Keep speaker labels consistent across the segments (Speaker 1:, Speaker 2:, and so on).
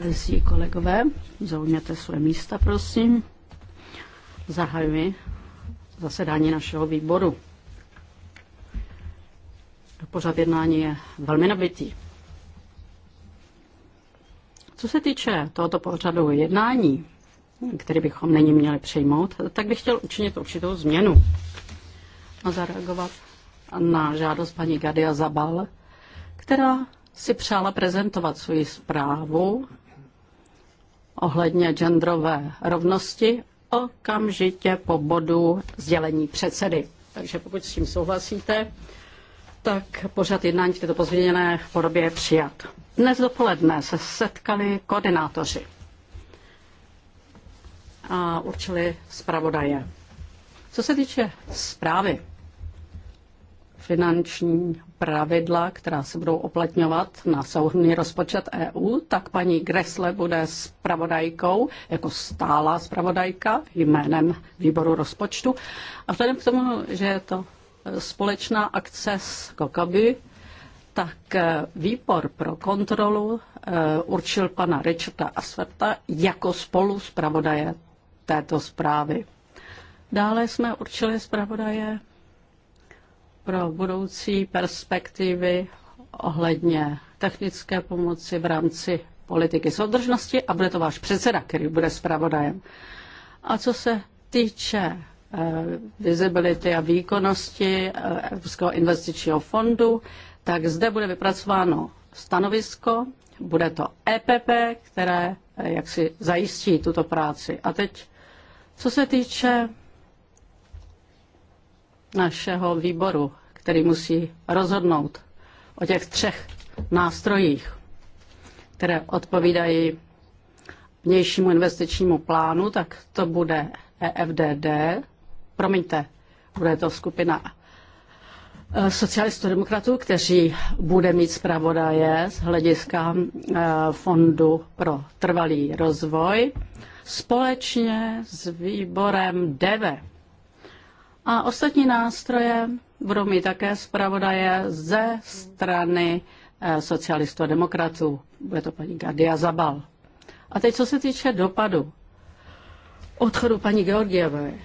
Speaker 1: Dnesí kolegové, zaujměte své místa, prosím. Zahajuji zasedání našeho výboru. Pořad jednání je velmi nabitý. Co se týče tohoto pořadu jednání, který bychom není měli přejmout, tak bych chtěl učinit určitou změnu a zareagovat na žádost paní Gadia Zabal, která si přála prezentovat svoji zprávu ohledně genderové rovnosti okamžitě po bodu sdělení předsedy. Takže pokud s tím souhlasíte, tak pořad jednání v této pozměněné podobě je přijat. Dnes dopoledne se setkali koordinátoři a určili zpravodaje. Co se týče zprávy finanční pravidla, která se budou oplatňovat na souhrný rozpočet EU, tak paní Gresle bude zpravodajkou, jako stálá spravodajka jménem výboru rozpočtu. A vzhledem k tomu, že je to společná akce s Kokaby, tak eh, výbor pro kontrolu eh, určil pana Richarda Asverta jako spolu zpravodaje této zprávy. Dále jsme určili zpravodaje pro budoucí perspektivy ohledně technické pomoci v rámci politiky soudržnosti a bude to váš předseda, který bude zpravodajem. A co se týče eh, vizibility a výkonnosti eh, Evropského investičního fondu, tak zde bude vypracováno stanovisko, bude to EPP, které eh, jak si zajistí tuto práci. A teď, co se týče našeho výboru který musí rozhodnout o těch třech nástrojích, které odpovídají vnějšímu investičnímu plánu, tak to bude EFDD, promiňte, bude to skupina eh, socialistů demokratů, kteří bude mít zpravodaje z hlediska eh, Fondu pro trvalý rozvoj společně s výborem DEVE. A ostatní nástroje budou mít také zpravodaje ze strany eh, socialistů a demokratů. Bude to paní Gadia Zabal. A teď, co se týče dopadu odchodu paní Georgievy,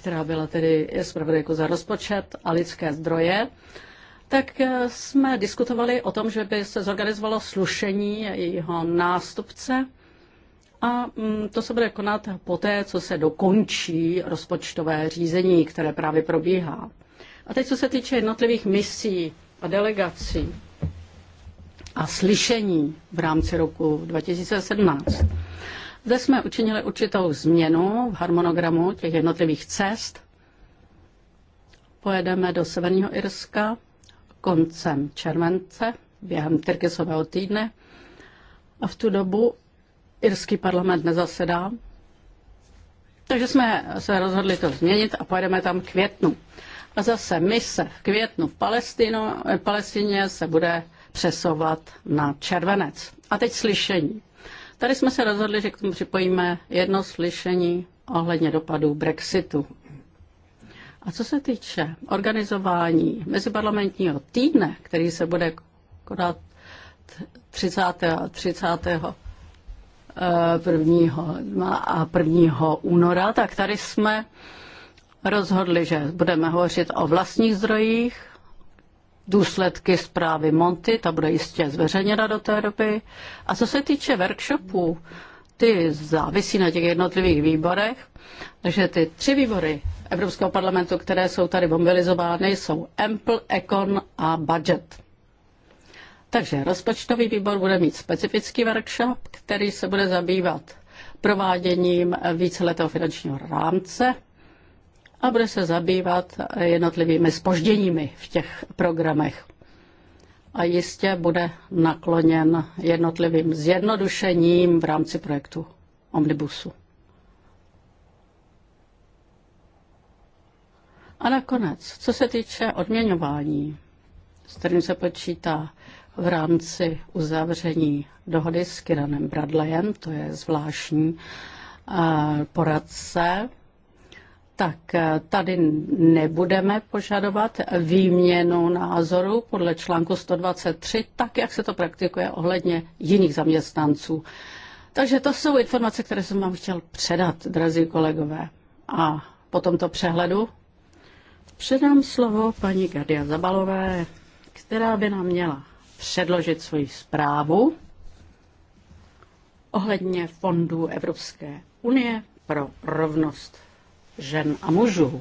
Speaker 1: která byla tedy zpravodajkou za rozpočet a lidské zdroje, tak eh, jsme diskutovali o tom, že by se zorganizovalo slušení jejího nástupce a mm, to se bude konat poté, co se dokončí rozpočtové řízení, které právě probíhá. A teď, co se týče jednotlivých misí a delegací a slyšení v rámci roku 2017. Zde jsme učinili určitou změnu v harmonogramu těch jednotlivých cest. Pojedeme do Severního Irska koncem července, během Tyrkisového týdne. A v tu dobu Irský parlament nezasedá. Takže jsme se rozhodli to změnit a pojedeme tam v květnu. A zase mise v květnu v Palestinu, eh, Palestině se bude přesovat na červenec. A teď slyšení. Tady jsme se rozhodli, že k tomu připojíme jedno slyšení ohledně dopadů Brexitu. A co se týče organizování meziparlamentního týdne, který se bude konat 30. 30. 1. a 1. února, tak tady jsme rozhodli, že budeme hovořit o vlastních zdrojích, důsledky zprávy Monty, ta bude jistě zveřejněna do té doby. A co se týče workshopů, ty závisí na těch jednotlivých výborech, takže ty tři výbory Evropského parlamentu, které jsou tady mobilizovány, jsou Ample, Econ a Budget. Takže rozpočtový výbor bude mít specifický workshop, který se bude zabývat prováděním víceletého finančního rámce a bude se zabývat jednotlivými spožděními v těch programech. A jistě bude nakloněn jednotlivým zjednodušením v rámci projektu Omnibusu. A nakonec, co se týče odměňování, s kterým se počítá v rámci uzavření dohody s Kiranem Bradleyem, to je zvláštní eh, poradce, tak eh, tady nebudeme požadovat výměnu názoru podle článku 123, tak jak se to praktikuje ohledně jiných zaměstnanců. Takže to jsou informace, které jsem vám chtěl předat, drazí kolegové. A po tomto přehledu předám slovo paní Gardia Zabalové, která by nám měla předložit svoji zprávu ohledně fondů Evropské unie pro rovnost žen a mužů.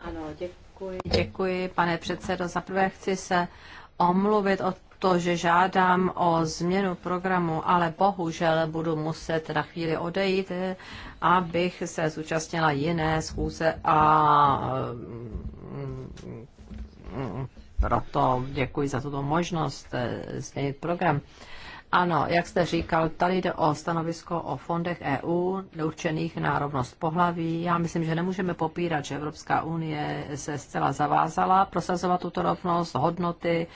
Speaker 1: Ano, děkuji. Děkuji, pane předsedo.
Speaker 2: Za prvé chci se omluvit o to, že žádám o změnu programu, ale bohužel budu muset na chvíli odejít, abych se zúčastnila jiné schůze a mm, proto děkuji za tuto možnost eh, změnit program. Ano, jak jste říkal, tady jde o stanovisko o fondech EU určených na rovnost pohlaví. Já myslím, že nemůžeme popírat, že Evropská unie se zcela zavázala prosazovat tuto rovnost, hodnoty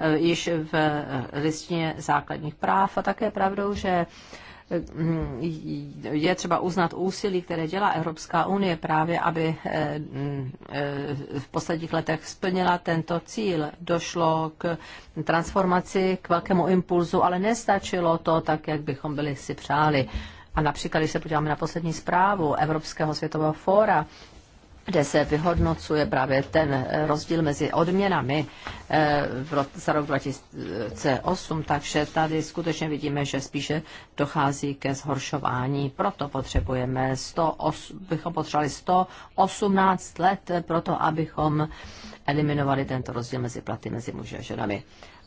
Speaker 2: eh, již v eh, listině základních práv a také pravdou, že Eh, je třeba uznat úsilí, které dělá Evropská unie právě, aby eh, eh, v posledních letech splnila tento cíl. Došlo k transformaci, k velkému impulzu, ale nestačilo to tak, jak bychom byli si přáli. A například, když se podíváme na poslední zprávu Evropského světového fóra, kde se vyhodnocuje právě ten eh, rozdíl mezi odměnami eh, za rok 2008, takže tady skutečně vidíme, že spíše dochází ke zhoršování. Proto potřebujeme 100, bychom potřebovali 118 let proto, abychom eliminovali tento rozdíl mezi platy mezi muži a ženami.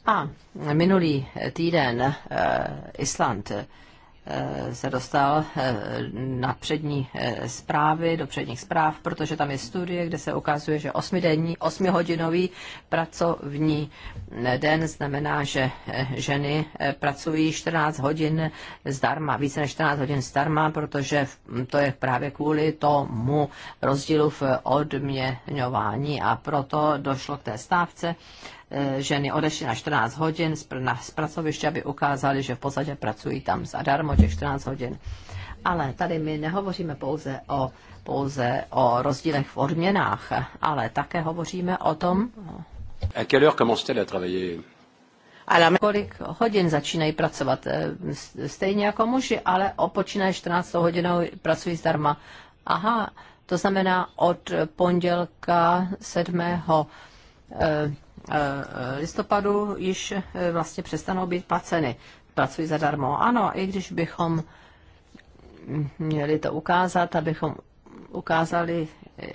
Speaker 2: A minulý týden eh, Island Eh, se dostal eh, na přední eh, zprávy, do předních zpráv, protože tam je studie, kde se ukazuje, že osmidenní, osmihodinový pracovní den znamená, že ženy pracují 14 hodin zdarma, více než 14 hodin zdarma, protože to je právě kvůli tomu rozdílu v odměňování a proto došlo k té stávce Eh, ženy odešly na 14 hodin z, pr- na, z pracoviště, aby ukázali, že v podstatě pracují tam zadarmo těch 14 hodin. Ale tady my nehovoříme pouze o, pouze o rozdílech v odměnách, ale také hovoříme o tom... A quelle heure commence-t-elle à travailler? Ale kolik hodin začínají pracovat? Eh, stejně jako muži, ale o počínají 14 hodinou, pracují zdarma. Aha, to znamená od pondělka 7. Eh, listopadu již eh, vlastně přestanou být placeny. Pracují zadarmo. Ano, i když bychom měli to ukázat, abychom ukázali, eh,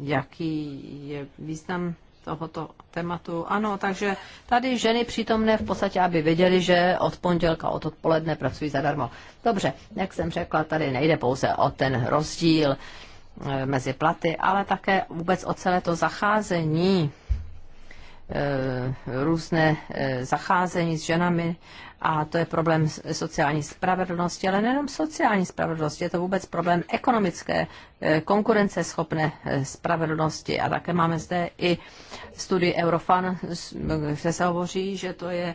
Speaker 2: jaký je význam tohoto tématu. Ano, takže tady ženy přítomné v podstatě, aby věděli, že od pondělka, od odpoledne pracují zadarmo. Dobře, jak jsem řekla, tady nejde pouze o ten rozdíl mezi platy, ale také vůbec o celé to zacházení Eh, různé eh, zacházení s ženami a to je problém sociální spravedlnosti, ale nejenom sociální spravedlnosti, je to vůbec problém ekonomické eh, konkurenceschopné spravedlnosti a také máme zde i studii Eurofan, kde se hovoří, že to je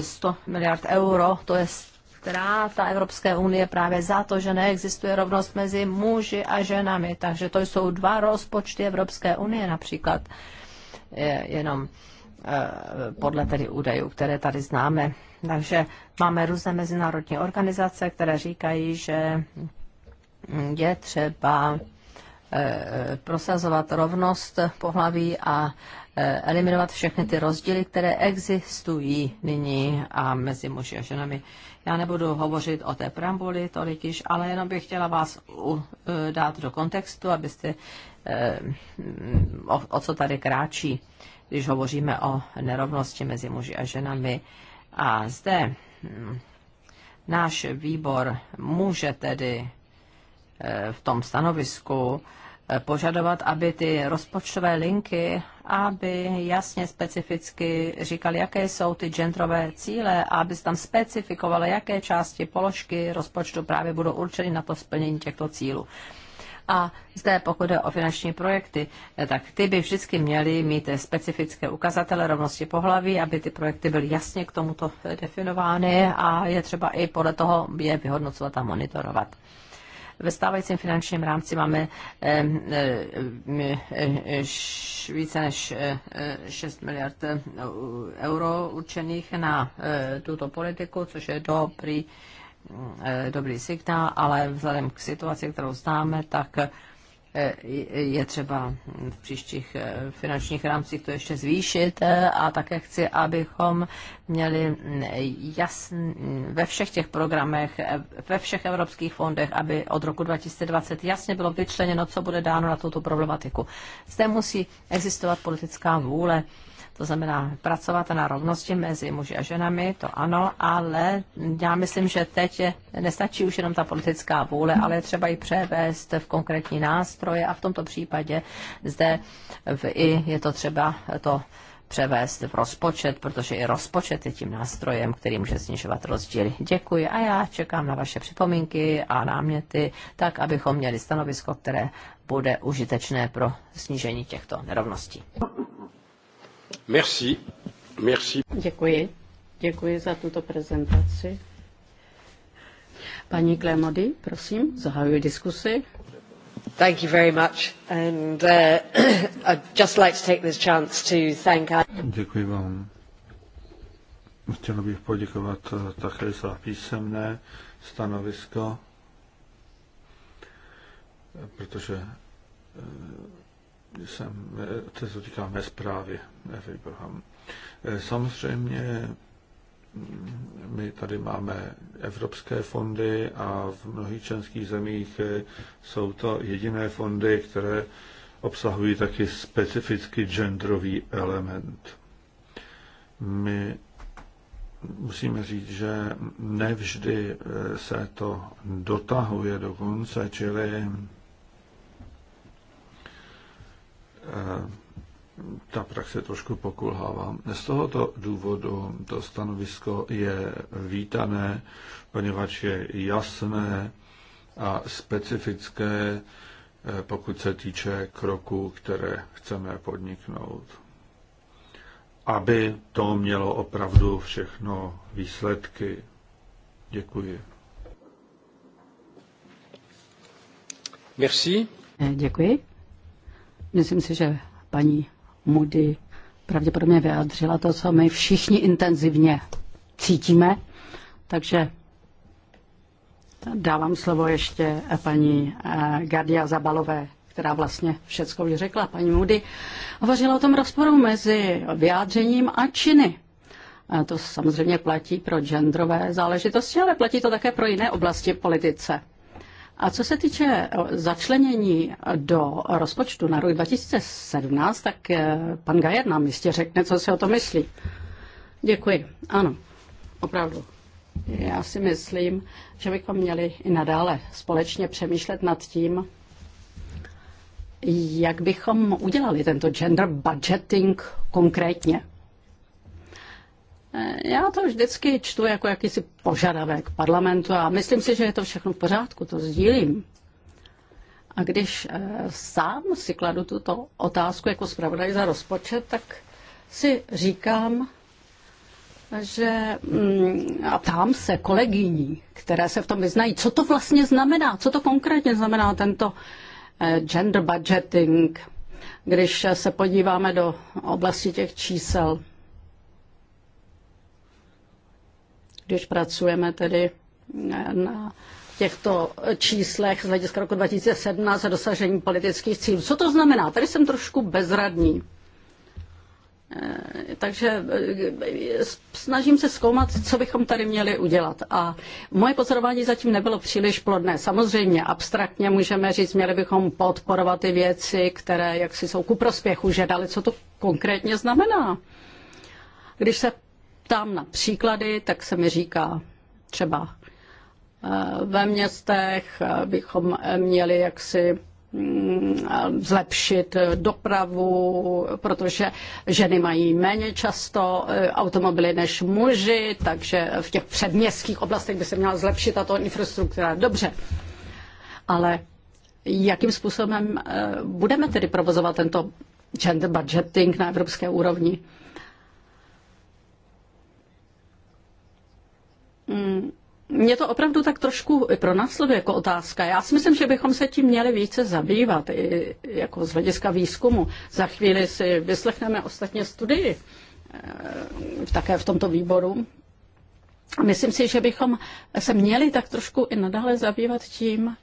Speaker 2: 100 miliard euro, to je ztráta Evropské unie právě za to, že neexistuje rovnost mezi muži a ženami. Takže to jsou dva rozpočty Evropské unie například jenom eh, podle tedy údajů, které tady známe. Takže máme různé mezinárodní organizace, které říkají, že je třeba Eh, prosazovat rovnost pohlaví a eh, eliminovat všechny ty rozdíly, které existují nyní a mezi muži a ženami. Já nebudu hovořit o té preambuli tolik již, ale jenom bych chtěla vás eh, dát do kontextu, abyste o, o co tady kráčí, když hovoříme o nerovnosti mezi muži a ženami. A zde hm, náš výbor může tedy Eh, v tom stanovisku eh, požadovat, aby ty rozpočtové linky, aby jasně specificky říkali, jaké jsou ty genderové cíle, aby se tam specifikovali, jaké části položky rozpočtu právě budou určeny na to splnění těchto cílů. A zde, pokud je o finanční projekty, eh, tak ty by vždycky měly mít specifické ukazatele rovnosti pohlaví, aby ty projekty byly jasně k tomuto definovány a je třeba i podle toho je vyhodnocovat a monitorovat. Ve stávajícím finančním rámci máme eh, eh, eh, více než 6 miliard euro určených na tuto politiku, což je dobrý, dobrý signál, ale vzhledem k situaci, kterou známe, tak Eh, je třeba v příštích eh, finančních rámcích to ještě zvýšit eh, a také chci, abychom měli mm, jasn, ve všech těch programech, ve všech evropských fondech, aby od roku 2020 jasně bylo vyčleněno, co bude dáno na tuto problematiku. Zde musí existovat politická vůle to znamená pracovat na rovnosti mezi muži a ženami, to ano, ale já myslím, že teď je nestačí už jenom ta politická vůle, ale je třeba ji převést v konkrétní nástroje a v tomto případě zde v i je to třeba to převést v rozpočet, protože i rozpočet je tím nástrojem, který může snižovat rozdíly. Děkuji a já čekám na vaše připomínky a náměty, tak abychom měli stanovisko, které bude užitečné pro snížení těchto nerovností. Merci. Merci.
Speaker 1: Děkuji. Děkuji za tuto prezentaci. Paní Klemody, prosím, zahajuji diskusi. Thank you very much. And uh, I'd just like to take
Speaker 3: this chance to thank... Děkuji vám. Chtěl bych poděkovat eh, také za písemné stanovisko, protože eh, jsem, eh, to se říká mé Abraham. Eh, eh, samozřejmě mm, my tady máme evropské fondy a v mnohých členských zemích jsou to jediné fondy, které obsahují taky specifický genderový element. My musíme říct, že nevždy se to dotahuje do konce, čili Eh, ta praxe trošku pokulhává. Z tohoto důvodu to stanovisko je vítané, poněvadž je jasné a specifické, eh, pokud se týče kroků, které chceme podniknout. Aby to mělo opravdu všechno výsledky. Děkuji. Merci.
Speaker 1: Eh, děkuji. Myslím si, že paní Moody pravděpodobně vyjádřila to, co my všichni intenzivně cítíme. Takže dávám slovo ještě paní eh, Gardia Zabalové, která vlastně všechno už řekla. Paní Moody hovořila o tom rozporu mezi vyjádřením a činy. A to samozřejmě platí pro genderové záležitosti, ale platí to také pro jiné oblasti politice. A co se týče eh, začlenění do rozpočtu na rok 2017, tak eh, pan Gajer nám jistě řekne, co si o to myslí. Děkuji. Ano, opravdu. Já si myslím, že bychom měli i nadále společně přemýšlet nad tím, jak bychom udělali tento gender budgeting konkrétně. Eh, já to vždycky čtu jako jakýsi požadavek parlamentu a myslím si, že je to všechno v pořádku, to sdílím. A když eh, sám si kladu tuto otázku jako zpravodaj za rozpočet, tak si říkám, že mm, a ptám se kolegyní, které se v tom vyznají, co to vlastně znamená, co to konkrétně znamená tento eh, gender budgeting, když se podíváme do oblasti těch čísel. když pracujeme tedy na těchto číslech z hlediska roku 2017 za dosažení politických cílů. Co to znamená? Tady jsem trošku bezradný. Eh, takže eh, snažím se zkoumat, co bychom tady měli udělat. A moje pozorování zatím nebylo příliš plodné. Samozřejmě abstraktně můžeme říct, měli bychom podporovat ty věci, které jaksi jsou ku prospěchu, že dali, co to konkrétně znamená. Když se ptám na příklady, tak se mi říká třeba eh, ve městech eh, bychom měli jaksi mm, zlepšit dopravu, protože ženy mají méně často eh, automobily než muži, takže v těch předměstských oblastech by se měla zlepšit tato infrastruktura. Dobře, ale jakým způsobem budeme tedy provozovat tento gender budgeting na evropské úrovni? Mm, mě to opravdu tak trošku pro pronásleduje jako otázka. Já si myslím, že bychom se tím měli více zabývat, i jako z hlediska výzkumu. Za chvíli si vyslechneme ostatně studii eh, také v tomto výboru. Myslím si, že bychom se měli tak trošku i nadále zabývat tím,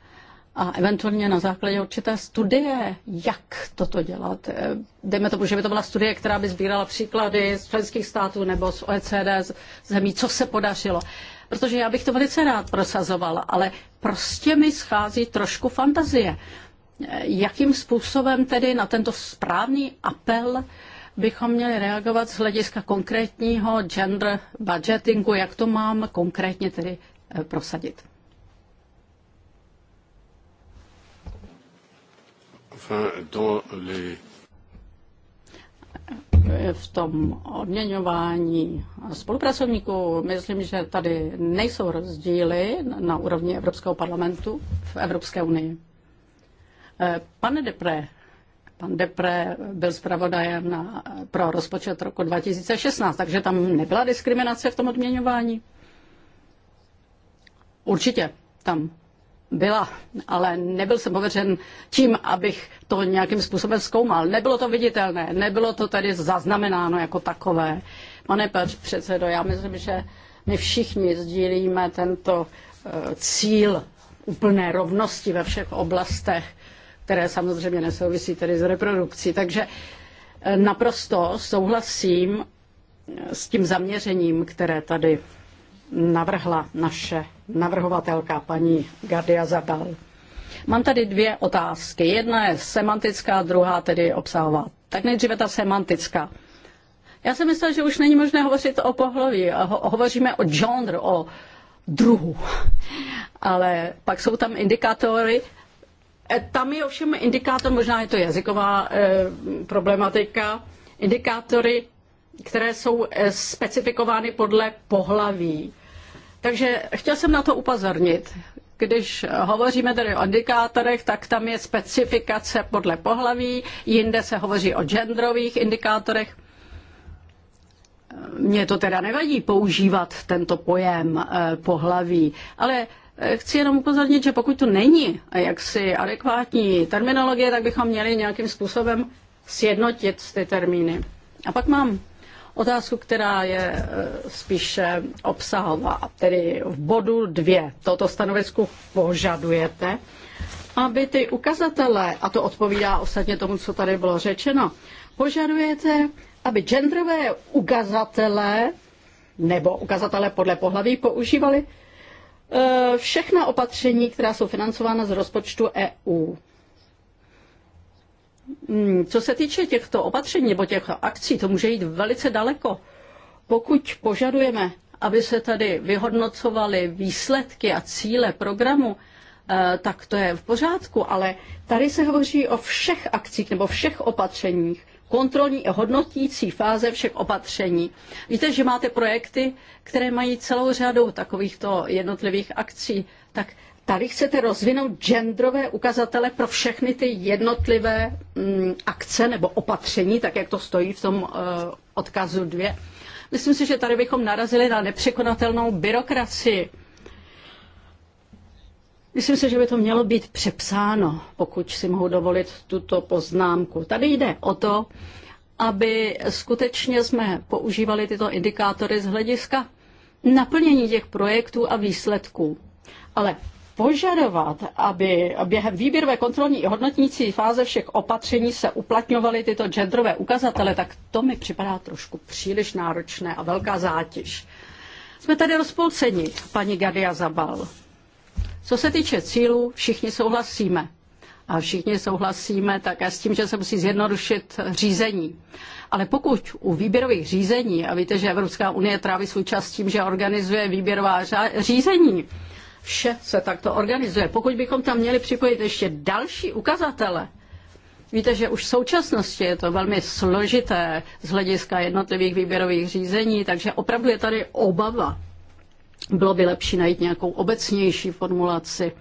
Speaker 1: a eventuálně na základě určité studie, jak toto dělat. Eh, dejme tomu, že by to byla studie, která by sbírala příklady z členských států nebo z OECD, z zemí, co se podařilo protože já bych to velice rád prosazovala, ale prostě mi schází trošku fantazie. Jakým způsobem tedy na tento správný apel bychom měli reagovat z hlediska konkrétního gender budgetingu, jak to mám konkrétně tedy eh, prosadit?
Speaker 2: Enfin, dans les
Speaker 1: v tom odměňování spolupracovníků, myslím, že tady nejsou rozdíly na úrovni Evropského parlamentu v Evropské unii. Eh, pane Depre, pan Depre byl zpravodajem na, pro rozpočet roku 2016, takže tam nebyla diskriminace v tom odměňování? Určitě tam byla, ale nebyl jsem pověřen tím, abych to nějakým způsobem zkoumal. Nebylo to viditelné, nebylo to tady zaznamenáno jako takové. Pane předsedo, já myslím, že my všichni sdílíme tento eh, cíl úplné rovnosti ve všech oblastech, které samozřejmě nesouvisí tedy s reprodukcí. Takže eh, naprosto souhlasím eh, s tím zaměřením, které tady navrhla naše navrhovatelka paní Gardia Zabal. Mám tady dvě otázky. Jedna je semantická, druhá tedy obsahová. Tak nejdříve ta semantická. Já jsem myslel, že už není možné hovořit o pohlaví. Ho- hovoříme o genre, o druhu. Ale pak jsou tam indikátory. E, tam je ovšem indikátor, možná je to jazyková e, problematika, indikátory, které jsou e, specifikovány podle pohlaví. Takže chtěl jsem na to upozornit. Když hovoříme tady o indikátorech, tak tam je specifikace podle pohlaví, jinde se hovoří o genderových indikátorech. Mně to teda nevadí používat tento pojem eh, pohlaví, ale eh, chci jenom upozornit, že pokud to není jaksi adekvátní terminologie, tak bychom měli nějakým způsobem sjednotit ty termíny. A pak mám otázku, která je e, spíše obsahová, tedy v bodu dvě. Toto stanovisku požadujete, aby ty ukazatele, a to odpovídá ostatně tomu, co tady bylo řečeno, požadujete, aby genderové ukazatele nebo ukazatele podle pohlaví používali e, všechna opatření, která jsou financována z rozpočtu EU. Mm, co se týče těchto opatření nebo těch akcí, to může jít velice daleko. Pokud požadujeme, aby se tady vyhodnocovaly výsledky a cíle programu, eh, tak to je v pořádku, ale tady se hovoří o všech akcích nebo všech opatřeních kontrolní a hodnotící fáze všech opatření. Víte, že máte projekty, které mají celou řadu takovýchto jednotlivých akcí, tak Tady chcete rozvinout genderové ukazatele pro všechny ty jednotlivé mm, akce nebo opatření, tak jak to stojí v tom uh, odkazu dvě. Myslím si, že tady bychom narazili na nepřekonatelnou byrokracii. Myslím si, že by to mělo být přepsáno, pokud si mohu dovolit tuto poznámku. Tady jde o to, aby skutečně jsme používali tyto indikátory z hlediska naplnění těch projektů a výsledků. Ale požadovat, aby během výběrové kontrolní i hodnotnící fáze všech opatření se uplatňovaly tyto genderové ukazatele, tak to mi připadá trošku příliš náročné a velká zátěž. Jsme tady rozpolceni, paní Gadia Zabal. Co se týče cílů, všichni souhlasíme. A všichni souhlasíme také s tím, že se musí zjednodušit řízení. Ale pokud u výběrových řízení, a víte, že Evropská unie tráví svůj čas tím, že organizuje výběrová řízení, Vše se takto organizuje. Pokud bychom tam měli připojit ještě další ukazatele, Víte, že už v současnosti je to velmi složité z hlediska jednotlivých výběrových řízení, takže opravdu je tady obava. Bylo by lepší najít nějakou obecnější formulaci,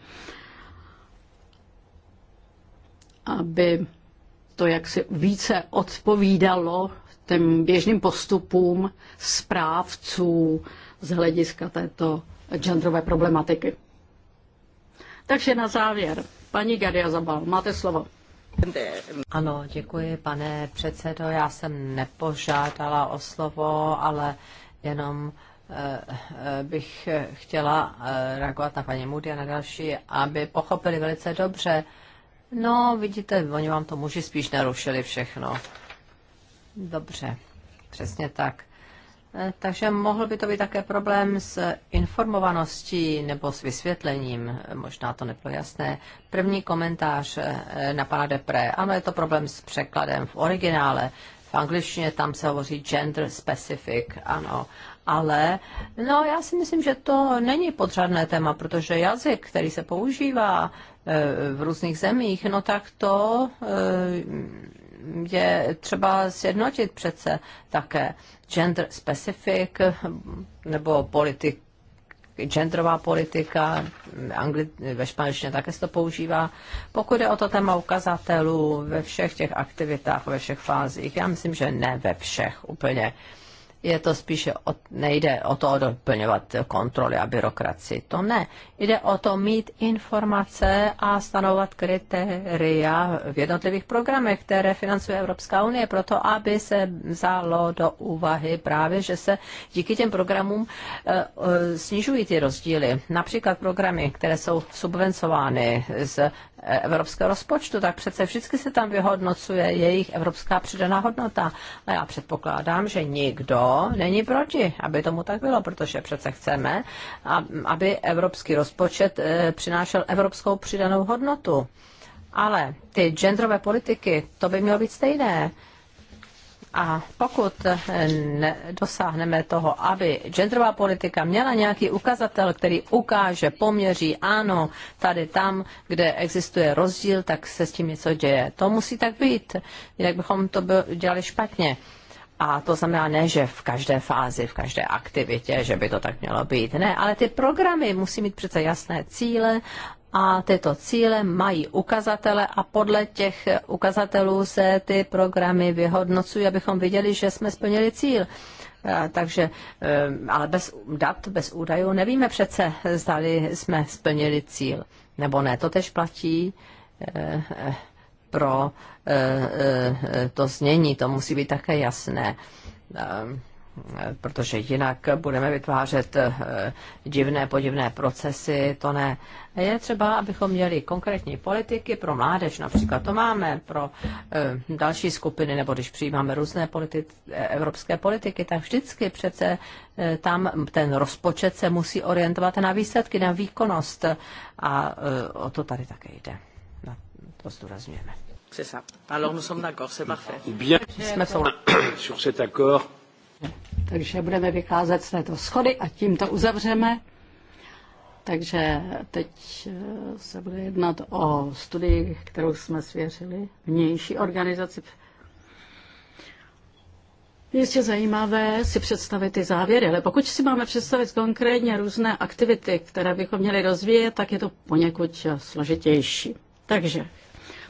Speaker 1: aby to jaksi více odpovídalo těm běžným postupům správců z hlediska této genderové problematiky. Takže na závěr, paní Gadia Zabal, máte slovo. Ano, děkuji, pane předsedo. Já jsem
Speaker 2: nepožádala o slovo, ale jenom eh, eh, bych chtěla eh, reagovat na paní Moody a na další, aby pochopili velice dobře. No, vidíte, oni vám to muži spíš narušili všechno. Dobře, přesně tak. Eh, takže mohl by to být také problém s informovaností nebo s vysvětlením, eh, možná to nebylo jasné. První komentář eh, na pana Depre, ano, je to problém s překladem v originále, v angličtině tam se hovoří gender specific, ano, ale no, já si myslím, že to není podřadné téma, protože jazyk, který se používá v různých zemích, no tak to je třeba sjednotit přece také gender specific nebo politik, genderová politika, angli, ve španělštině také se to používá. Pokud je o to téma ukazatelů ve všech těch aktivitách, ve všech fázích, já myslím, že ne ve všech úplně. Uh, je to spíše, o, nejde o to doplňovat kontroly a byrokracii, to ne. Jde o to mít informace a stanovat kritéria v jednotlivých programech, které financuje Evropská unie, proto aby se vzalo do úvahy právě, že se díky těm programům eh, eh, snižují ty rozdíly. Například programy, které jsou subvencovány z eh, evropského rozpočtu, tak přece vždycky se tam vyhodnocuje jejich evropská přidaná hodnota. A já předpokládám, že nikdo není proti, aby tomu tak bylo, protože přece chceme, aby evropský rozpočet eh, přinášel evropskou přidanou hodnotu. Ale ty genderové politiky, to by mělo být stejné. A pokud eh, dosáhneme toho, aby genderová politika měla nějaký ukazatel, který ukáže, poměří, ano, tady, tam, kde existuje rozdíl, tak se s tím něco děje. To musí tak být, jinak bychom to dělali špatně. A to znamená ne, že v každé fázi, v každé aktivitě, že by to tak mělo být. Ne, ale ty programy musí mít přece jasné cíle a tyto cíle mají ukazatele a podle těch ukazatelů se ty programy vyhodnocují, abychom viděli, že jsme splnili cíl. Takže, eh, ale bez dat, bez údajů nevíme přece, zdali jsme splnili cíl nebo ne. To tež platí eh, eh, pro eh, eh, to znění. To musí být také jasné eh, protože jinak budeme vytvářet divné podivné procesy, to ne. Je třeba, abychom měli konkrétní politiky pro mládež, například to máme pro další skupiny, nebo když přijímáme různé politi- evropské politiky, tak vždycky přece tam ten rozpočet se musí orientovat na výsledky, na výkonnost a o to tady také jde. Na to
Speaker 1: zdůrazňujeme. Jsme
Speaker 4: sur cet accord.
Speaker 1: Takže budeme vycházet z této schody a tím to uzavřeme. Takže teď eh, se bude jednat o studii, kterou jsme svěřili vnější organizaci. Jistě zajímavé si představit ty závěry, ale pokud si máme představit konkrétně různé aktivity, které bychom měli rozvíjet, tak je to poněkud eh, složitější. Takže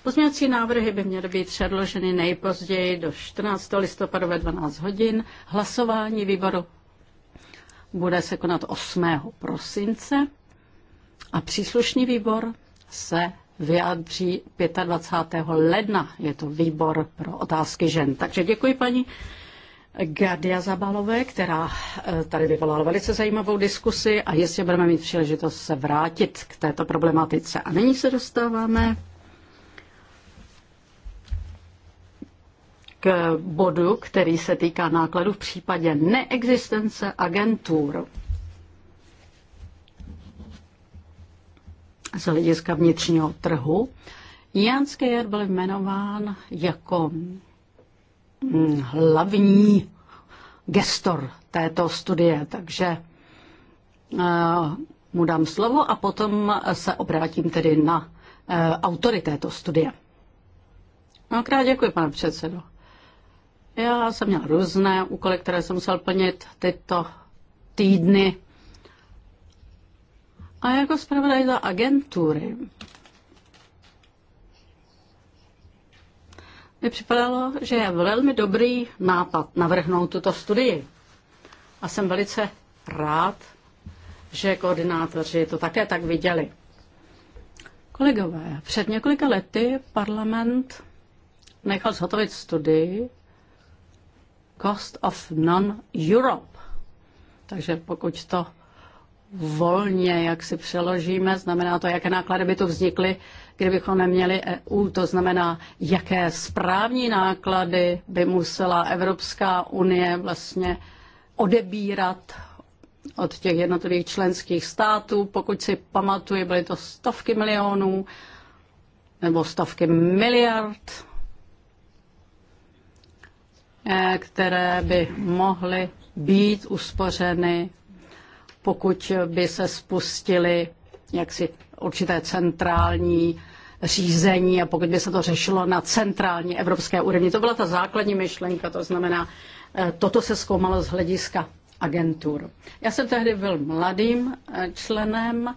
Speaker 1: Pozměňovací návrhy by měly být předloženy nejpozději do 14. listopadu ve 12 hodin. Hlasování výboru bude se konat 8. prosince a příslušný výbor se vyjádří 25. ledna. Je to výbor pro otázky žen. Takže děkuji paní Gadia Zabalové, která eh, tady vyvolala velice zajímavou diskusi a jestli budeme mít příležitost se vrátit k této problematice. A nyní se dostáváme k bodu, který se týká nákladů v případě neexistence agentur. Z hlediska vnitřního trhu Jan Skejer byl jmenován jako mm, hlavní gestor této studie, takže eh, mu dám slovo a potom se obrátím tedy na eh, autory této studie. Mnohokrát děkuji, pane předsedo. Já jsem měla různé úkoly, které jsem musel plnit tyto týdny. A jako zpravodaj za agentury mi připadalo, že je velmi dobrý nápad navrhnout tuto studii. A jsem velice rád, že koordinátoři to také tak viděli. Kolegové, před několika lety parlament nechal zhotovit studii Cost of Non-Europe. Takže pokud to volně, jak si přeložíme, znamená to, jaké náklady by tu vznikly, kdybychom neměli EU, to znamená, jaké správní náklady by musela Evropská unie vlastně odebírat od těch jednotlivých členských států. Pokud si pamatuju, byly to stovky milionů nebo stovky miliard Eh, které by mohly být uspořeny, pokud by se spustily jaksi určité centrální řízení a pokud by se to řešilo na centrální evropské úrovni. To byla ta základní myšlenka, to znamená, eh, toto se zkoumalo z hlediska agentur. Já jsem tehdy byl mladým eh, členem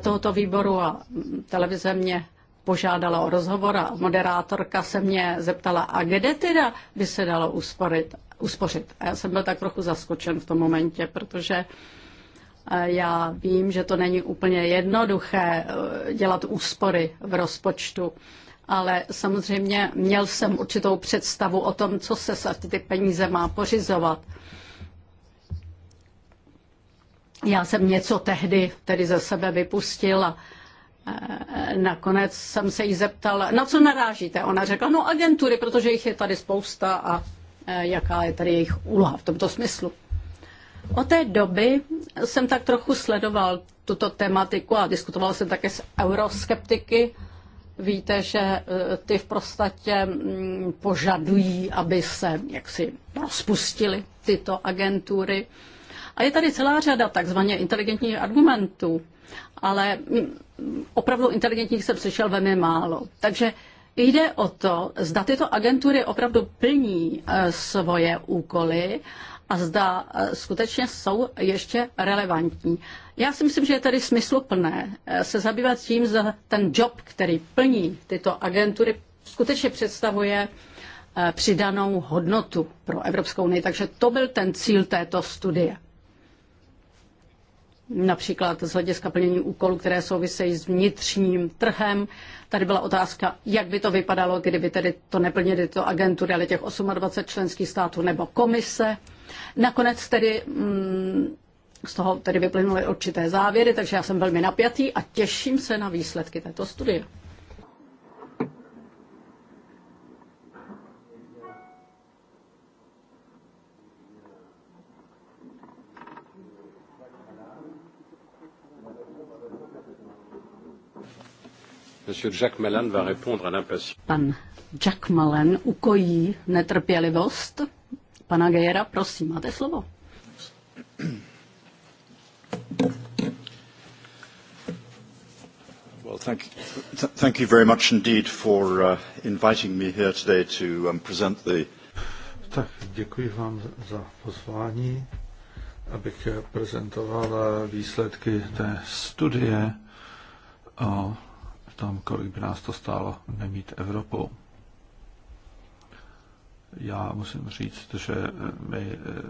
Speaker 1: tohoto výboru a televize mě požádala o rozhovor a moderátorka se mě zeptala, a kde teda by se dalo usporit, uspořit. A já jsem byl tak trochu zaskočen v tom momentě, protože eh, já vím, že to není úplně jednoduché eh, dělat úspory v rozpočtu, ale samozřejmě měl jsem určitou představu o tom, co se za ty peníze má pořizovat. Já jsem něco tehdy tedy ze sebe vypustila. Eh, nakonec jsem se jí zeptal, na co narážíte. Ona řekla, no agentury, protože jich je tady spousta a eh, jaká je tady jejich úloha v tomto smyslu. Od té doby jsem tak trochu sledoval tuto tematiku a diskutoval jsem také s euroskeptiky. Víte, že eh, ty v prostatě mm, požadují, aby se jaksi rozpustily tyto agentury. A je tady celá řada takzvaně inteligentních argumentů ale opravdu inteligentních jsem slyšel velmi málo. Takže jde o to, zda tyto agentury opravdu plní eh, svoje úkoly a zda eh, skutečně jsou ještě relevantní. Já si myslím, že je tady smysluplné eh, se zabývat tím, zda ten job, který plní tyto agentury, skutečně představuje přidanou hodnotu pro Evropskou unii. Takže to byl ten cíl této studie například z hlediska plnění úkolů, které souvisejí s vnitřním trhem. Tady byla otázka, jak by to vypadalo, kdyby tedy to neplnili to agentury, ale těch 28 členských států nebo komise. Nakonec tedy mm, z toho tedy vyplynuly určité závěry, takže já jsem velmi napjatý a těším se na výsledky této studie. Pan Jack Malen ukojí netrpělivost. Pana Gejera, prosím, máte slovo.
Speaker 3: Well, thank, thank you very much indeed for uh, inviting me here today to um, present the... Tak, děkuji vám za pozvání, abych eh, prezentoval eh, výsledky té studie o tom, kolik by nás to stálo nemít Evropu. Já musím říct, že my eh,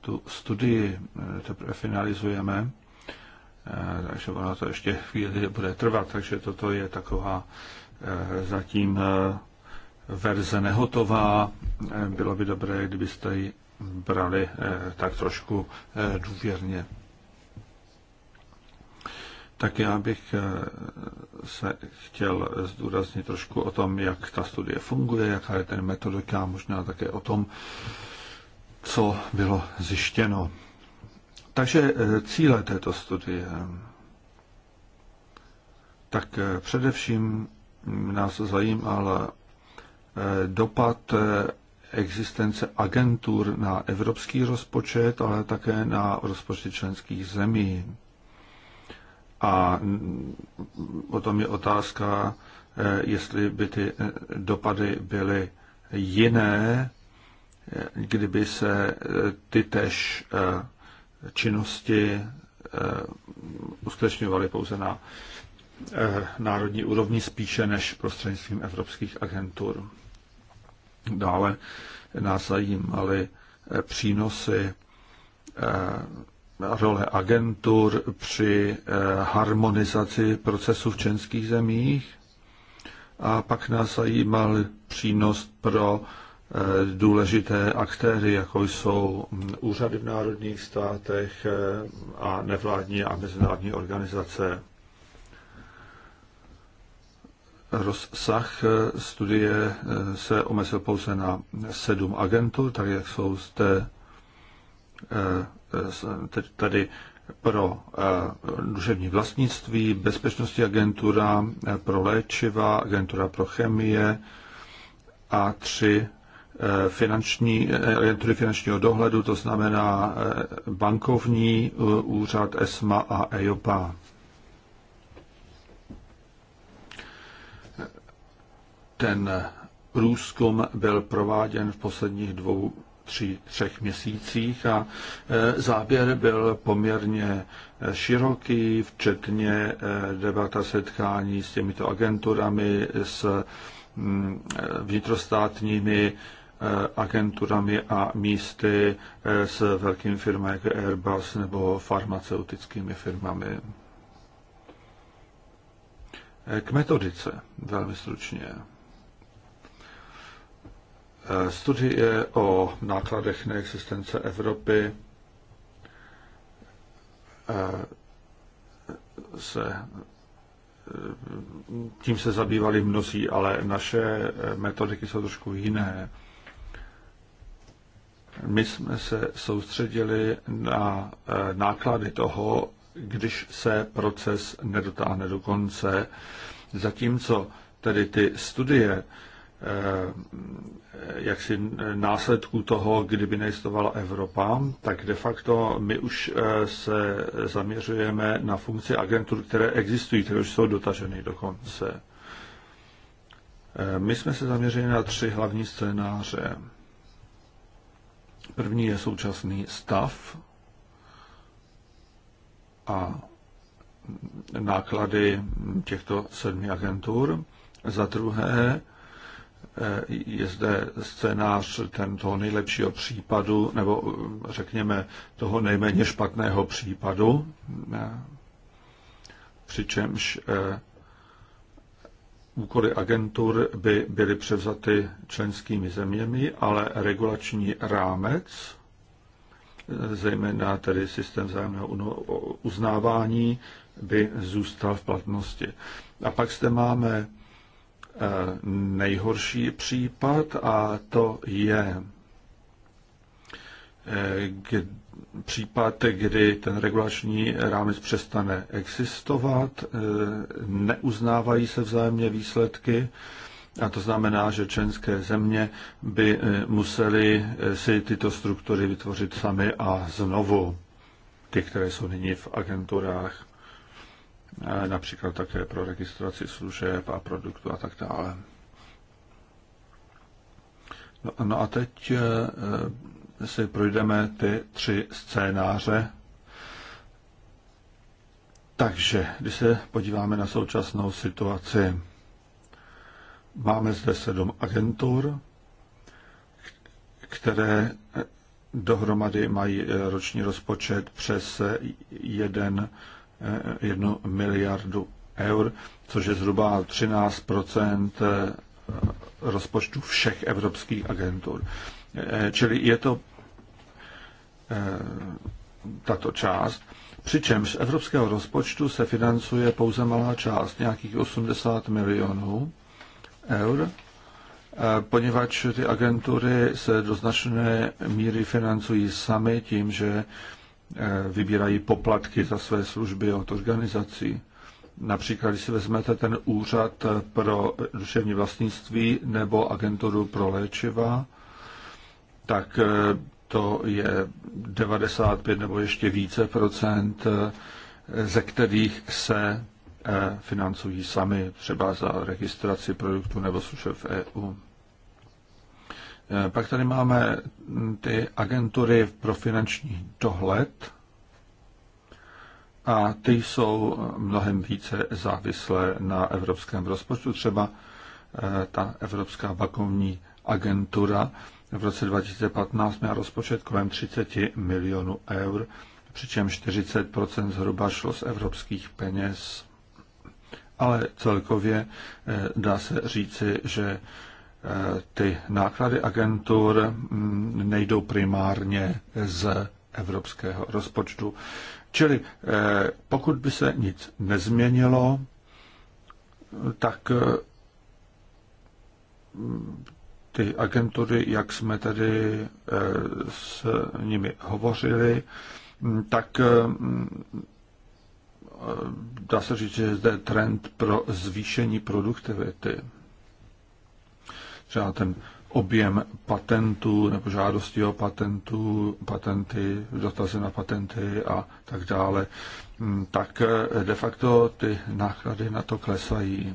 Speaker 3: tu studii eh, teprve finalizujeme, eh, takže ono to ještě chvíli bude trvat, takže toto je taková zatím verze nehotová. Bylo by dobré, kdybyste ji brali tak trošku důvěrně tak já bych eh, se chtěl zdůraznit trošku o tom, jak ta studie funguje, jaká je ten metodika, možná také o tom, co bylo zjištěno. Takže eh, cíle této studie. Tak eh, především nás zajímal dopad existence agentur na evropský rozpočet, ale také na rozpočty členských zemí. A potom je otázka, eh, jestli by ty eh, dopady byly jiné, eh, kdyby se ty tež činnosti uskutečňovaly pouze na národní úrovni spíše než prostřednictvím evropských agentur. Dále nás zajímaly přínosy role agentur při eh, harmonizaci procesu v členských zemích a pak nás zajímal přínos pro eh, důležité aktéry, jako jsou hm, úřady v národních státech eh, a nevládní a mezinárodní organizace. Rozsah studie se omezil pouze na sedm agentů, tak jak jsou zde tady pro eh, duševní vlastnictví, bezpečnostní agentura eh, pro léčiva, agentura pro chemie a tři eh, finanční, agentury finančního dohledu, to znamená bankovní úřad ESMA a EIOPA. Ten průzkum byl prováděn v posledních dvou tři, třech měsících a e, záběr byl poměrně e, široký, včetně e, debata setkání s těmito agenturami, s mm, vnitrostátními agenturami a místy s velkými firmami jako Airbus nebo farmaceutickými firmami. K metodice velmi stručně. Studie o nákladech neexistence Evropy eh, se eh, tím se zabývali mnozí, ale naše eh, metodiky jsou trošku jiné. My jsme se soustředili na náklady toho, když se proces nedotáhne do konce, zatímco tedy ty studie Eh, jaksi následků toho, kdyby neexistovala Evropa, tak de facto my už eh, se zaměřujeme na funkci agentur, které existují, které už jsou dotaženy dokonce. Eh, my jsme se zaměřili na tři hlavní scénáře. První je současný stav a náklady těchto sedmi agentur. Za druhé je zde scénář ten toho nejlepšího případu, nebo řekněme toho nejméně špatného případu, eh, přičemž eh, úkoly agentur by byly převzaty členskými zeměmi, ale regulační rámec, eh, zejména tedy systém vzájemného uznávání, by zůstal v platnosti. A pak zde máme Eh, nejhorší případ a to je eh, případ, kdy ten regulační rámec přestane existovat, eh, neuznávají se vzájemně výsledky, a to znamená, že členské země by museli si tyto struktury vytvořit sami a znovu, ty, které jsou nyní v agenturách například také pro registraci služeb a produktů a tak dále. No, no a teď eh, eh, si projdeme ty tři scénáře. Takže, když se podíváme na současnou situaci, máme zde sedm agentur, které eh, dohromady mají roční rozpočet přes jeden 1 eh, miliardu eur, což je zhruba 13 eh, rozpočtu všech evropských agentur. Eh, čili je to tato část. Přičemž z evropského rozpočtu se financuje pouze malá část, nějakých 80 milionů eur, poněvadž ty agentury se do značné míry financují sami tím, že Eh, vybírají poplatky za své služby od organizací. Například, když si vezmete ten úřad eh, pro duševní vlastnictví nebo agenturu pro léčiva, tak eh, to je 95 nebo ještě více procent, ze kterých se financují sami, třeba za registraci produktů nebo služeb v EU. Eh, pak tady máme mm, ty agentury pro finanční dohled a ty jsou eh, mnohem více závislé na evropském rozpočtu. Třeba eh, ta Evropská bankovní agentura v roce 2015 měla rozpočet kolem 30 milionů eur, přičem 40 zhruba šlo z evropských peněz. Ale celkově dá se říci, že ty náklady agentur mm, nejdou primárně z evropského rozpočtu. Čili eh, pokud by se nic nezměnilo, tak eh, ty agentury, jak jsme tady eh, s nimi hovořili, mm, tak mm, dá se říct, že je zde trend pro zvýšení produktivity třeba ten objem patentů nebo žádosti o patentu, patenty, dotazy na patenty a tak dále, mm, tak eh, de facto ty náklady na to klesají.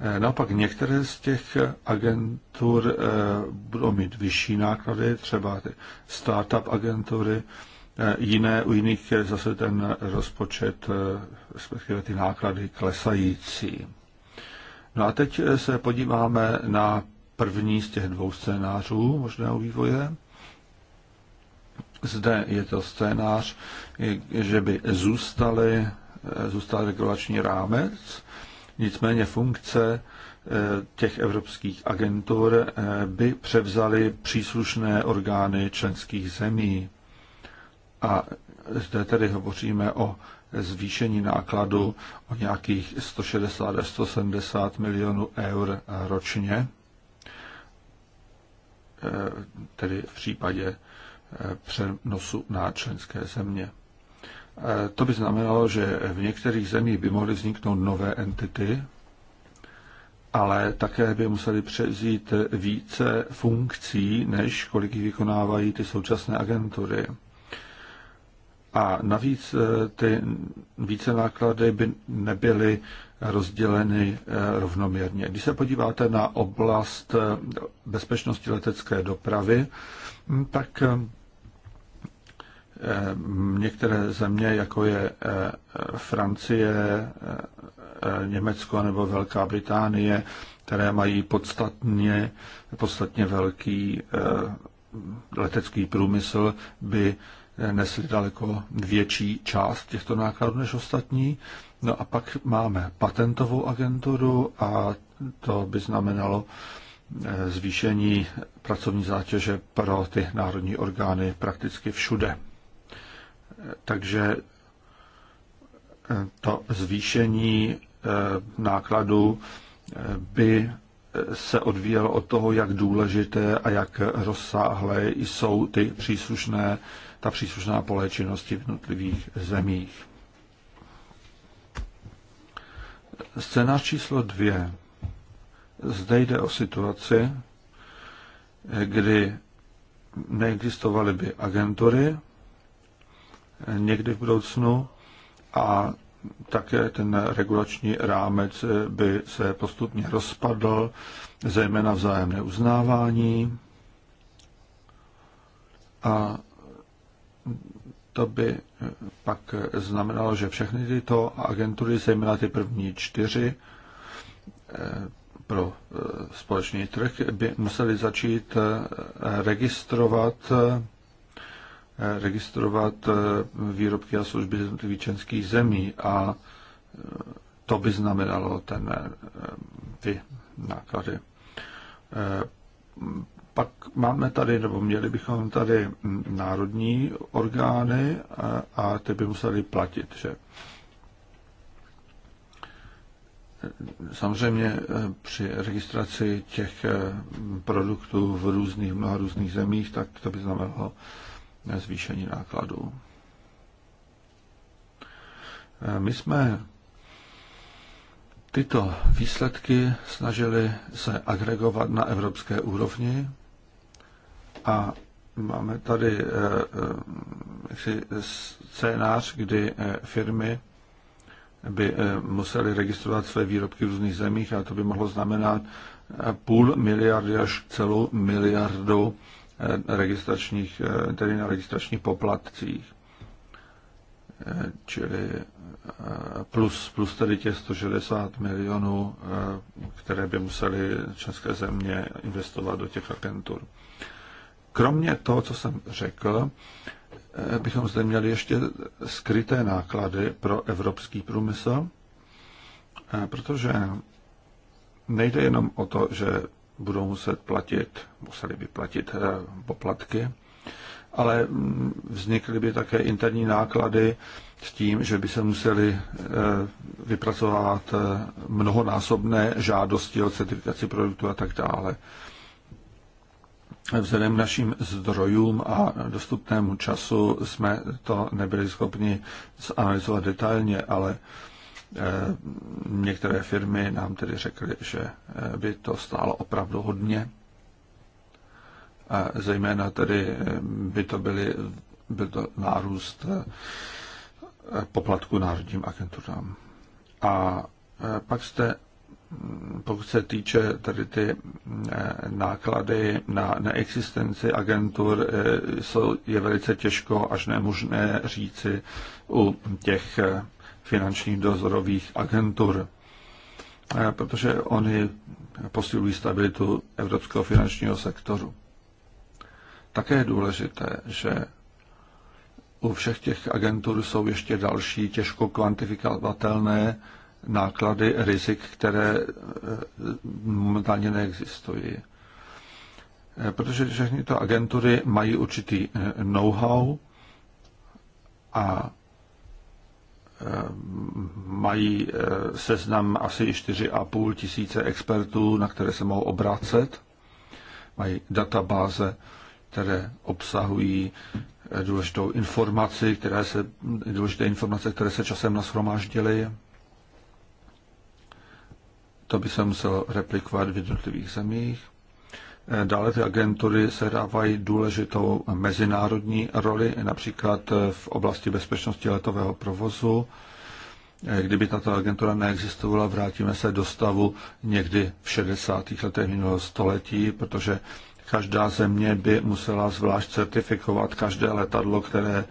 Speaker 3: Eh, naopak některé z těch agentur eh, budou mít vyšší náklady, třeba ty startup agentury, jiné, u jiných je zase ten rozpočet, respektive ty náklady klesající. No a teď eh, se podíváme na první z těch dvou scénářů možného vývoje. Zde je to scénář, že by zůstaly, eh, zůstal regulační rámec, nicméně funkce eh, těch evropských agentur by převzaly příslušné orgány členských zemí. A zde tedy hovoříme o zvýšení nákladu o nějakých 160 až 170 milionů eur ročně, eh, tedy v případě eh, přenosu na členské země. Eh, to by znamenalo, že v některých zemích by mohly vzniknout nové entity, ale také by museli převzít více funkcí, než kolik vykonávají ty současné agentury. A navíc eh, ty více náklady by nebyly rozděleny eh, rovnoměrně. Když se podíváte na oblast eh, bezpečnosti letecké dopravy, hm, tak některé země, jako je Francie, Německo nebo Velká Británie, které mají podstatně, podstatně velký letecký průmysl, by nesli daleko větší část těchto nákladů než ostatní. No a pak máme patentovou agenturu a to by znamenalo eh, zvýšení pracovní zátěže pro ty národní orgány prakticky všude. Eh, takže eh, to zvýšení nákladů by se odvíjelo od toho, jak důležité a jak rozsáhlé jsou ty příslušné ta příslušná pole činnosti v jednotlivých zemích. Scénář číslo dvě. Zde jde o situaci, kdy neexistovaly by agentury někdy v budoucnu a také ten regulační rámec by se postupně rozpadl, zejména vzájemné uznávání a to by eh, pak eh, znamenalo, že všechny tyto agentury, zejména ty první čtyři eh, pro společný trh, by museli začít registrovat registrovat výrobky a služby jednotlivých členských zemí a to by znamenalo ten, ty náklady. Pak máme tady, nebo měli bychom tady národní orgány a, a ty by museli platit, že? Samozřejmě eh, při registraci těch eh, produktů v různých, mnoha různých zemích, tak to by znamenalo eh, zvýšení nákladů. My jsme tyto výsledky snažili se agregovat na evropské úrovni a máme tady eh, eh, scénář, kdy eh, firmy by museli registrovat své výrobky v různých zemích a to by mohlo znamenat půl miliardy až celou miliardu registračních, tedy na registračních poplatcích. Čili plus, plus tedy těch 160 milionů, které by museli české země investovat do těch agentur. Kromě toho, co jsem řekl, eh, bychom zde měli ještě skryté náklady pro evropský průmysl, eh, protože nejde jenom o to, že budou muset platit, museli by platit eh, poplatky, ale mm, vznikly by také interní náklady s tím, že by se museli vypracovat mnohonásobné žádosti o certifikaci produktu a tak dále. Vzhledem našim zdrojům a dostupnému času jsme to nebyli schopni zanalizovat detailně, ale eh, některé firmy nám tedy řekly, že eh, by to stálo opravdu hodně. A zejména tedy eh, by to, byly, byl to nárůst poplatku národním agenturám. A pak jste pokud se týče tady ty eh, náklady na neexistenci agentur, eh, je velice těžko až nemožné říci u těch eh, finančních dozorových agentur, protože oni posilují stabilitu evropského finančního sektoru. Také je důležité, že u všech těch agentur jsou ještě další těžko kvantifikovatelné náklady rizik, které eh, momentálně neexistují. Eh, protože všechny to agentury mají určitý eh, know-how a mají seznam asi 4,5 tisíce expertů, na které se mohou obracet, Mají databáze, které obsahují důležitou informaci, které se, důležité informace, které se časem nashromáždily to by se muselo replikovat v jednotlivých zemích. Eh, dále ty agentury se dávají důležitou mezinárodní roli, například eh, v oblasti bezpečnosti letového provozu. Eh, kdyby tato agentura neexistovala, vrátíme se do stavu někdy v 60. letech minulého století, protože každá země by musela zvlášť certifikovat každé letadlo, které,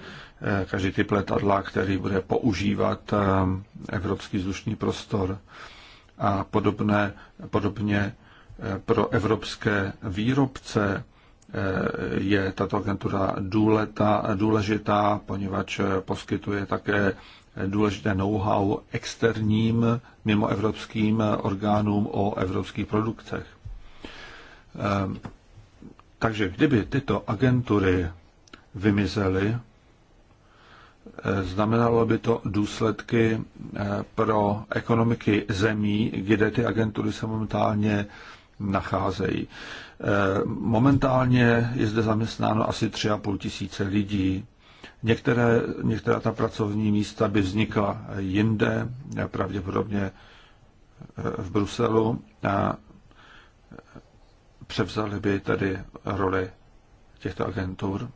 Speaker 3: každý typ letadla, který bude používat evropský vzdušný prostor a podobné, podobně eh, pro evropské výrobce eh, je tato agentura důleta, důležitá, poněvadž eh, poskytuje také důležité know-how externím mimo evropským orgánům o evropských produktech. Takže kdyby tyto agentury vymizely, Znamenalo by to důsledky eh, pro ekonomiky zemí, kde ty agentury se momentálně nacházejí. Eh, momentálně je zde zaměstnáno asi 3,5 tisíce lidí. Některé, některá ta pracovní místa by vznikla jinde, eh, pravděpodobně v Bruselu, a převzali by tedy roli těchto agentur.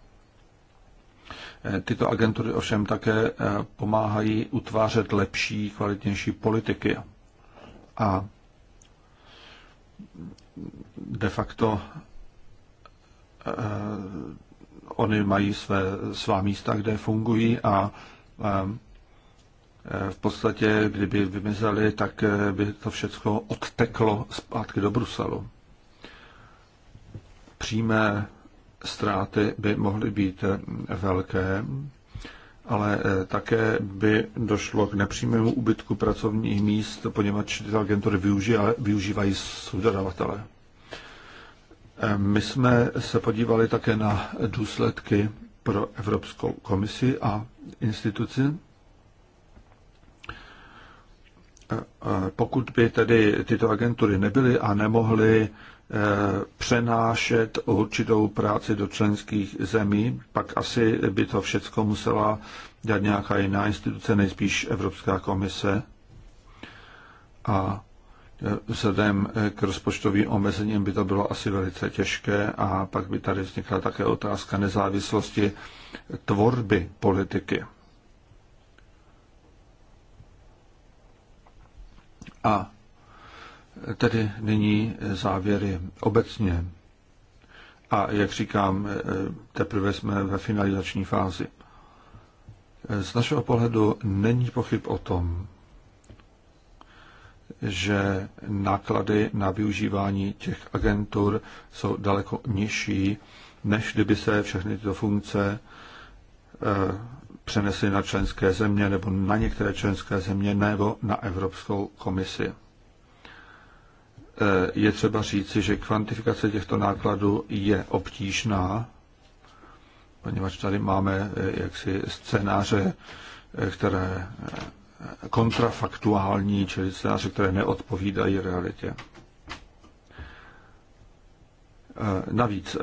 Speaker 3: Eh, tyto agentury ovšem také eh, pomáhají utvářet lepší, kvalitnější politiky. A de facto eh, oni mají své, svá místa, kde fungují a v podstatě, kdyby vymizeli, tak by to všechno odteklo zpátky do Bruselu. Přímé ztráty by mohly být eh, velké, ale eh, také by došlo k nepřímému ubytku pracovních míst, poněvadž tyto agentury využívají, využívají eh, My jsme se podívali také na důsledky pro Evropskou komisi a instituci. Pokud by tedy tyto agentury nebyly a nemohly přenášet určitou práci do členských zemí, pak asi by to všechno musela dělat nějaká jiná instituce, nejspíš Evropská komise. A e, vzhledem k rozpočtovým omezením by to bylo asi velice těžké a pak by tady vznikla také otázka nezávislosti tvorby politiky. A Tedy nyní závěry obecně. A jak říkám, eh, teprve jsme ve finalizační fázi. Eh, z našeho pohledu není pochyb o tom, že náklady na využívání těch agentur jsou daleko nižší, než kdyby se všechny tyto funkce eh, přenesly na členské země nebo na některé členské země nebo na Evropskou komisi. Eh, je třeba říci, že kvantifikace těchto nákladů je obtížná, poněvadž tady máme eh, jaksi scénáře, eh, které kontrafaktuální, čili scénáře, které neodpovídají realitě. Navíc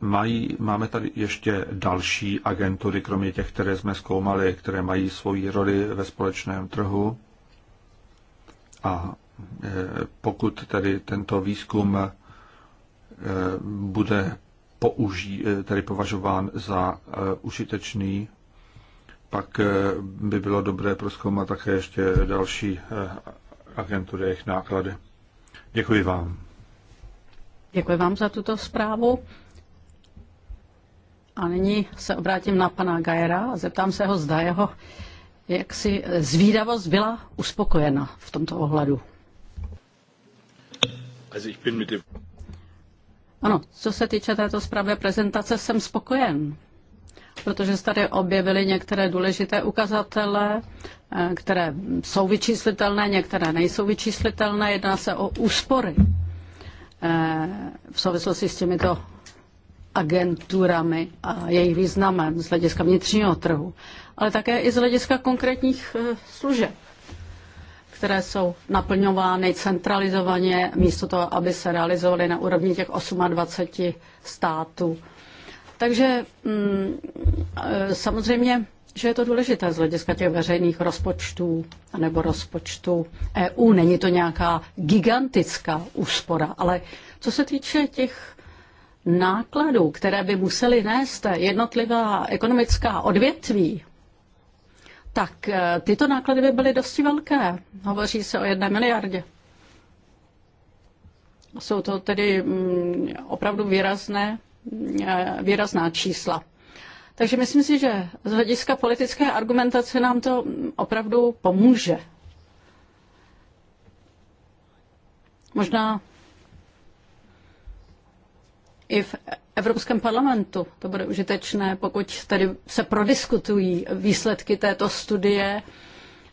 Speaker 3: mají, máme tady ještě další agentury, kromě těch, které jsme zkoumali, které mají svoji roli ve společném trhu. A pokud tady tento výzkum eh, bude použí, eh, tedy považován za eh, užitečný, pak by bylo dobré proskoumat také ještě další agentury jejich náklady. Děkuji vám.
Speaker 1: Děkuji vám za tuto zprávu. A nyní se obrátím na pana Gajera a zeptám se ho, zda jeho jak si zvídavost byla uspokojena v tomto ohledu. Ano, co se týče této zprávy prezentace, jsem spokojen, protože se tady objevily některé důležité ukazatele, eh, které jsou vyčíslitelné, některé nejsou vyčíslitelné. Jedná se o úspory eh, v souvislosti s těmito agenturami a jejich významem z hlediska vnitřního trhu, ale také i z hlediska konkrétních eh, služeb které jsou naplňovány centralizovaně, místo toho, aby se realizovaly na úrovni těch 28 států. Takže mm, e, samozřejmě, že je to důležité z hlediska těch veřejných rozpočtů nebo rozpočtu EU. Není to nějaká gigantická úspora, ale co se týče těch nákladů, které by musely nést jednotlivá ekonomická odvětví, tak eh, tyto náklady by byly dosti velké. Hovoří se o jedné miliardě. Jsou to tedy mm, opravdu výrazné, eh, výrazná čísla. Takže myslím si, že z hlediska politické argumentace nám to mm, opravdu pomůže. Možná i v Evropském parlamentu. To bude užitečné, pokud tady se prodiskutují výsledky této studie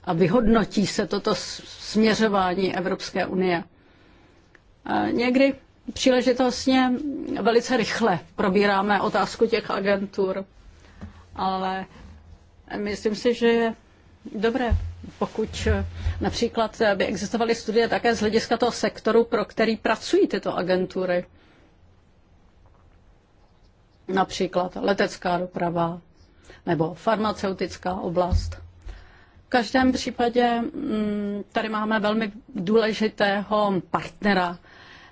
Speaker 1: a vyhodnotí se toto směřování Evropské unie. A někdy příležitostně velice rychle probíráme otázku těch agentur, ale myslím si, že je dobré, pokud například by existovaly studie také z hlediska toho sektoru, pro který pracují tyto agentury například letecká doprava nebo farmaceutická oblast. V každém případě mm, tady máme velmi důležitého partnera,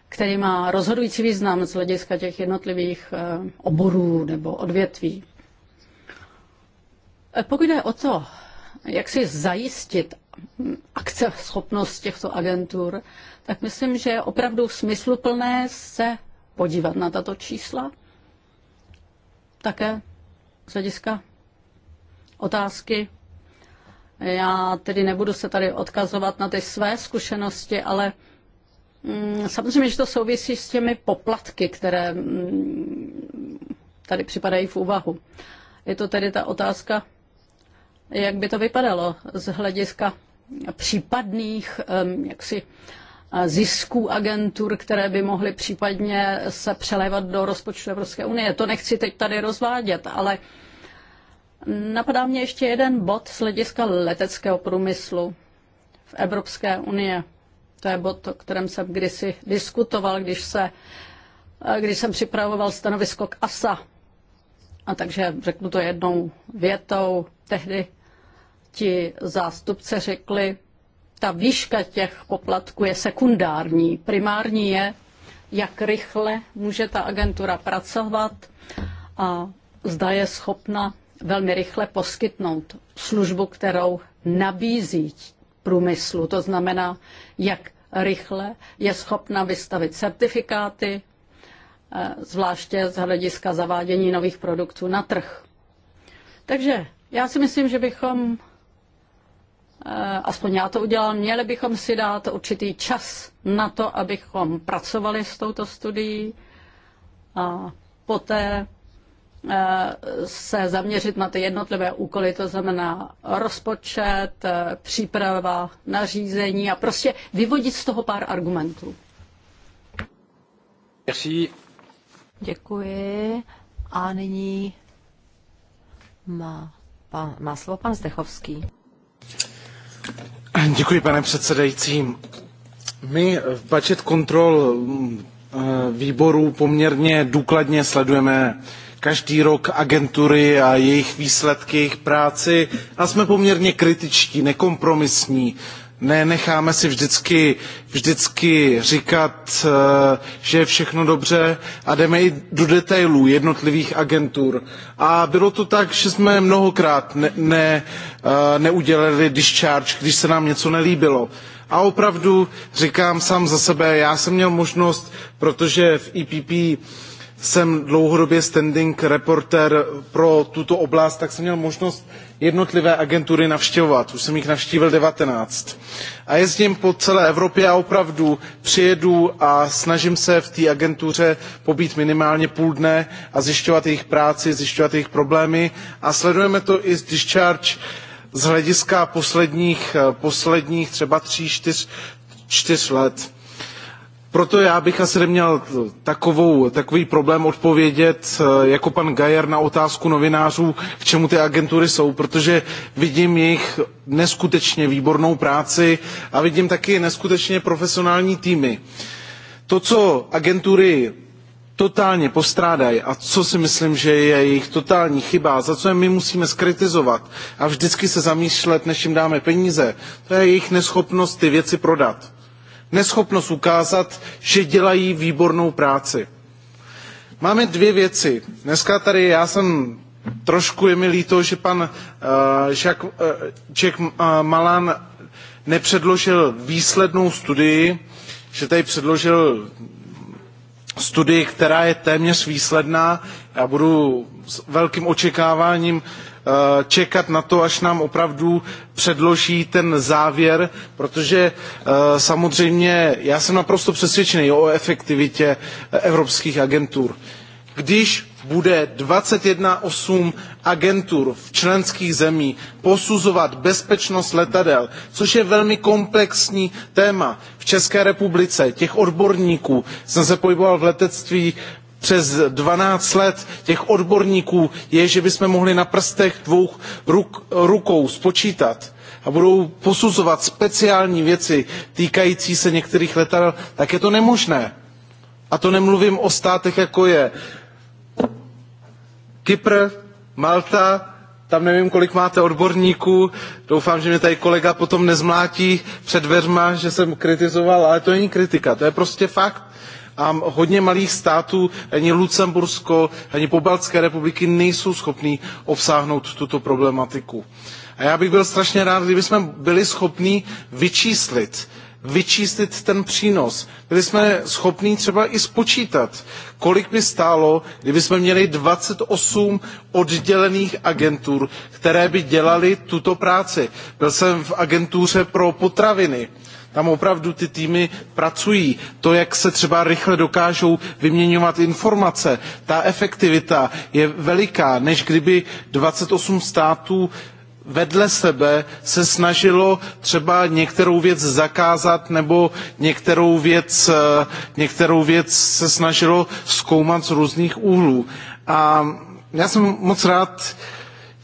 Speaker 1: který má rozhodující význam z hlediska těch jednotlivých eh, oborů nebo odvětví. Eh, pokud jde o to, jak si zajistit mm, akceschopnost těchto agentur, tak myslím, že je opravdu smysluplné se podívat na tato čísla také z hlediska otázky. Já tedy nebudu se tady odkazovat na ty své zkušenosti, ale mm, samozřejmě, že to souvisí s těmi poplatky, které mm, tady připadají v úvahu. Je to tedy ta otázka, jak by to vypadalo z hlediska případných jaksi, zisků agentur, které by mohly případně se přelévat do rozpočtu Evropské unie. To nechci teď tady rozvádět, ale napadá mě ještě jeden bod z hlediska leteckého průmyslu v Evropské unie. To je bod, o kterém jsem kdysi diskutoval, když, se, když jsem připravoval stanovisko k ASA. A takže řeknu to jednou větou. Tehdy ti zástupce řekli, ta výška těch poplatků je sekundární. Primární je, jak rychle může ta agentura pracovat a zda je schopna velmi rychle poskytnout službu, kterou nabízí průmyslu. To znamená, jak rychle je schopna vystavit certifikáty, eh, zvláště z hlediska zavádění nových produktů na trh. Takže já si myslím, že bychom Eh, aspoň já to udělám, měli bychom si dát určitý čas na to, abychom pracovali s touto studií a poté eh, se zaměřit na ty jednotlivé úkoly, to znamená rozpočet, eh, příprava, nařízení a prostě vyvodit z toho pár argumentů. Merci. Děkuji. A
Speaker 2: nyní má, pan, má slovo pan Zdechovský
Speaker 4: pane předsedající. My v budget control mm, eh, výboru poměrně důkladně sledujeme každý rok agentury a jejich výsledky, jejich práci a jsme poměrně kritičtí, nekompromisní nenecháme si vždycky, vždycky říkat, eh, že je všechno dobře a jdeme i do detailů jednotlivých agentur. A bylo to tak, že jsme mnohokrát ne, ne, eh, neudělali discharge, když se nám něco nelíbilo. A opravdu říkám sám za sebe, já jsem měl možnost, protože v EPP jsem dlouhodobě standing reporter pro tuto oblast, tak jsem měl možnost jednotlivé agentury navštěvovat. Už jsem jich navštívil 19. A jezdím po celé Evropě a opravdu přijedu a snažím se v té agentuře pobít minimálně půl dne a zjišťovat jejich práci, zjišťovat jejich problémy a sledujeme to i z discharge z hlediska posledních, eh, posledních třeba tří, čtyř, čtyř let proto já bych asi neměl takovou, takový problém odpovědět eh, jako pan Gajer na otázku novinářů, k čemu ty agentury jsou, protože vidím jejich neskutečně výbornou práci a vidím taky neskutečně profesionální týmy. To, co agentury totálně postrádají a co si myslím, že je jejich totální chyba, za co je my musíme skritizovat a vždycky se zamýšlet, než jim dáme peníze, to je jejich neschopnost ty věci prodat neschopnost ukázat, že dělají výbornou práci. Máme dvě věci. Dneska tady já jsem trošku je mi líto, že pan uh, Jack, uh, eh, Jack uh, Malan nepředložil výslednou studii, že tady předložil studii, která je téměř výsledná. Já budu s velkým očekáváním uh, Eh, čekat na to, až nám opravdu předloží ten závěr, protože eh, samozřejmě já jsem naprosto přesvědčený o efektivitě eh, evropských agentur. Když bude 21,8 agentur v členských zemí posuzovat bezpečnost letadel, což je velmi komplexní téma. V České republice těch odborníků jsem se pohyboval v letectví přes 12 let těch odborníků je, že bychom mohli na prstech dvou ruk, rukou spočítat a budou posuzovat speciální věci týkající se některých letadel, tak je to nemožné. A to nemluvím o státech, jako je Kypr, Malta, tam nevím, kolik máte odborníků. Doufám, že mě tady kolega potom nezmlátí před dveřma, že jsem kritizoval, ale to není kritika, to je prostě fakt a hodně malých států, ani Lucembursko, ani pobaltské republiky nejsou schopny obsáhnout tuto problematiku. A já bych byl strašně rád, kdybychom byli schopni vyčíslit, vyčíslit ten přínos. Byli jsme schopni třeba i spočítat, kolik by stálo, kdybychom měli 28 oddělených agentur, které by dělaly tuto práci. Byl jsem v agentuře pro potraviny tam opravdu ty týmy pracují. To, jak se třeba rychle dokážou vyměňovat informace, ta efektivita je veliká, než kdyby 28 států vedle sebe se snažilo třeba některou věc zakázat nebo některou věc, některou věc se snažilo zkoumat z různých úhlů. A já jsem moc rád,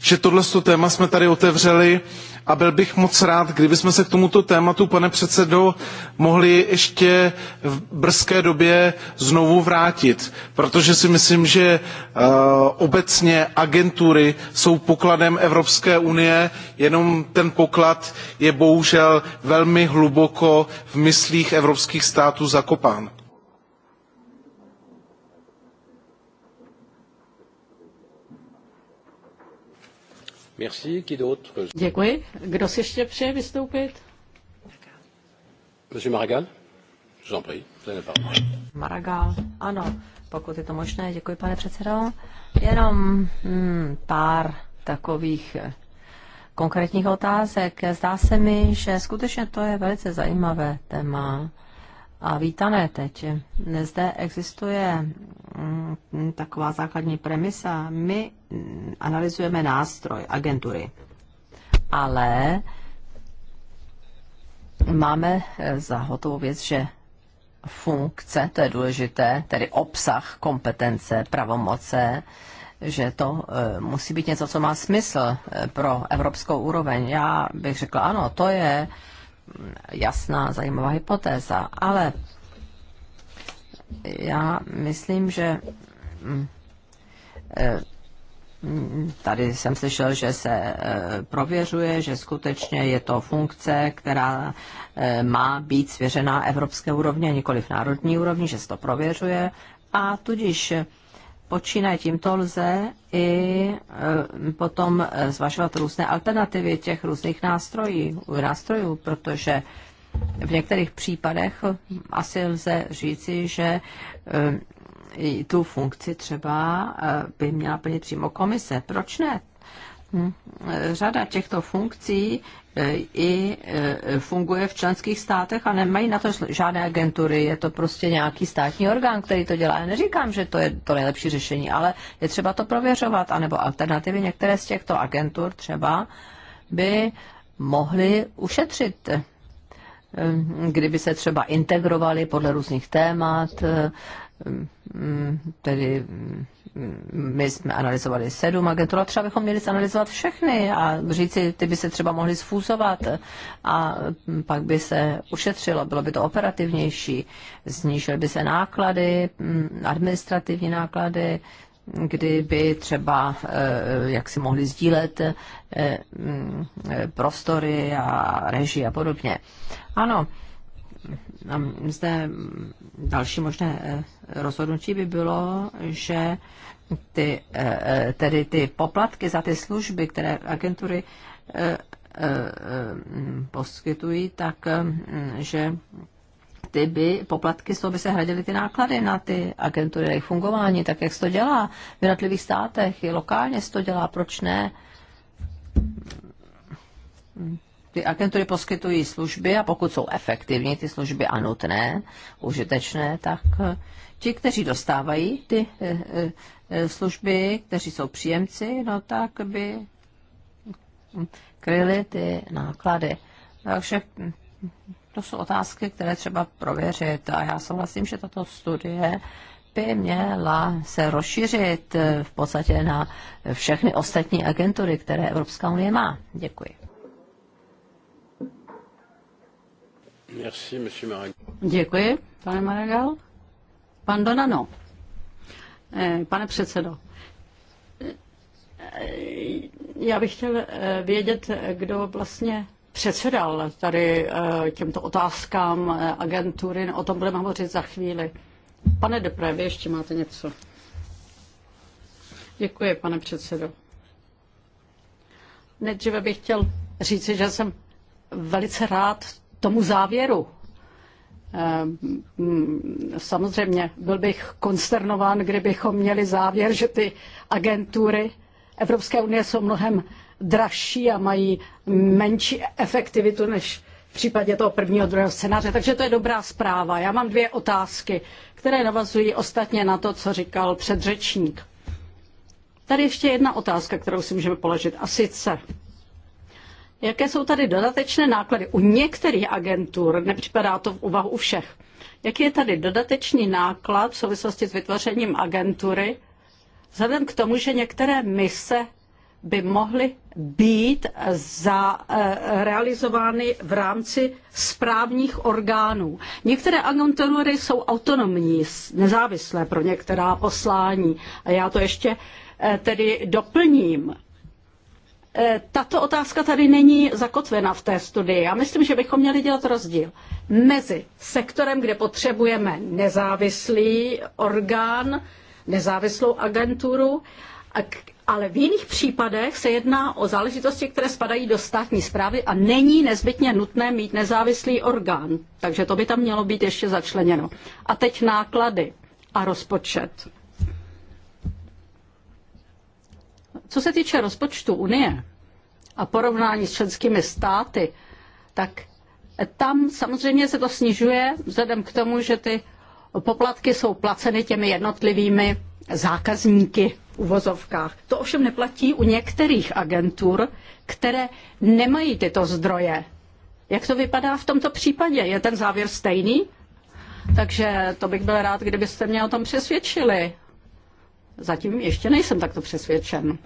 Speaker 4: že tohle téma jsme tady otevřeli a byl bych moc rád, kdybychom se k tomuto tématu, pane předsedo, mohli ještě v brzké době znovu vrátit, protože si myslím, že uh, obecně agentury jsou pokladem Evropské unie, jenom ten poklad je bohužel velmi hluboko v myslích evropských států zakopán. Merci. Qui d'autre?
Speaker 1: Děkuji. Kdo si ještě přeje vystoupit?
Speaker 4: Monsieur Maragall, je vous en prie,
Speaker 2: Maragall, ano, pokud je to možné, děkuji pane předsedo. Jenom hmm, pár takových eh, konkrétních otázek. Zdá se mi, že skutečně to je velice zajímavé téma a vítané teď. Zde existuje mm, taková základní premisa. My mm, analyzujeme nástroj agentury, ale máme eh, za hotovou věc, že funkce, to je důležité, tedy obsah, kompetence, pravomoce, že to eh, musí být něco, co má smysl eh, pro evropskou úroveň. Já bych řekla, ano, to je jasná, zajímavá hypotéza, ale já myslím, že mm, eh, tady jsem slyšel, že se eh, prověřuje, že skutečně je to funkce, která eh, má být svěřená evropské úrovně, nikoli v národní úrovni, že se to prověřuje a tudíž počínaje tímto lze i e, potom e, zvažovat různé alternativy těch různých nástrojů, nástrojů protože v některých případech asi lze říci, že e, tu funkci třeba by měla plnit přímo komise. Proč ne? řada těchto funkcí eh, i eh, funguje v členských státech a nemají na to žádné agentury. Je to prostě nějaký státní orgán, který to dělá. Já neříkám, že to je to nejlepší řešení, ale je třeba to prověřovat, anebo alternativy některé z těchto agentur třeba by mohly ušetřit eh, kdyby se třeba integrovali podle různých témat, mm, tedy mm, my jsme analyzovali sedm agentů, a třeba bychom měli zanalizovat všechny a říci, ty by se třeba mohly sfúzovat a pak by se ušetřilo, bylo by to operativnější, znížily by se náklady, mm, administrativní náklady, kdyby třeba eh, jak si mohli sdílet eh, mm, eh, prostory a režii a podobně. Ano, zde další možné eh, rozhodnutí by bylo, že ty, eh, eh, tedy ty poplatky za ty služby, které agentury poskytují, tak mm, že ty by, poplatky z toho by se hradily ty náklady na ty agentury, jejich fungování, tak jak se to dělá v jednotlivých státech, i lokálně se to dělá, proč ne? ty agentury poskytují služby a pokud jsou efektivní ty služby a nutné, užitečné, tak eh, ti, kteří dostávají ty eh, eh, služby, kteří jsou příjemci, no tak by kryli ty náklady. Takže to jsou otázky, které třeba prověřit a já souhlasím, že tato studie by měla se rozšířit v podstatě na všechny ostatní agentury, které Evropská unie má. Děkuji.
Speaker 4: Merci, monsieur Maragall.
Speaker 1: Děkuji, pane Maragall. Pan Donano. Eh, pane předsedo, eh, já bych chtěl eh, vědět, kdo vlastně předsedal tady těmto otázkám agentury. No, o tom budeme hovořit za chvíli. Pane Depre, vy ještě máte něco. Děkuji, pane předsedo. Nejdříve bych chtěl říci, že jsem velice rád tomu závěru. Eh, mm, samozřejmě byl bych konsternován, kdybychom měli závěr, že ty agentury Evropské unie jsou mnohem dražší a mají menší efektivitu než v případě toho prvního, druhého scénáře. Takže to je dobrá zpráva. Já mám dvě otázky, které navazují ostatně na to, co říkal předřečník. Tady ještě jedna otázka, kterou si můžeme položit. A sice, jaké jsou tady dodatečné náklady u některých agentur, nepřipadá to v úvahu u všech. Jaký je tady dodatečný náklad v souvislosti s vytvořením agentury, vzhledem k tomu, že některé mise by mohly být za, eh, realizovány v rámci správních orgánů. Některé agentury jsou autonomní, nezávislé pro některá poslání. A já to ještě eh, tedy doplním. Eh, tato otázka tady není zakotvena v té studii. Já myslím, že bychom měli dělat rozdíl mezi sektorem, kde potřebujeme nezávislý orgán, nezávislou agenturu, ale v jiných případech se jedná o záležitosti, které spadají do státní zprávy a není nezbytně nutné mít nezávislý orgán. Takže to by tam mělo být ještě začleněno. A teď náklady a rozpočet. Co se týče rozpočtu Unie a porovnání s členskými státy, tak tam samozřejmě se to snižuje vzhledem k tomu, že ty poplatky jsou placeny těmi jednotlivými zákazníky v uvozovkách. To ovšem neplatí u některých agentur, které nemají tyto zdroje. Jak to vypadá v tomto případě? Je ten závěr stejný? Takže to bych byl rád, kdybyste mě o tom přesvědčili. Zatím ještě nejsem takto přesvědčen.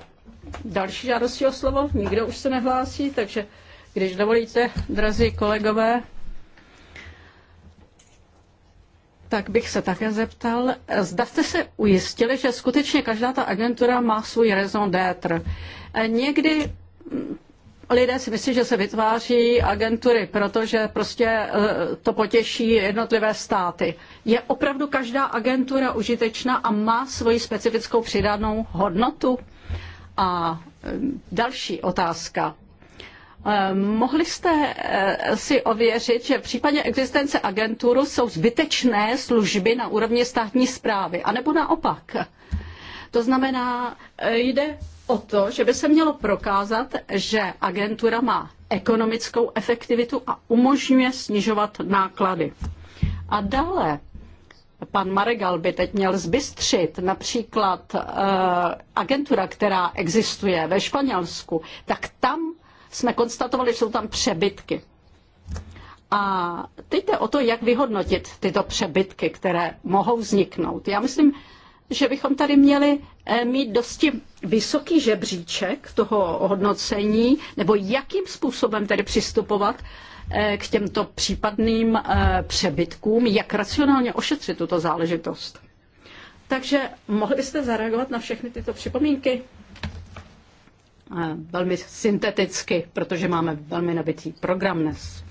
Speaker 1: Další žádosti o slovo? Nikdo už se nehlásí, takže když dovolíte, drazí kolegové, tak bych se také zeptal, zda jste se ujistili, že skutečně každá ta agentura má svůj raison d'être. Někdy lidé si myslí, že se vytváří agentury, protože prostě e, to potěší jednotlivé státy. Je opravdu každá agentura užitečná a má svoji specifickou přidanou hodnotu? A e, další otázka. E, mohli jste si ověřit, že v případě existence agenturu jsou zbytečné služby na úrovni státní správy, anebo naopak. To znamená, jde o to, že by se mělo prokázat, že agentura má ekonomickou efektivitu a umožňuje snižovat náklady. A dále pan Maregal by teď měl zbystřit například uh, agentura, která existuje ve Španělsku, tak tam jsme konstatovali, že jsou tam přebytky. A teď jde o to, jak vyhodnotit tyto přebytky, které mohou vzniknout. Já myslím, že bychom tady měli eh, mít dosti vysoký žebříček toho hodnocení, nebo jakým způsobem tedy přistupovat eh, k těmto případným eh, přebytkům, jak racionálně ošetřit tuto záležitost. Takže mohli byste zareagovat na všechny tyto připomínky? Velmi synteticky, protože máme velmi nabitý program dnes.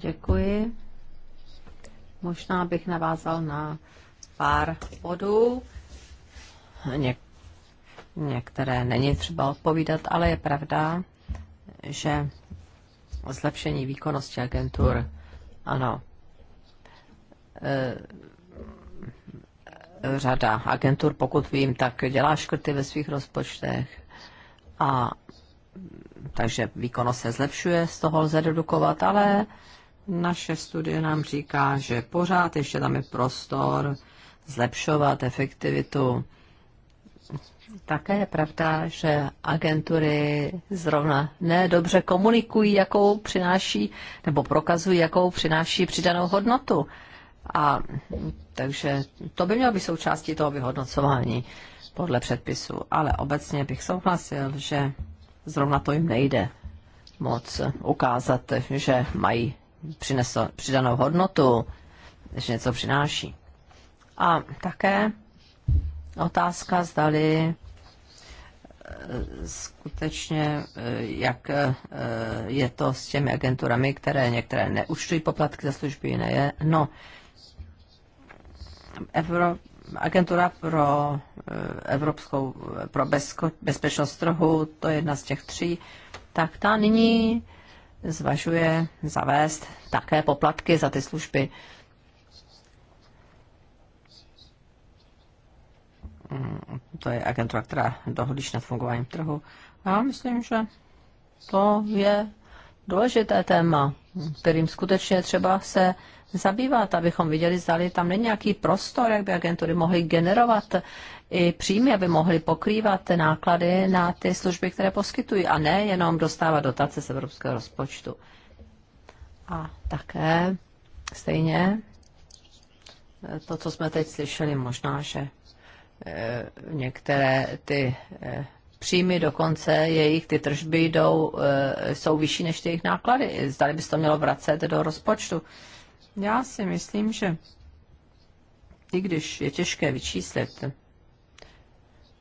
Speaker 1: Děkuji.
Speaker 2: Možná bych navázal na pár bodů. Něk- některé není třeba odpovídat, ale je pravda, že zlepšení výkonnosti agentur, ano, e, řada agentur, pokud vím, tak dělá škrty ve svých rozpočtech a takže výkonnost se zlepšuje, z toho lze dedukovat, ale naše studie nám říká, že pořád ještě tam je prostor zlepšovat efektivitu. Také je pravda, že agentury zrovna nedobře komunikují, jakou přináší, nebo prokazují, jakou přináší přidanou hodnotu. A takže to by mělo být součástí toho vyhodnocování podle předpisu. Ale obecně bych souhlasil, že zrovna to jim nejde moc ukázat, že mají přinesl přidanou hodnotu, že něco přináší. A také otázka, zdali e, skutečně, e, jak e, je to s těmi agenturami, které některé neúčtují poplatky za služby, jiné je. No, Evro, agentura pro evropskou pro bezko, bezpečnost trhu, to je jedna z těch tří, tak ta nyní zvažuje zavést také poplatky za ty služby. Mm, to je agentura, která dohlíží nad fungováním trhu. Já myslím, že to je důležité téma, kterým skutečně třeba se zabývat, abychom viděli, zda tam není nějaký prostor, jak by agentury mohly generovat i příjmy, aby mohly pokrývat náklady na ty služby, které poskytují, a ne jenom dostávat dotace z evropského rozpočtu. A také stejně eh, to, co jsme teď slyšeli, možná, že eh, některé ty eh, příjmy, dokonce jejich ty tržby jdou, eh, jsou vyšší než ty jejich náklady. Zdali by se to mělo vracet do rozpočtu. Já si myslím, že i když je těžké vyčíslit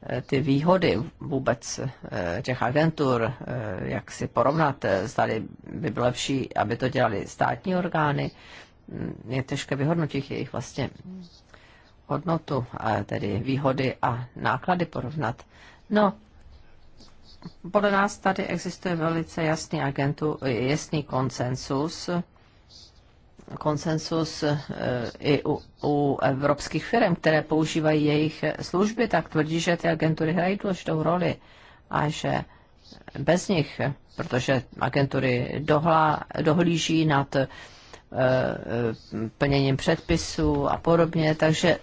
Speaker 2: eh, ty výhody vůbec eh, těch agentur, jak si porovnat, zdali by bylo lepší, aby to dělali státní orgány, mm, je těžké vyhodnotit jejich vlastně hodnotu, tedy výhody a náklady porovnat. No, podle nás tady existuje velice jasný, agentu, jasný konsensus, konsensus e, i u, u evropských firm, které používají jejich služby, tak tvrdí, že ty agentury hrají důležitou roli a že bez nich, protože agentury dohla dohlíží nad e, e, plněním předpisů a podobně, takže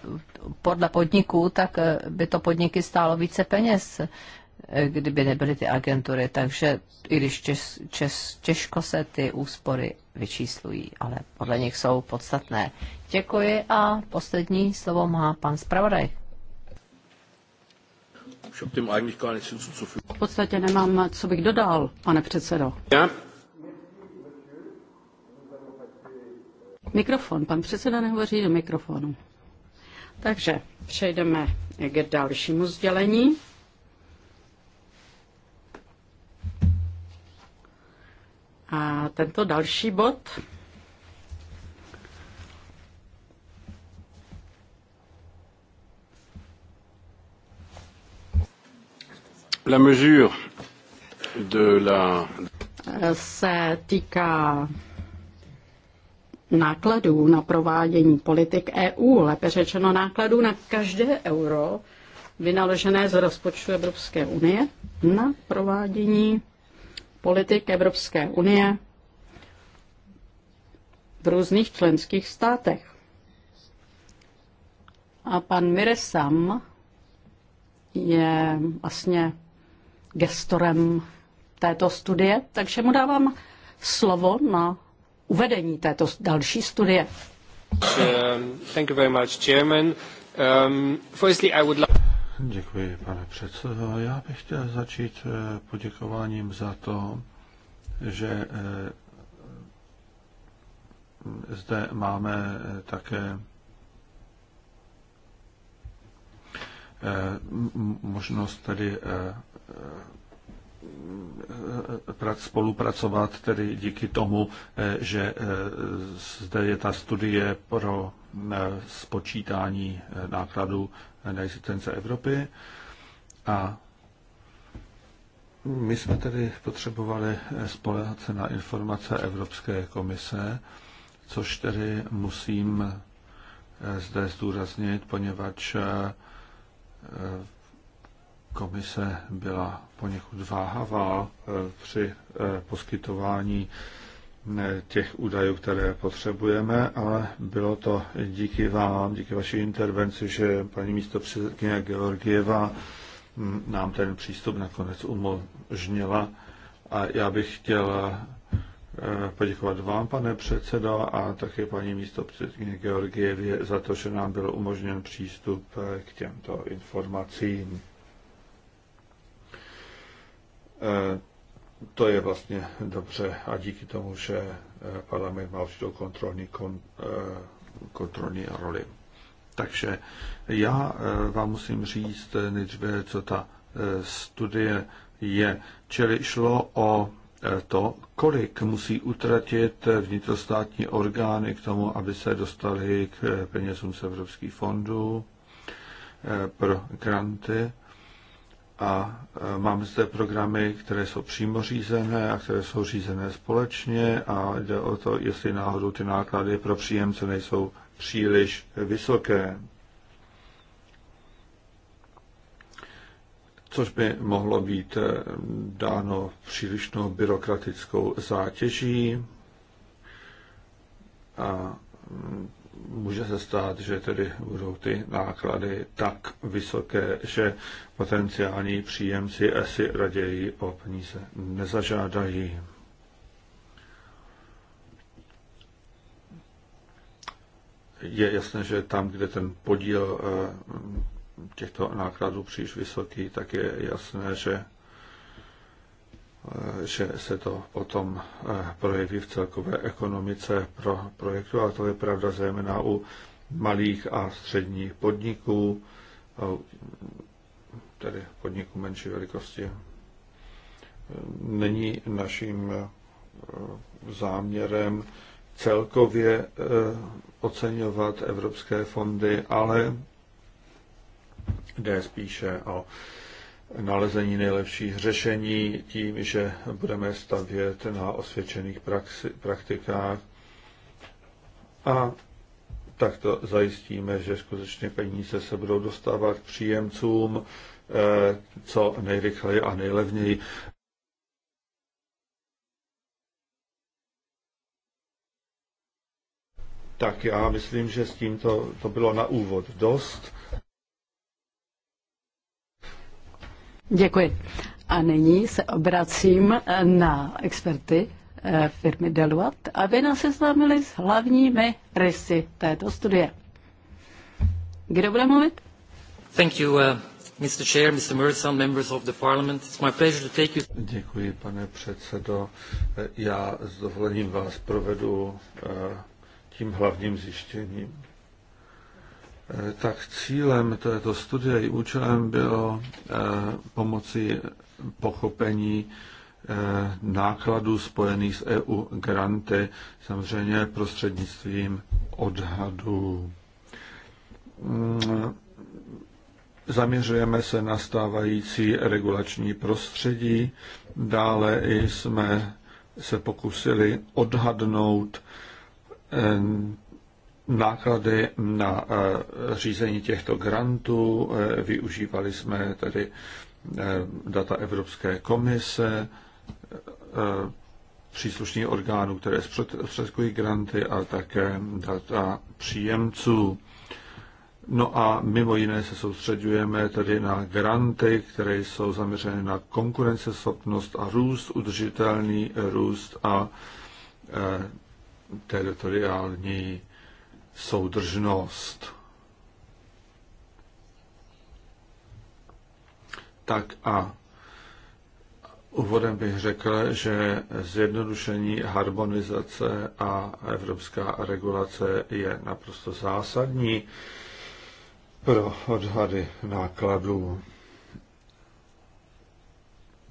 Speaker 2: podle podniků, tak by to podniky stálo více peněz, kdyby nebyly ty agentury. Takže i když čes, čes, těžko se ty úspory vyčíslují, ale podle nich jsou podstatné. Děkuji a poslední slovo má pan zpravodaj.
Speaker 1: V podstatě nemám, co bych dodal, pane předsedo. Já? Mikrofon, pan předseda nehovoří do mikrofonu. Takže přejdeme k dalšímu sdělení. A tento další bod
Speaker 4: La mesure de la...
Speaker 1: se týká nákladů na provádění politik EU, lépe řečeno nákladů na každé euro vynaložené z rozpočtu Evropské unie na provádění politik Evropské unie v různých členských státech. A pan Miresam je vlastně gestorem této studie, takže mu dávám slovo na uvedení této další studie. Um, thank you very much, Chairman. Um, firstly, I
Speaker 3: would like... Děkuji, pane předsedo. Já bych chtěl začít eh, poděkováním za to, že eh, zde máme eh, také možnost tedy spolupracovat tedy díky tomu, eh, že eh, zde je ta studie pro eh, spočítání nákladů na existence Evropy. A my jsme tedy potřebovali spolehat se na informace Evropské komise, což tedy musím zde zdůraznit, poněvadž komise byla poněkud váhavá eh, při eh, poskytování eh, těch údajů, které potřebujeme, ale bylo to díky vám, díky vaší intervenci, že paní místo předsedkyně Georgieva hm, nám ten přístup nakonec umožnila. A já bych chtěl poděkovat vám, pane předsedo, a také paní místo předsedkyně Georgievě za to, že nám byl umožněn přístup k těmto informacím. Eh, to je vlastně dobře a díky tomu, že eh, parlament má určitou kontrolní, kon, eh, kontrolní roli. Takže já vám musím říct nejdříve, co ta studie je. Čili šlo o to, kolik musí utratit vnitrostátní orgány k tomu, aby se dostali k penězům z evropských fondů pro granty a e, máme zde programy, které jsou přímo řízené a které jsou řízené společně a jde o to, jestli náhodou ty náklady pro příjemce nejsou příliš vysoké. Což by mohlo být e, dáno přílišnou byrokratickou zátěží a může se stát, že tedy budou ty náklady tak vysoké, že potenciální příjemci asi raději o peníze nezažádají. Je jasné, že tam, kde ten podíl eh, těchto nákladů příliš vysoký, tak je jasné, že Eh, že se to potom eh, projeví v celkové ekonomice pro projektu, a to je pravda zejména u malých a středních podniků, tedy podniků menší velikosti. Není naším eh, záměrem celkově oceňovat evropské fondy, ale jde spíše o nalezení nejlepších řešení tím, že budeme stavět na osvědčených praxi, praktikách a takto zajistíme, že skutečně peníze se budou dostávat příjemcům eh, co nejrychleji a nejlevněji. Tak já myslím, že s tímto to bylo na úvod dost.
Speaker 1: Děkuji. A nyní se obracím eh, na experty eh, firmy Deluat, aby nás seznámili s hlavními rysy této studie. Kdo bude mluvit?
Speaker 4: Thank
Speaker 3: you, uh, Mr. Chair, Mr. Murson, members of the Parliament. It's my pleasure to take you. Děkuji, pane předsedo. Eh, já s dovolením vás provedu uh, tím hlavním zjištěním. Eh, tak cílem této studie i účelem bylo eh, pomoci pochopení eh, nákladů spojených s EU granty, samozřejmě prostřednictvím odhadů. Mm, zaměřujeme se na stávající regulační prostředí, dále jsme se pokusili odhadnout náklady na eh, řízení těchto grantů. Eh, využívali jsme tedy eh, data Evropské komise, příslušných orgánů, které zprostředkují granty a také data příjemců. No a mimo jiné se soustředujeme tedy na granty, které jsou zaměřeny na konkurenceschopnost a růst, udržitelný růst a teritoriální soudržnost. Tak a Úvodem bych řekl, že zjednodušení harmonizace a evropská regulace je naprosto zásadní pro odhady nákladů.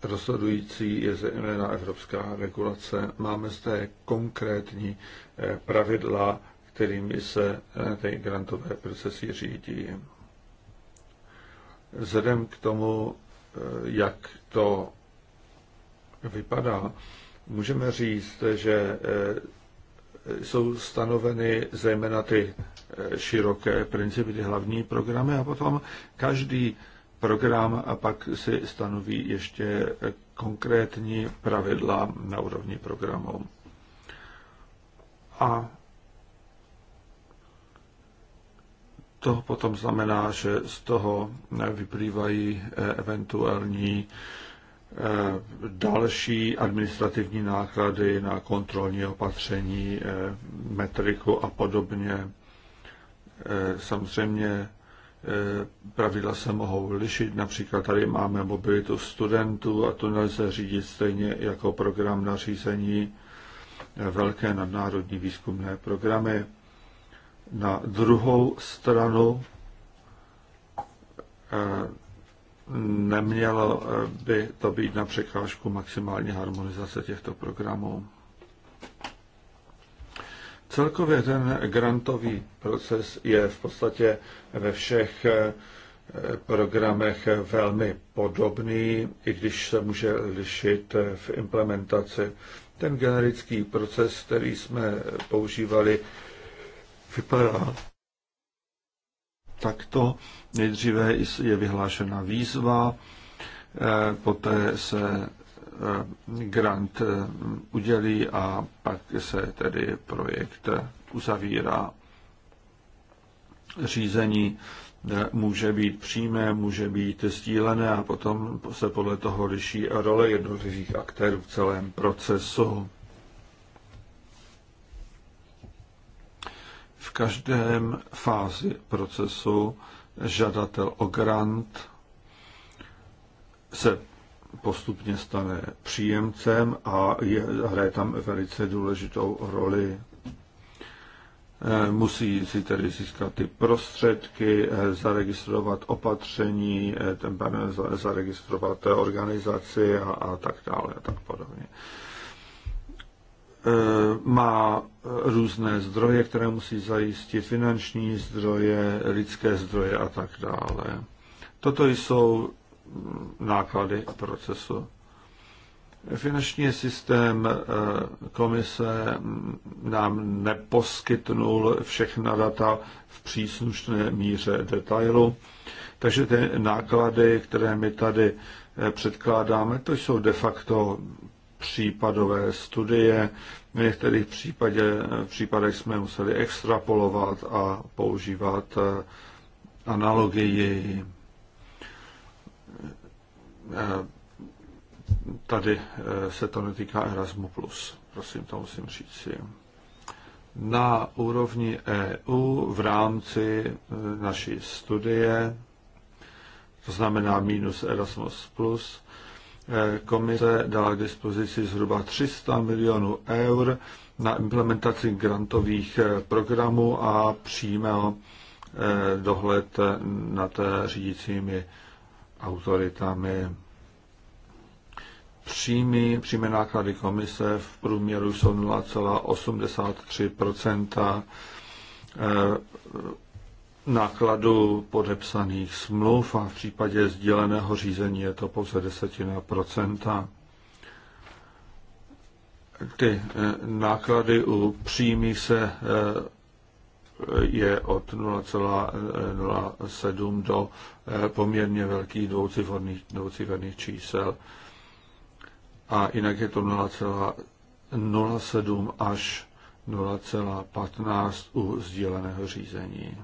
Speaker 3: Rozhodující je zejména evropská regulace. Máme zde konkrétní eh, pravidla kterými se eh, ty grantové procesy řídí. Vzhledem k tomu, eh, jak to vypadá, můžeme říct, že eh, jsou stanoveny zejména ty široké principy, ty hlavní programy a potom každý program a pak si stanoví ještě konkrétní pravidla na úrovni programu. A to potom znamená, že z toho vyplývají eh, eventuální eh, další administrativní náklady na kontrolní opatření, eh, metriku a podobně. Samozřejmě pravidla se mohou lišit. Například tady máme mobilitu studentů a to nelze řídit stejně jako program nařízení velké nadnárodní výzkumné programy. Na druhou stranu eh, nemělo eh, by to být na překážku maximální harmonizace těchto programů. Celkově ten grantový proces je v podstatě ve všech eh, programech velmi podobný, i když se může lišit v implementaci. Ten generický proces, který jsme používali vypadá takto. Nejdříve je vyhlášena výzva, eh, poté se eh, grant eh, udělí a pak se tedy projekt uzavírá. Řízení může být přímé, může být sdílené a potom se podle toho liší role jednotlivých aktérů v celém procesu. V každém fázi procesu žadatel o grant se postupně stane příjemcem a je, hraje tam velice důležitou roli. Eh, musí si tedy získat ty prostředky, eh, zaregistrovat opatření, eh, ten zaregistrovat organizaci a, a tak dále a tak podobně. Eh, má eh, různé zdroje, které musí zajistit, finanční zdroje, lidské zdroje a tak dále. Toto jsou mm, náklady procesu. Finanční systém eh, komise mm, nám neposkytnul všechna data v příslušné míře detailu, takže ty náklady, které my tady předkládáme, to jsou de facto případové studie. V některých případě, v případech jsme museli extrapolovat a používat eh, analogii. Eh, tady eh, se to netýká Erasmu+, prosím, to musím říct si. Na úrovni EU v rámci naší studie, to znamená minus Erasmus+, plus, Komise dala k dispozici zhruba 300 milionů eur na implementaci grantových eh, programů a přímého eh, dohled nad eh, řídícími autoritami. Příjmy, přímé náklady komise v průměru jsou 0,83 nákladu podepsaných smluv a v případě sdíleného řízení je to pouze desetina procenta. Ty eh, náklady u příjmy se eh, je od 0,07 do eh, poměrně velkých dvouciferných, dvouciferných čísel. A jinak je to 0,07 až 0,15 u sdíleného řízení.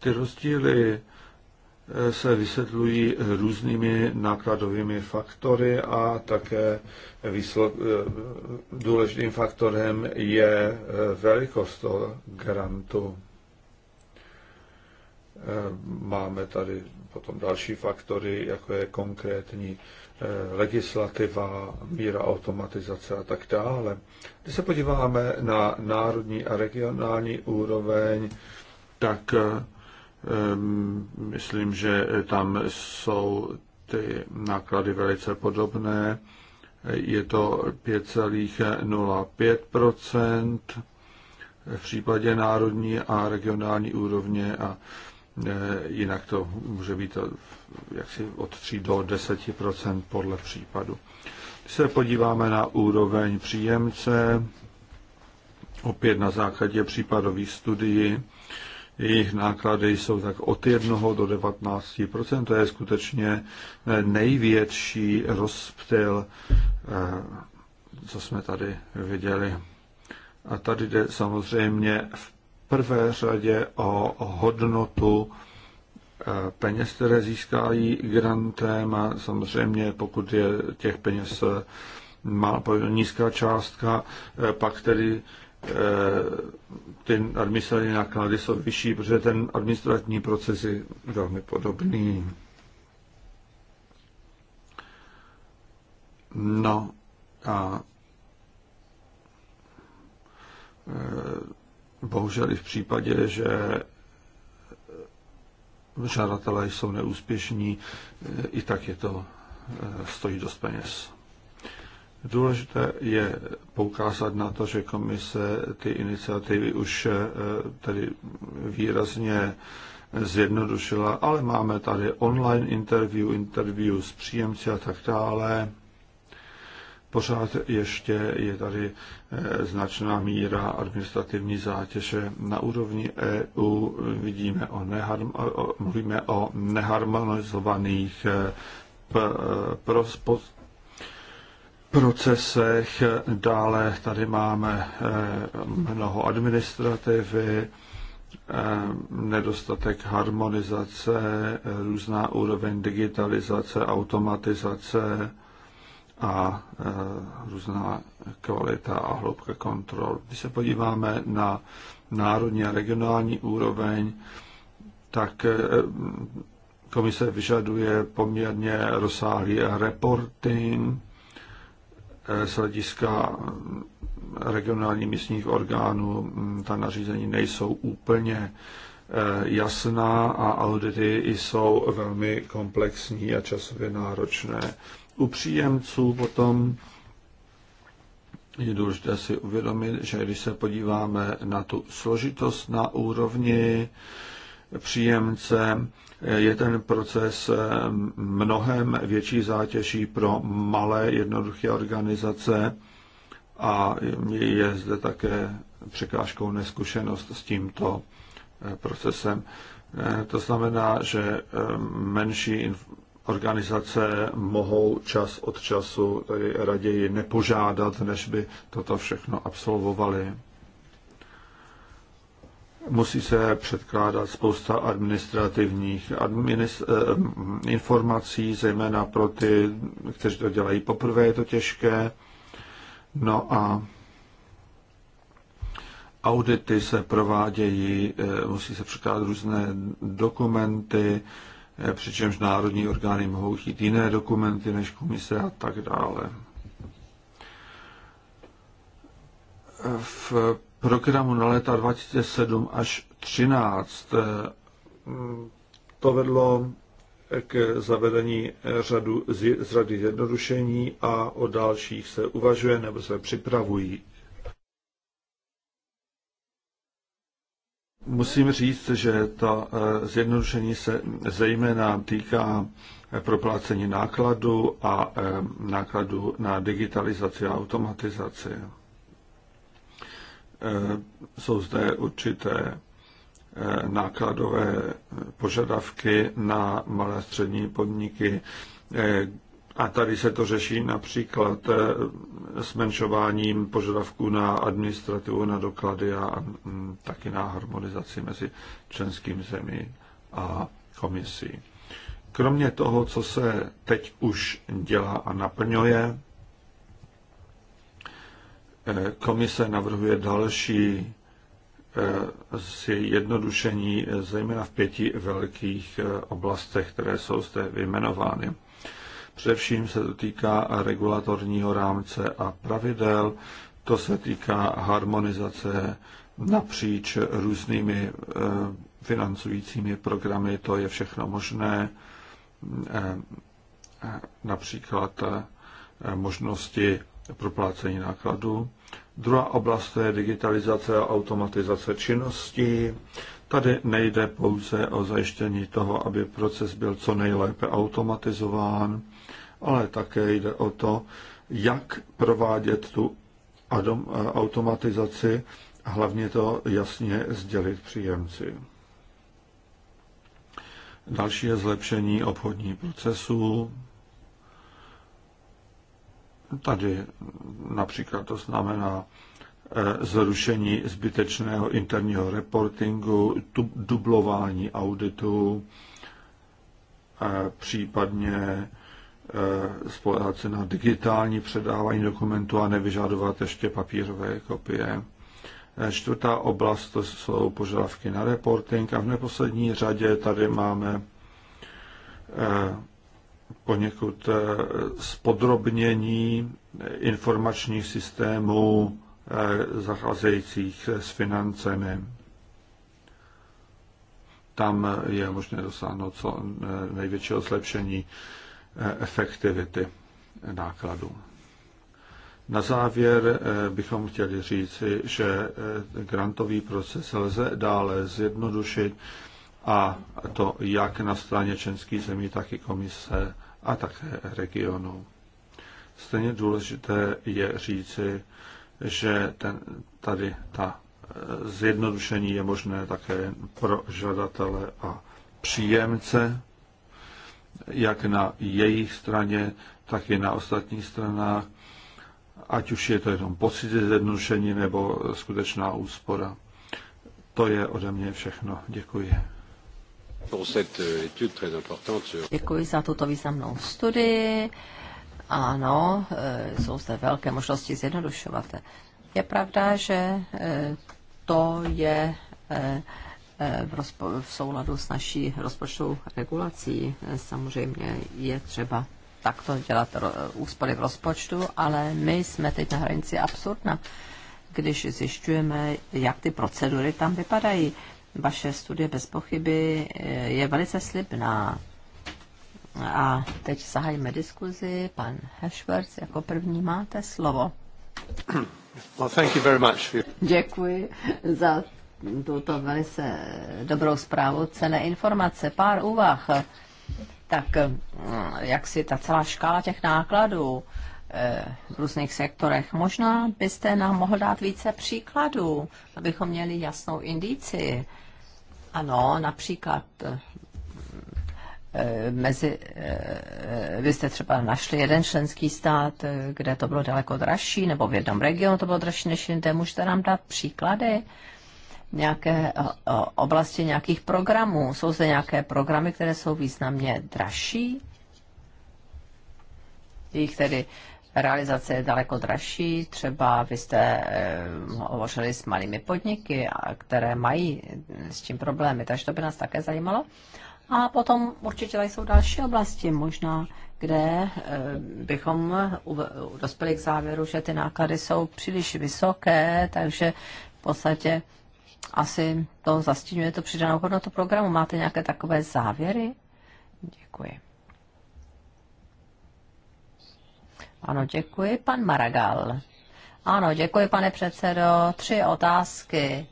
Speaker 3: Ty rozdíly eh, se vysvětlují různými nákladovými faktory a také eh, důležitým faktorem je eh, velikost toho grantu. Máme tady potom další faktory, jako je konkrétní legislativa, míra automatizace a tak dále. Když se podíváme na národní a regionální úroveň, tak Ehm, myslím, že tam jsou ty náklady velice podobné. Je to 5,05 v případě národní a regionální úrovně a e, jinak to může být jaksi od 3 do 10 podle případu. Když se podíváme na úroveň příjemce, opět na základě případových studií, jejich náklady jsou tak od 1 do 19 To je skutečně eh, největší rozptyl, eh, co jsme tady viděli. A tady jde samozřejmě v prvé řadě o hodnotu eh, peněz, které získají grantem a samozřejmě pokud je těch peněz má nízká částka, pak tedy Eh, ty administrativní náklady jsou vyšší, protože ten administrativní proces je velmi podobný. No a eh, bohužel i v případě, že žadatelé jsou neúspěšní, eh, i tak je to stojí dost peněz. Důležité je poukázat na to, že komise ty iniciativy už eh, tedy výrazně zjednodušila, ale máme tady online interview, interview s příjemci a tak dále. Pořád ještě je tady eh, značná míra administrativní zátěže. Na úrovni EU vidíme o neharm, mluvíme o neharmonizovaných eh, pr, procesech. Dále tady máme eh, mnoho administrativy, eh, nedostatek harmonizace, různá úroveň digitalizace, automatizace a eh, různá kvalita a hloubka kontrol. Když se podíváme na národní a regionální úroveň, tak komise vyžaduje poměrně rozsáhlý reporting, z hlediska regionální místních orgánů mm, ta nařízení nejsou úplně eh, jasná a audity jsou velmi komplexní a časově náročné. U příjemců potom je důležité si uvědomit, že když se podíváme na tu složitost na úrovni příjemce, je ten proces eh, mnohem větší zátěží pro malé jednoduché organizace a je zde také překážkou neskušenost s tímto eh, procesem. Eh, to znamená, že menší organizace mohou čas od času tedy raději nepožádat, než by toto všechno absolvovali musí se předkládat spousta administrativních administ, eh, informací, zejména pro ty, kteří to dělají poprvé, je to těžké. No a audity se provádějí, eh, musí se předkládat různé dokumenty, eh, přičemž národní orgány mohou chtít jiné dokumenty než komise a tak dále. V programu na léta 2007 až 2013. Eh, mm, to vedlo k zavedení řadu, z řady zjednodušení a o dalších se uvažuje nebo se připravují. Musím říct, že ta eh, zjednodušení se zejména týká eh, proplácení nákladu a nákladu na digitalizaci a automatizaci. Eh, jsou zde určité eh, nákladové požadavky na malé a střední podniky. Eh, a tady se to řeší například smenšováním požadavků na administrativu, na doklady a mm, taky na harmonizaci mezi členským zemí a komisí. Kromě toho, co se teď už dělá a naplňuje, Komise navrhuje další eh, zjednodušení, eh, zejména v pěti velkých eh, oblastech, které jsou zde vyjmenovány. Především se to týká regulatorního rámce a pravidel, to se týká harmonizace napříč různými financujícími programy, to je všechno možné, například možnosti proplácení nákladů. Druhá oblast je digitalizace a automatizace činností. Tady nejde pouze o zajištění toho, aby proces byl co nejlépe automatizován, ale také jde o to, jak provádět tu automatizaci a hlavně to jasně sdělit příjemci. Další je zlepšení obchodních procesů, Tady například to znamená eh, zrušení zbytečného interního reportingu, dublování auditu, eh, případně eh, spolehat se na digitální předávání dokumentů a nevyžadovat ještě papírové kopie. Čtvrtá oblast to jsou požadavky na reporting a v neposlední řadě tady máme poněkud eh, spodrobnění informačních systémů eh, zacházejících s financemi. Tam je možné dosáhnout co eh, největšího zlepšení efektivity nákladů. Na závěr bychom chtěli říci, že grantový proces lze dále zjednodušit a to jak na straně členských zemí, tak i komise a také regionu. Stejně důležité je říci, že ten, tady ta eh, zjednodušení je možné také pro žadatele a příjemce, jak na jejich straně, tak i na ostatních stranách, ať už je to jenom pocit zjednodušení nebo skutečná úspora. To je ode mě všechno. Děkuji. Euh, Děkuji
Speaker 2: za tuto významnou studii. Ano, eh, jsou zde velké možnosti zjednodušovat. Je pravda, že eh, to je eh, v, rozpo- v souladu s naší rozpočtovou regulací. Samozřejmě je třeba takto dělat úspory v rozpočtu, ale my jsme teď na hranici absurdna, když zjišťujeme, jak ty procedury tam vypadají vaše studie bez pochyby eh, je velice slibná. A teď zahajíme diskuzi. Pan Hešverc jako první máte slovo.
Speaker 3: Well, thank you very much for...
Speaker 2: Děkuji za tuto velice dobrou zprávu. Cené informace, pár úvah. Tak eh, jak si ta celá škála těch nákladů eh, v různých sektorech. Možná byste nám mohl dát více příkladů, abychom měli jasnou indici ano, například eh, mezi, eh, vy jste třeba našli jeden členský stát, eh, kde to bylo daleko dražší, nebo v jednom regionu to bylo dražší než jinde. Můžete nám dát příklady nějaké oblasti nějakých programů? Jsou zde nějaké programy, které jsou významně dražší? Jejich tedy realizace je daleko dražší. Třeba vy jste eh, hovořili s malými podniky, které mají eh, s tím problémy, takže to by nás také zajímalo. A potom určitě tady jsou další oblasti, možná, kde eh, bychom dospěli k závěru, že ty náklady jsou příliš vysoké, takže v podstatě asi to zastínuje to přidanou hodnotu programu. Máte nějaké takové závěry? Děkuji. Ano, děkuji, pan Maragal. Ano, děkuji, pane předsedo. Tři otázky.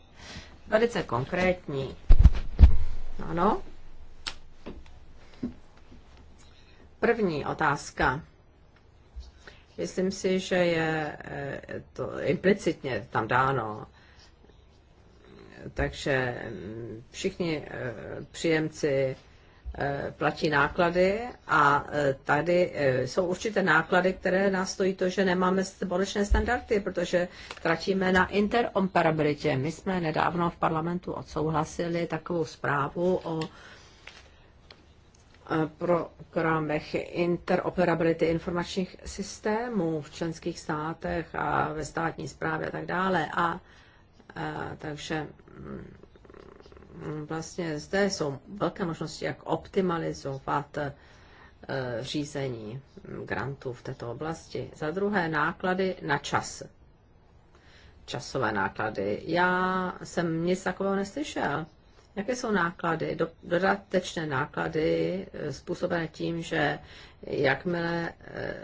Speaker 2: Velice konkrétní. Ano. První otázka. Myslím si, že je eh, to implicitně tam dáno. Takže mm, všichni eh, příjemci Eh, platí náklady a eh, tady eh, jsou určité náklady, které nás stojí to, že nemáme společné standardy, protože tratíme na interoperabilitě. My jsme nedávno v parlamentu odsouhlasili takovou zprávu o programech interoperability informačních systémů v členských státech a ve státní správě a tak dále. A, a takže mm, vlastně zde jsou velké možnosti, jak optimalizovat eh, řízení grantů v této oblasti. Za druhé náklady na čas. Časové náklady. Já jsem nic takového neslyšel. Jaké jsou náklady, dodatečné náklady eh, způsobené tím, že jakmile eh,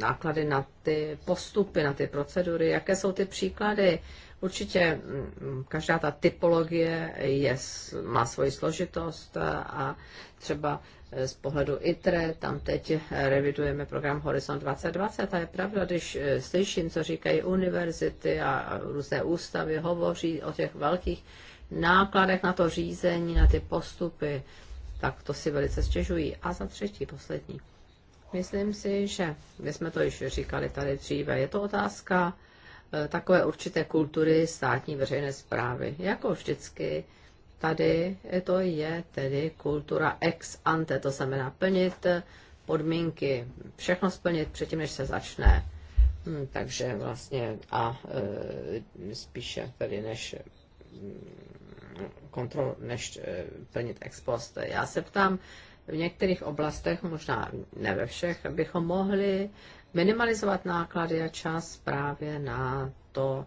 Speaker 2: náklady na ty postupy, na ty procedury, jaké jsou ty příklady, Určitě mm, každá ta typologie je, má svoji složitost a třeba e, z pohledu ITRE, tam teď revidujeme program Horizon 2020 a je pravda, když e, slyším, co říkají univerzity a různé ústavy, hovoří o těch velkých nákladech na to řízení, na ty postupy, tak to si velice stěžují. A za třetí, poslední. Myslím si, že my jsme to již říkali tady dříve. Je to otázka Eh, takové určité kultury státní veřejné zprávy. Jako vždycky, tady to je tedy kultura ex ante, to znamená plnit eh, podmínky, všechno splnit předtím, než se začne. Hmm, takže vlastně a e, spíše tedy než mm, kontrol, než e, plnit ex post. Já se ptám, v některých oblastech, možná ne ve všech, bychom mohli minimalizovat náklady a čas právě na to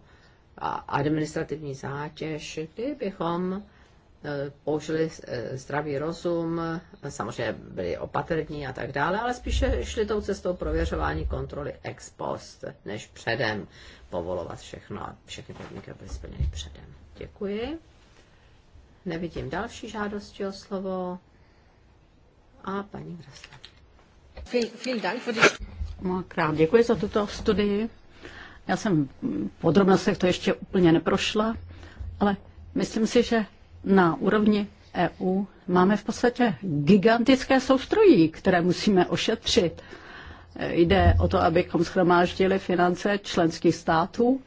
Speaker 2: administrativní zátěž, kdybychom e, použili e, zdravý rozum, samozřejmě byli opatrní a tak dále, ale spíše šli tou cestou prověřování kontroly ex post, než předem povolovat všechno a všechny podmínky byly splněny předem. Děkuji. Nevidím další žádosti o slovo. A paní die.
Speaker 1: Mnohokrát děkuji za tuto studii. Já jsem podrobně podrobnostech to ještě úplně neprošla, ale myslím si, že na úrovni EU máme v podstatě gigantické soustrojí, které musíme ošetřit. Jde o to, abychom schromáždili finance členských států,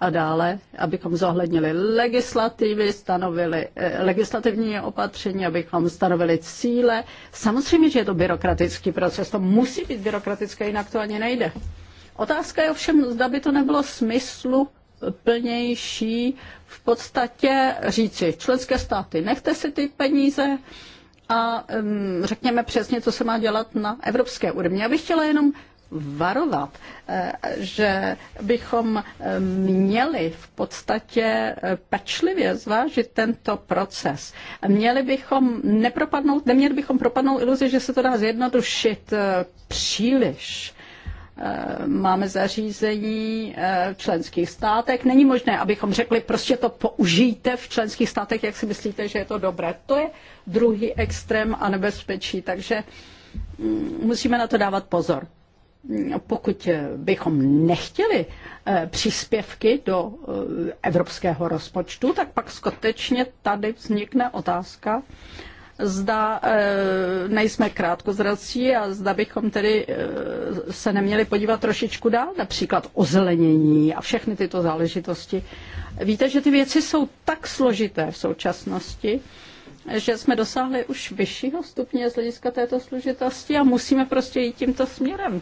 Speaker 1: a dále, abychom zohlednili legislativy, stanovili eh, legislativní opatření, abychom stanovili cíle. Samozřejmě, že je to byrokratický proces, to musí být byrokratické, jinak to ani nejde. Otázka je ovšem, zda by to nebylo smyslu plnější v podstatě říci členské státy, nechte si ty peníze, a um, řekněme přesně, co se má dělat na evropské úrovni. Já bych chtěla jenom varovat, eh, že bychom eh, měli v podstatě eh, pečlivě zvážit tento proces. Měli bychom nepropadnout, neměli bychom propadnout iluzi, že se to dá zjednodušit příliš máme zařízení v členských státech. Není možné, abychom řekli, prostě to použijte v členských státech, jak si myslíte, že je to dobré. To je druhý extrém a nebezpečí, takže mm, musíme na to dávat pozor pokud eh, bychom nechtěli eh, příspěvky do eh, evropského rozpočtu, tak pak skutečně tady vznikne otázka, zda nejsme krátkozrací a zda bychom tedy se neměli podívat trošičku dál, například ozelenění a všechny tyto záležitosti. Víte, že ty věci jsou tak složité v současnosti, že jsme dosáhli už vyššího stupně z hlediska této složitosti a musíme prostě jít tímto směrem.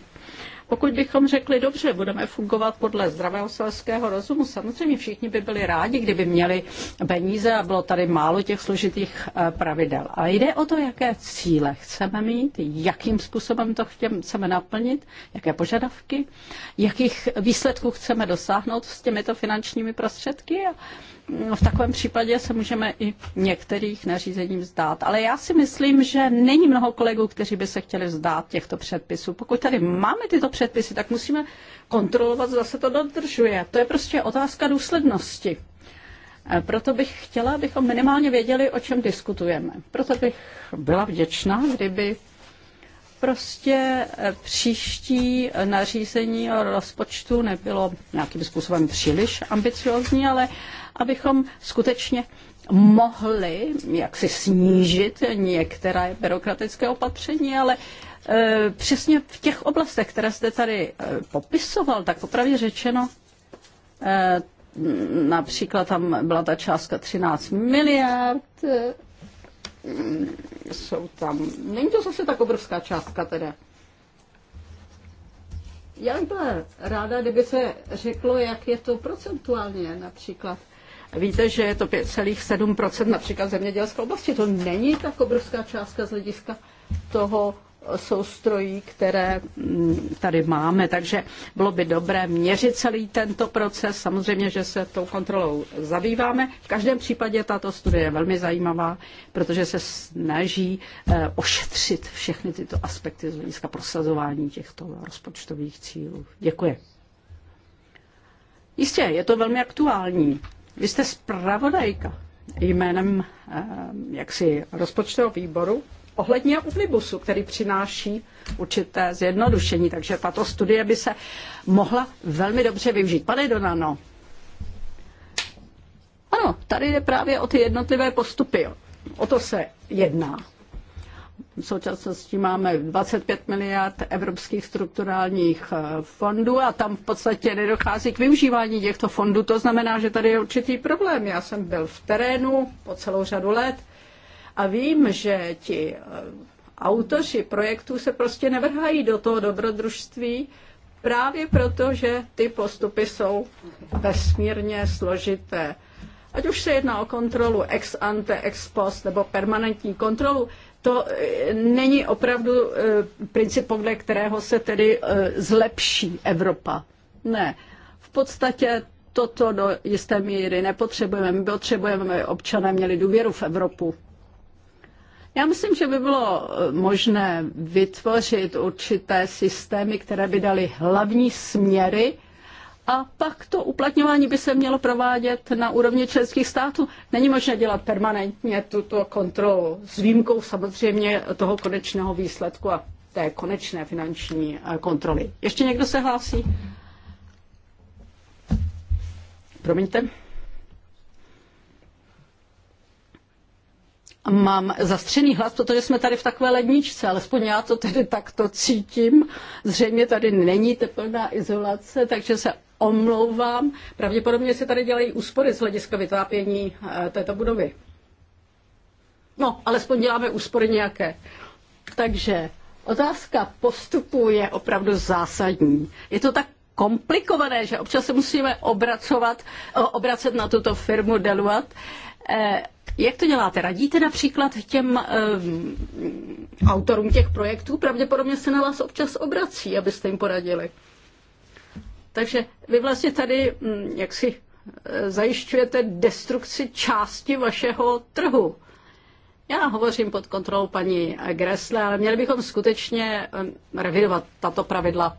Speaker 1: Pokud bychom řekli, dobře, budeme fungovat podle zdravého selského rozumu, samozřejmě všichni by byli rádi, kdyby měli peníze a bylo tady málo těch složitých eh, pravidel. Ale jde o to, jaké cíle chceme mít, jakým způsobem to chceme naplnit, jaké požadavky, jakých výsledků chceme dosáhnout s těmito finančními prostředky. No, v takovém případě se můžeme i některých nařízení vzdát. Ale já si myslím, že není mnoho kolegů, kteří by se chtěli vzdát těchto předpisů. Pokud tady máme tyto předpisy, tak musíme kontrolovat, zda se to dodržuje. To je prostě otázka důslednosti. E, proto bych chtěla, abychom minimálně věděli, o čem diskutujeme. Proto bych byla vděčná, kdyby prostě e, příští nařízení o rozpočtu nebylo nějakým způsobem příliš ambiciozní, ale abychom skutečně mohli jaksi snížit některé byrokratické opatření, ale e, přesně v těch oblastech, které jste tady e, popisoval, tak popravdě řečeno, e, například tam byla ta částka 13 miliard, jsou tam, není to zase tak obrovská částka teda. Já bych byla ráda, kdyby se řeklo, jak je to procentuálně například. Víte, že je to 5,7 například zemědělské oblasti. To není tak obrovská částka z hlediska toho soustrojí, které mm, tady máme. Takže bylo by dobré měřit celý tento proces. Samozřejmě, že se tou kontrolou zabýváme. V každém případě tato studie je velmi zajímavá, protože se snaží eh, ošetřit všechny tyto aspekty z hlediska prosazování těchto rozpočtových cílů. Děkuji. Jistě, je to velmi aktuální. Vy jste zpravodajka jménem eh, jaksi rozpočtového výboru ohledně omnibusu, který přináší určité zjednodušení, takže tato studie by se mohla velmi dobře využít. Pane Donano, ano, tady jde právě o ty jednotlivé postupy. O to se jedná. V současnosti máme 25 miliard evropských strukturálních eh, fondů a tam v podstatě nedochází k využívání těchto fondů. To znamená, že tady je určitý problém. Já jsem byl v terénu po celou řadu let a vím, že ti eh, autoři projektů se prostě nevrhají do toho dobrodružství, právě proto, že ty postupy jsou vesmírně složité. Ať už se jedná o kontrolu ex ante, ex post nebo permanentní kontrolu, to e, není opravdu e, princip, podle kterého se tedy e, zlepší Evropa. Ne. V podstatě toto do jisté míry nepotřebujeme. My potřebujeme, aby občané měli důvěru v Evropu. Já myslím, že by bylo možné vytvořit určité systémy, které by daly hlavní směry a pak to uplatňování by se mělo provádět na úrovni členských států. Není možné dělat permanentně tuto kontrolu s výjimkou samozřejmě toho konečného výsledku a té konečné finanční eh, kontroly. Ještě někdo se hlásí? Promiňte. Mám zastřený hlas, protože jsme tady v takové ledničce, alespoň já to tedy takto cítím. Zřejmě tady není teplná izolace, takže se omlouvám. Pravděpodobně se tady dělají úspory z hlediska vytápění eh, této budovy. No, alespoň děláme úspory nějaké. Takže otázka postupu je opravdu zásadní. Je to tak komplikované, že občas se musíme obracovat, obracet na tuto firmu Deluat. Eh, jak to děláte? Radíte například těm um, autorům těch projektů? Pravděpodobně se na vás občas obrací, abyste jim poradili. Takže vy vlastně tady mm, jak si eh, zajišťujete destrukci části vašeho trhu. Já hovořím pod kontrolou paní Gressle, ale měli bychom skutečně eh, revidovat tato pravidla.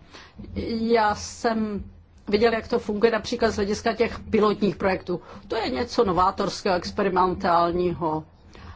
Speaker 1: Já jsem viděl, jak to funguje například z hlediska těch pilotních projektů. To je něco novátorského, experimentálního.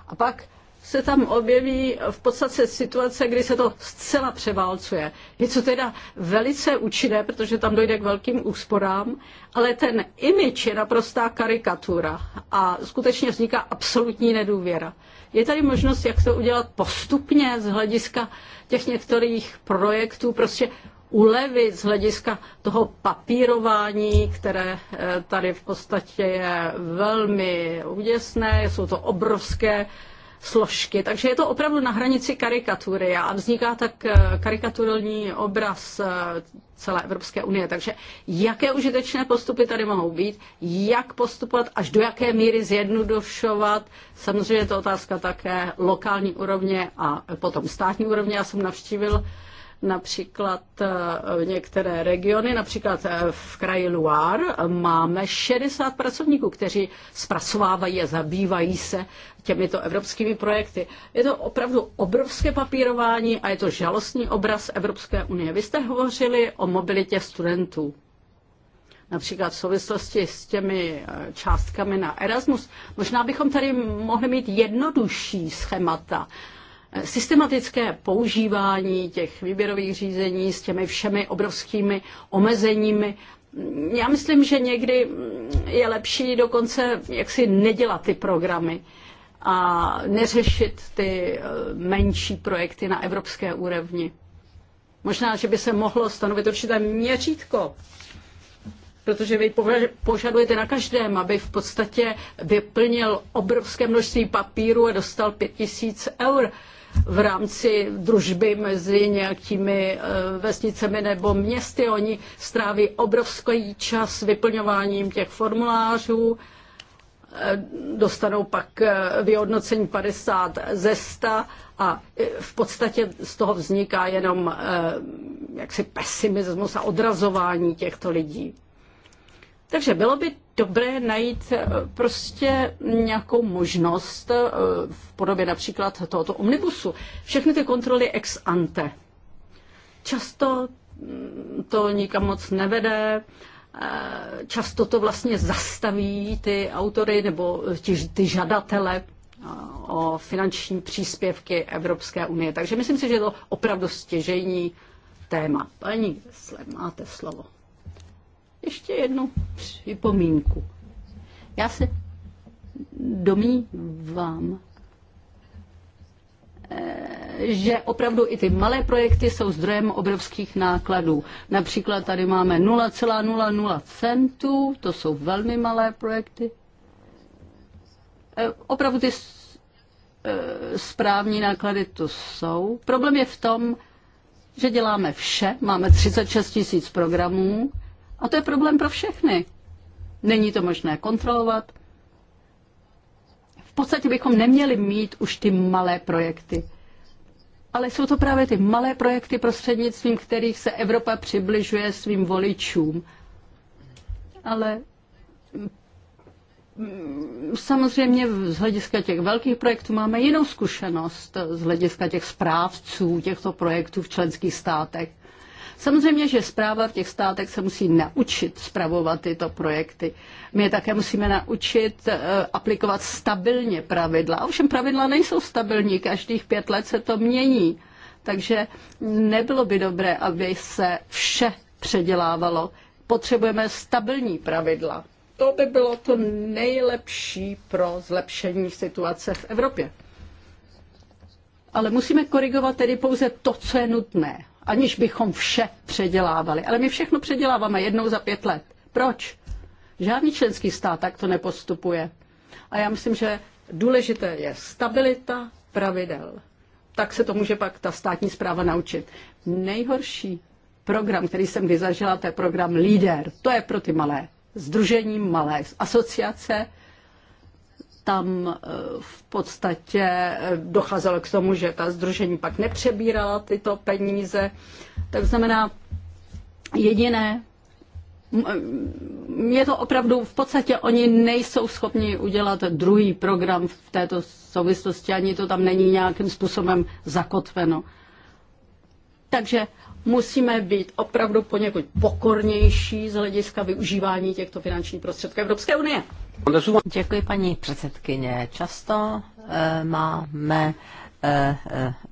Speaker 1: A pak se tam objeví v podstatě situace, kdy se to zcela převálcuje. Je to teda velice účinné, protože tam dojde k velkým úsporám, ale ten imič je naprostá karikatura a skutečně vzniká absolutní nedůvěra. Je tady možnost, jak to udělat postupně z hlediska těch některých projektů, prostě ulevit z hlediska toho papírování, které eh, tady v podstatě je velmi úděsné, jsou to obrovské složky. Takže je to opravdu na hranici karikatury a vzniká tak eh, karikaturní obraz eh, celé Evropské unie. Takže jaké užitečné postupy tady mohou být, jak postupovat, až do jaké míry zjednodušovat. Samozřejmě je to otázka také lokální úrovně a potom státní úrovně. Já jsem navštívil uh, například eh, některé regiony, například eh, v kraji Loire máme 60 pracovníků, kteří zpracovávají a zabývají se těmito evropskými projekty. Je to opravdu obrovské papírování a je to žalostný obraz Evropské unie. Vy jste hovořili o mobilitě studentů například v souvislosti s těmi eh, částkami na Erasmus. Možná bychom tady mohli mít jednodušší schémata systematické používání těch výběrových řízení s těmi všemi obrovskými omezeními. Já myslím, že někdy je lepší dokonce jaksi nedělat ty programy a neřešit ty eh, menší projekty na evropské úrovni. Možná, že by se mohlo stanovit určité měřítko, protože vy požadujete na každém, aby v podstatě vyplnil obrovské množství papíru a dostal 5000 eur v rámci družby mezi nějakými eh, vesnicemi nebo městy. Oni stráví obrovský čas vyplňováním těch formulářů, eh, dostanou pak eh, vyhodnocení 50 ze 100 a v podstatě z toho vzniká jenom jaksi pesimismus a odrazování těchto lidí. Takže bylo by dobré najít eh, prostě nějakou možnost eh, v podobě například tohoto omnibusu. Všechny ty kontroly ex ante. Často mm, to nikam moc nevede, eh, často to vlastně zastaví ty autory nebo ty, ty žadatele o finanční příspěvky Evropské unie. Takže myslím si, že je to opravdu stěžejní téma. Paní Gressler, máte slovo ještě jednu připomínku. Já se domnívám, eh, že opravdu i ty malé projekty jsou zdrojem obrovských nákladů. Například tady máme 0,00 centů, to jsou velmi malé projekty. Eh, opravdu ty eh, správní náklady to jsou. Problém je v tom, že děláme vše, máme 36 tisíc programů, a to je problém pro všechny. Není to možné kontrolovat. V podstatě bychom neměli mít už ty malé projekty. Ale jsou to právě ty malé projekty, prostřednictvím kterých se Evropa přibližuje svým voličům. Ale mm, samozřejmě z hlediska těch velkých projektů máme jinou zkušenost z hlediska těch správců těchto projektů v členských státech. Samozřejmě, že zpráva v těch státech se musí naučit zpravovat tyto projekty. My je také musíme naučit eh, aplikovat stabilně pravidla. Ovšem pravidla nejsou stabilní, každých pět let se to mění. Takže nebylo by dobré, aby se vše předělávalo. Potřebujeme stabilní pravidla. To by bylo to nejlepší pro zlepšení situace v Evropě. Ale musíme korigovat tedy pouze to, co je nutné aniž bychom vše předělávali. Ale my všechno předěláváme jednou za pět let. Proč? Žádný členský stát tak to nepostupuje. A já myslím, že důležité je stabilita pravidel. Tak se to může pak ta státní zpráva naučit. Nejhorší program, který jsem kdy zažila, to je program LEADER. To je pro ty malé združení, malé asociace, tam eh, v podstatě eh, docházelo k tomu, že ta združení pak nepřebírala tyto peníze. Tak znamená, jediné, je to opravdu, v podstatě oni nejsou schopni udělat druhý program v této souvislosti, ani to tam není nějakým způsobem zakotveno. Takže musíme být opravdu poněkud pokornější z hlediska využívání těchto finančních prostředků Evropské unie.
Speaker 2: Děkuji paní předsedkyně. Často e, máme e,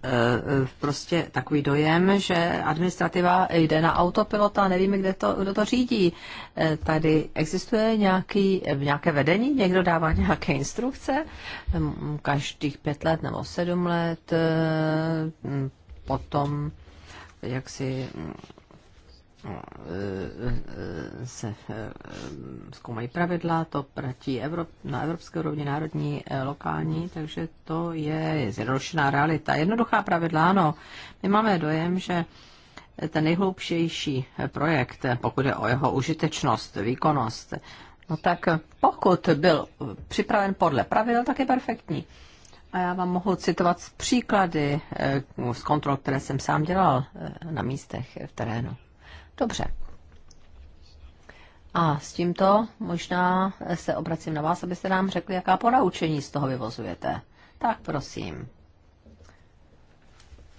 Speaker 2: e, prostě takový dojem, že administrativa jde na autopilota a nevíme, kde to, kdo to řídí. Tady existuje nějaký, nějaké vedení, někdo dává nějaké instrukce, hm, každých pět let nebo sedm let, hm, potom jak si mm, no, eh, eh, se eh, zkoumají pravidla, to platí Evrop, na evropské úrovni, národní, lokální, takže to je zjednodušená realita. Jednoduchá pravidla, ano. My máme dojem, že ten nejhloubšejší projekt, pokud je o jeho užitečnost, výkonnost, no tak pokud byl připraven podle pravidel, tak je perfektní. A já vám mohu citovat příklady eh, z kontrol, které jsem sám dělal eh, na místech eh, v terénu. Dobře. A s tímto možná se obracím na vás, abyste nám řekli, jaká ponaučení z toho vyvozujete. Tak prosím.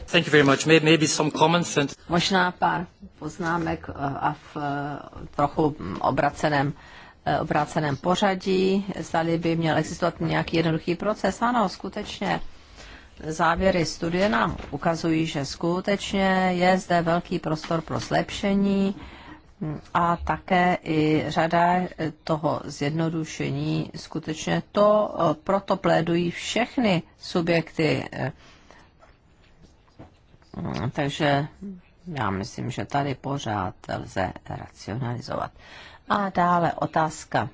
Speaker 4: Thank you very much. Maybe some comments and...
Speaker 2: Možná pár poznámek a v trochu hm, obraceném Eh, obráceném pořadí, zdali by měl existovat nějaký jednoduchý proces. Ano, skutečně závěry studie nám ukazují, že skutečně je zde velký prostor pro zlepšení a také i řada toho zjednodušení. Skutečně to eh, proto plédují všechny subjekty. Eh, takže já myslím, že tady pořád lze racionalizovat. A dále otázka.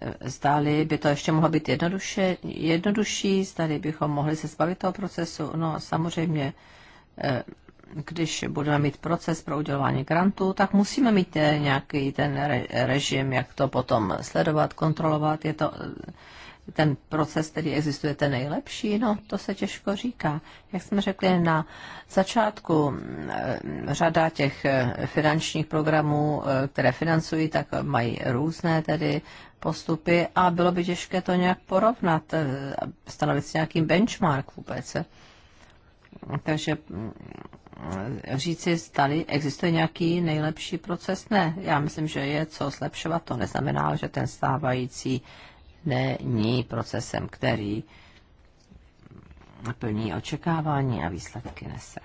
Speaker 2: E, zdali by to ještě mohlo být jednoduše, jednodušší, zdali bychom mohli se zbavit toho procesu. No samozřejmě, e, když budeme mít proces pro udělování grantů, tak musíme mít e, nějaký ten režim, jak to potom sledovat, kontrolovat. Je to ten proces, který existuje, ten nejlepší? No, to se těžko říká. Jak jsme řekli na začátku, mm, řada těch eh, finančních programů, eh, které financují, tak mají různé tedy postupy a bylo by těžké to nějak porovnat, eh, stanovit si nějaký benchmark vůbec. Takže mm, říci, stali, existuje nějaký nejlepší proces, ne. Já myslím, že je co zlepšovat, to neznamená, že ten stávající není procesem, který naplní očekávání a výsledky nese.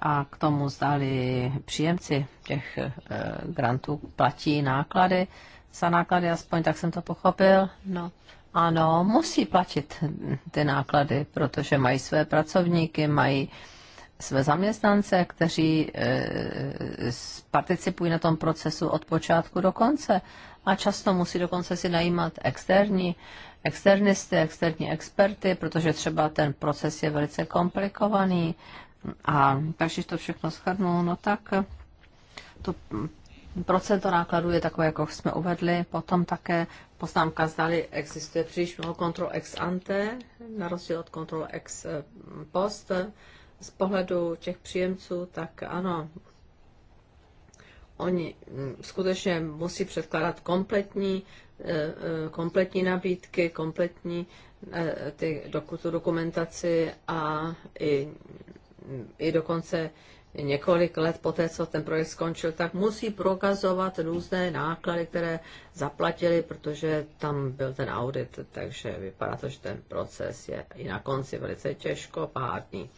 Speaker 2: A k tomu zdali příjemci těch eh, grantů platí náklady, za náklady aspoň tak jsem to pochopil. No, ano, musí platit ty náklady, protože mají své pracovníky, mají své zaměstnance, kteří e, participují na tom procesu od počátku do konce a často musí dokonce si najímat externí externisty, externí experty, protože třeba ten proces je velice komplikovaný. A takže to všechno schrnu, no tak to procento nákladů je takové, jako jsme uvedli. Potom také poznámka zdali existuje příliš mnoho kontrol ex ante, na rozdíl od kontrol ex e, post z pohledu těch příjemců, tak ano, oni mm, skutečně musí předkládat kompletní, eh, eh, kompletní nabídky, kompletní eh, ty, tu dokumentaci a i, mm, i dokonce několik let po té, co ten projekt skončil, tak musí prokazovat různé náklady, které zaplatili, protože tam byl ten audit, takže vypadá to, že ten proces je i na konci velice těžkopádný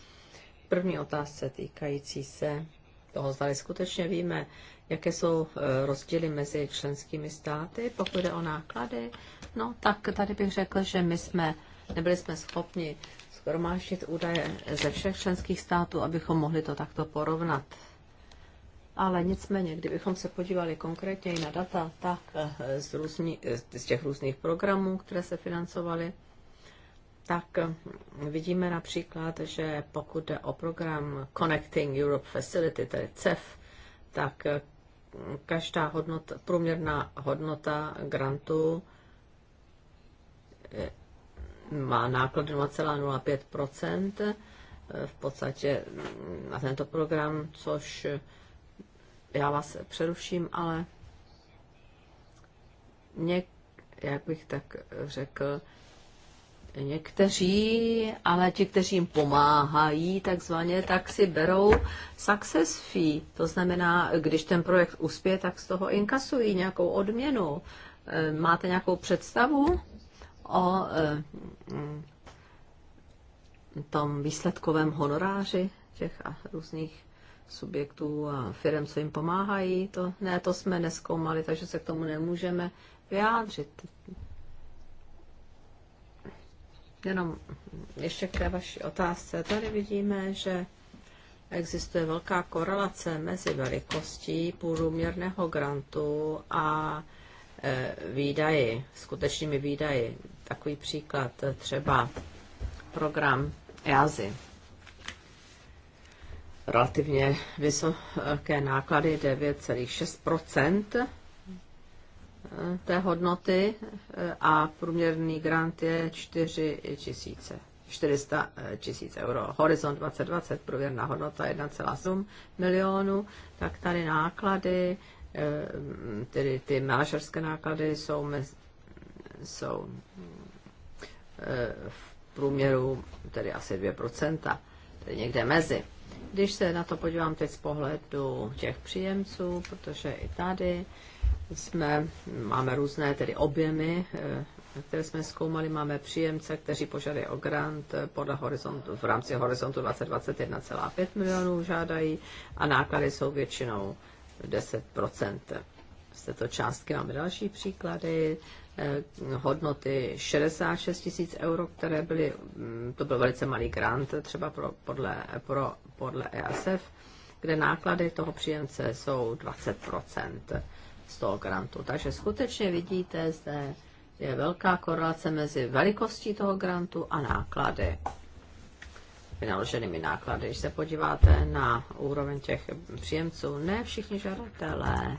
Speaker 2: první otázce týkající se toho, zda skutečně víme, jaké jsou e, rozdíly mezi členskými státy, pokud jde o náklady, no tak tady bych řekl, že my jsme, nebyli jsme schopni schromáždit údaje ze všech členských států, abychom mohli to takto porovnat. Ale nicméně, kdybychom se podívali konkrétně i na data, tak e, z, různí, e, z těch různých programů, které se financovaly, tak vidíme například, že pokud jde o program Connecting Europe Facility, tedy CEF, tak každá hodnota, průměrná hodnota grantu eh, má náklad 0,05 eh, v podstatě mm, na tento program, což já vás přeruším, ale něk, jak bych tak řekl, Někteří, ale ti, kteří jim pomáhají takzvaně, tak si berou success fee. To znamená, když ten projekt uspěje, tak z toho inkasují nějakou odměnu. Eh, máte nějakou představu o eh, tom výsledkovém honoráři těch různých subjektů a firm, co jim pomáhají? To, ne, to jsme neskoumali, takže se k tomu nemůžeme vyjádřit. Jenom ještě k té vaší otázce. Tady vidíme, že existuje velká korelace mezi velikostí průměrného grantu a e, výdaji, skutečnými výdaji. Takový příklad e, třeba program EASY. Relativně vysoké náklady 9,6 té hodnoty eh, a průměrný grant je 4 tisíce. 400 eh, tisíc euro. Horizont 2020, průměrná hodnota 1,7 milionů, tak tady náklady, eh, tedy ty manažerské náklady jsou, mez, jsou v průměru tedy asi 2%, tedy někde mezi. Když se na to podívám teď z pohledu těch příjemců, protože i tady jsme, máme různé tedy objemy, eh, které jsme zkoumali, máme příjemce, kteří požadují o grant eh, podle horizontu, v rámci horizontu 2021,5 milionů žádají a náklady jsou většinou 10 z této částky máme další příklady, eh, hodnoty 66 tisíc euro, které byly, mm, to byl velice malý grant třeba pro, podle, pro, podle EASF, kde náklady toho příjemce jsou 20 z toho grantu. Takže skutečně vidíte, zde je velká korelace mezi velikostí toho grantu a náklady vynaloženými náklady. Když se podíváte na úroveň těch příjemců, ne všichni žadatelé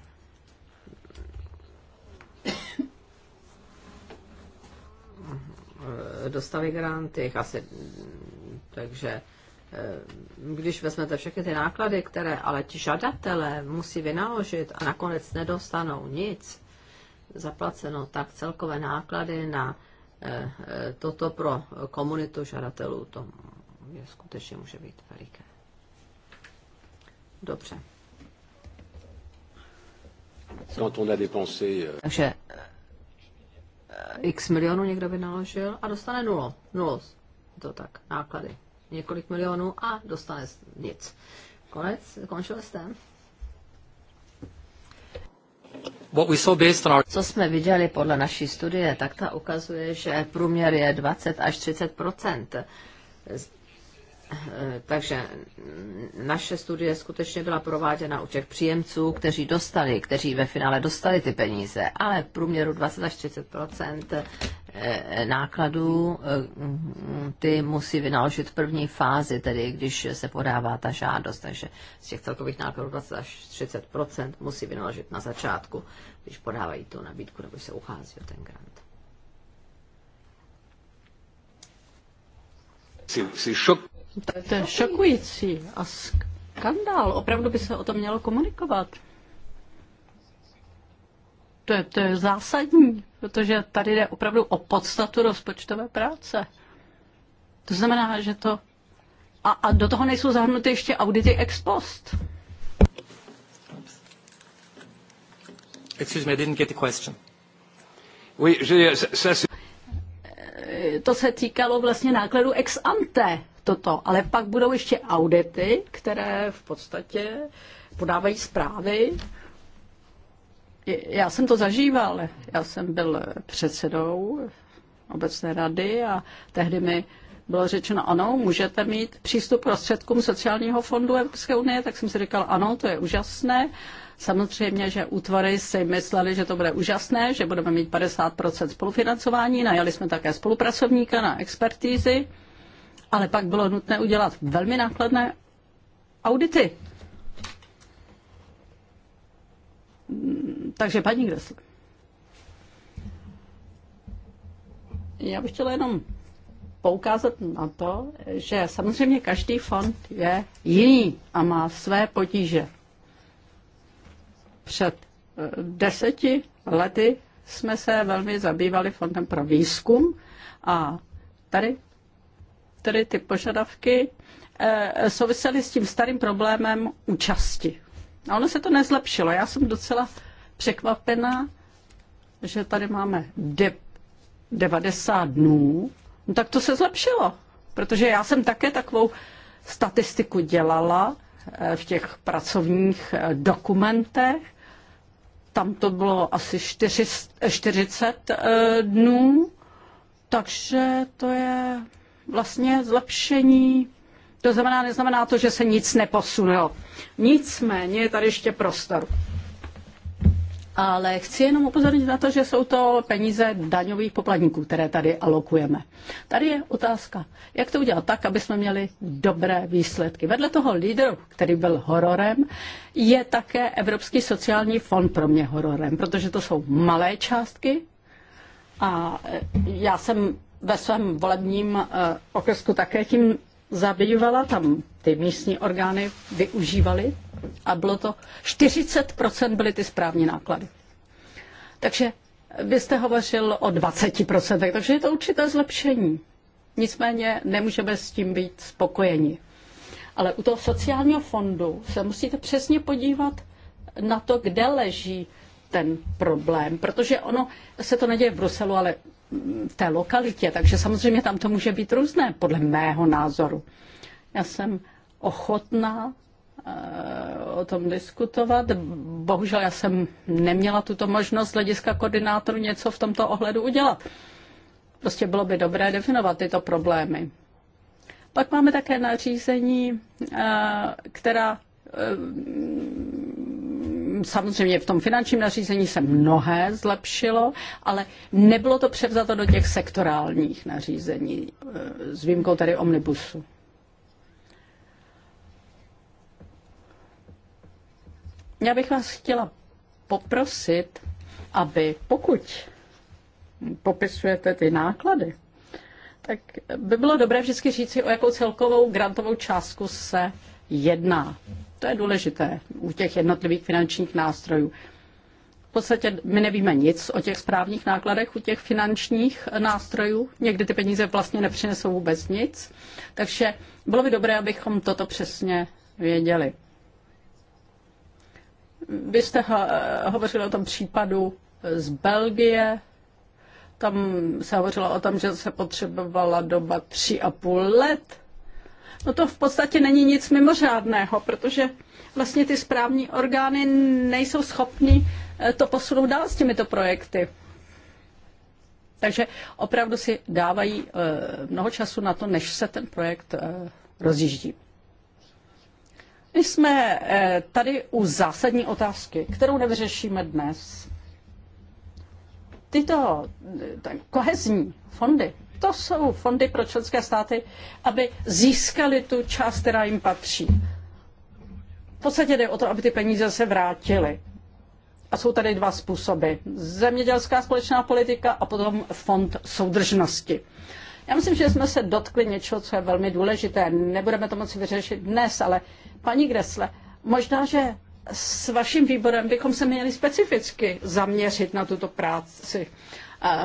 Speaker 2: dostali granty, asi, takže Eh, když vezmete všechny ty náklady, které ale ti žadatelé musí vynaložit a nakonec nedostanou nic zaplaceno, tak celkové náklady na eh, toto pro komunitu žadatelů to je, skutečně může být veliké. Dobře.
Speaker 4: Quand on a dépensé... Euh, Takže
Speaker 2: eh, x milionů někdo vynaložil a dostane nulo. Nulo. To tak, náklady několik milionů a dostane nic. Konec, končil jste. Co jsme viděli podle naší studie, tak ta ukazuje, že průměr je 20 až 30 takže naše studie skutečně byla prováděna u těch příjemců, kteří dostali, kteří ve finále dostali ty peníze, ale v průměru 20 až 30 Eh, nákladů, eh, ty musí vynaložit v první fázi, tedy když se podává ta žádost. Takže z těch celkových nákladů 20 až 30 musí vynaložit na začátku, když podávají tu nabídku nebo se uchází o ten grant.
Speaker 1: To je šokující a skandál. Opravdu by se o tom mělo komunikovat. To je, to je zásadní, protože tady jde opravdu o podstatu rozpočtové práce. To znamená, že to... A, a do toho nejsou zahrnuty ještě audity ex post. Excuse me, I didn't get the question. Oui, je, eh, to se týkalo vlastně nákladu ex ante toto, ale pak budou ještě audity, které v podstatě podávají zprávy já jsem to zažíval. Já jsem byl předsedou obecné rady a tehdy mi bylo řečeno, ano, můžete mít přístup k prostředkům sociálního fondu Evropské unie, tak jsem si říkal, ano, to je úžasné. Samozřejmě, že útvary si mysleli, že to bude úžasné, že budeme mít 50% spolufinancování, najali jsme také spolupracovníka na expertízy, ale pak bylo nutné udělat velmi nákladné audity takže paní Gressler. Já bych chtěla jenom poukázat na to, že samozřejmě každý fond je jiný a má své potíže. Před eh, deseti lety jsme se velmi zabývali fondem pro výzkum a tady, tady ty požadavky eh, souvisely s tím starým problémem účasti a ono se to nezlepšilo. Já jsem docela překvapená, že tady máme de- 90 dnů. No tak to se zlepšilo, protože já jsem také takovou statistiku dělala eh, v těch pracovních eh, dokumentech. Tam to bylo asi 40 eh, dnů, takže to je vlastně zlepšení to znamená, neznamená to, že se nic neposunulo. Nicméně je tady ještě prostor. Ale chci jenom upozornit na to, že jsou to peníze daňových poplatníků, které tady alokujeme. Tady je otázka, jak to udělat tak, aby jsme měli dobré výsledky. Vedle toho lídru, který byl hororem, je také Evropský sociální fond pro mě hororem, protože to jsou malé částky a já jsem ve svém volebním eh, okresku také tím zabývala, tam ty místní orgány využívaly a bylo to 40% byly ty správní náklady. Takže byste hovořil o 20%, takže je to určité zlepšení. Nicméně nemůžeme s tím být spokojeni. Ale u toho sociálního fondu se musíte přesně podívat na to, kde leží ten problém, protože ono se to neděje v Bruselu, ale v té lokalitě, takže samozřejmě tam to může být různé, podle mého názoru. Já jsem ochotná eh, o tom diskutovat. Bohužel já jsem neměla tuto možnost z hlediska koordinátoru něco v tomto ohledu udělat. Prostě bylo by dobré definovat tyto problémy. Pak máme také nařízení, eh, která eh, samozřejmě v tom finančním nařízení se mnohé zlepšilo, ale nebylo to převzato do těch sektorálních nařízení, e, s výjimkou tady omnibusu. Já bych vás chtěla poprosit, aby pokud popisujete ty náklady, tak by bylo dobré vždycky říci, o jakou celkovou grantovou částku se jedná. To je důležité u těch jednotlivých finančních nástrojů. V podstatě my nevíme nic o těch správních nákladech u těch finančních nástrojů. Někdy ty peníze vlastně nepřinesou vůbec nic. Takže bylo by dobré, abychom toto přesně věděli. Vy jste hovořili o tom případu z Belgie. Tam se hovořilo o tom, že se potřebovala doba tři a půl let No to v podstatě není nic mimořádného, protože vlastně ty správní orgány nejsou schopny eh, to posunout dál s těmito projekty. Takže opravdu si dávají eh, mnoho času na to, než se ten projekt eh, rozjíždí. My jsme tady u zásadní otázky, kterou nevyřešíme dnes. Tyto kohezní fondy to jsou fondy pro členské státy, aby získali tu část, která jim patří. V podstatě jde o to, aby ty peníze se vrátily. A jsou tady dva způsoby. Zemědělská společná politika a potom fond soudržnosti. Já myslím, že jsme se dotkli něčeho, co je velmi důležité. Nebudeme to moci vyřešit dnes, ale paní Gresle, možná, že s vaším výborem bychom se měli specificky zaměřit na tuto práci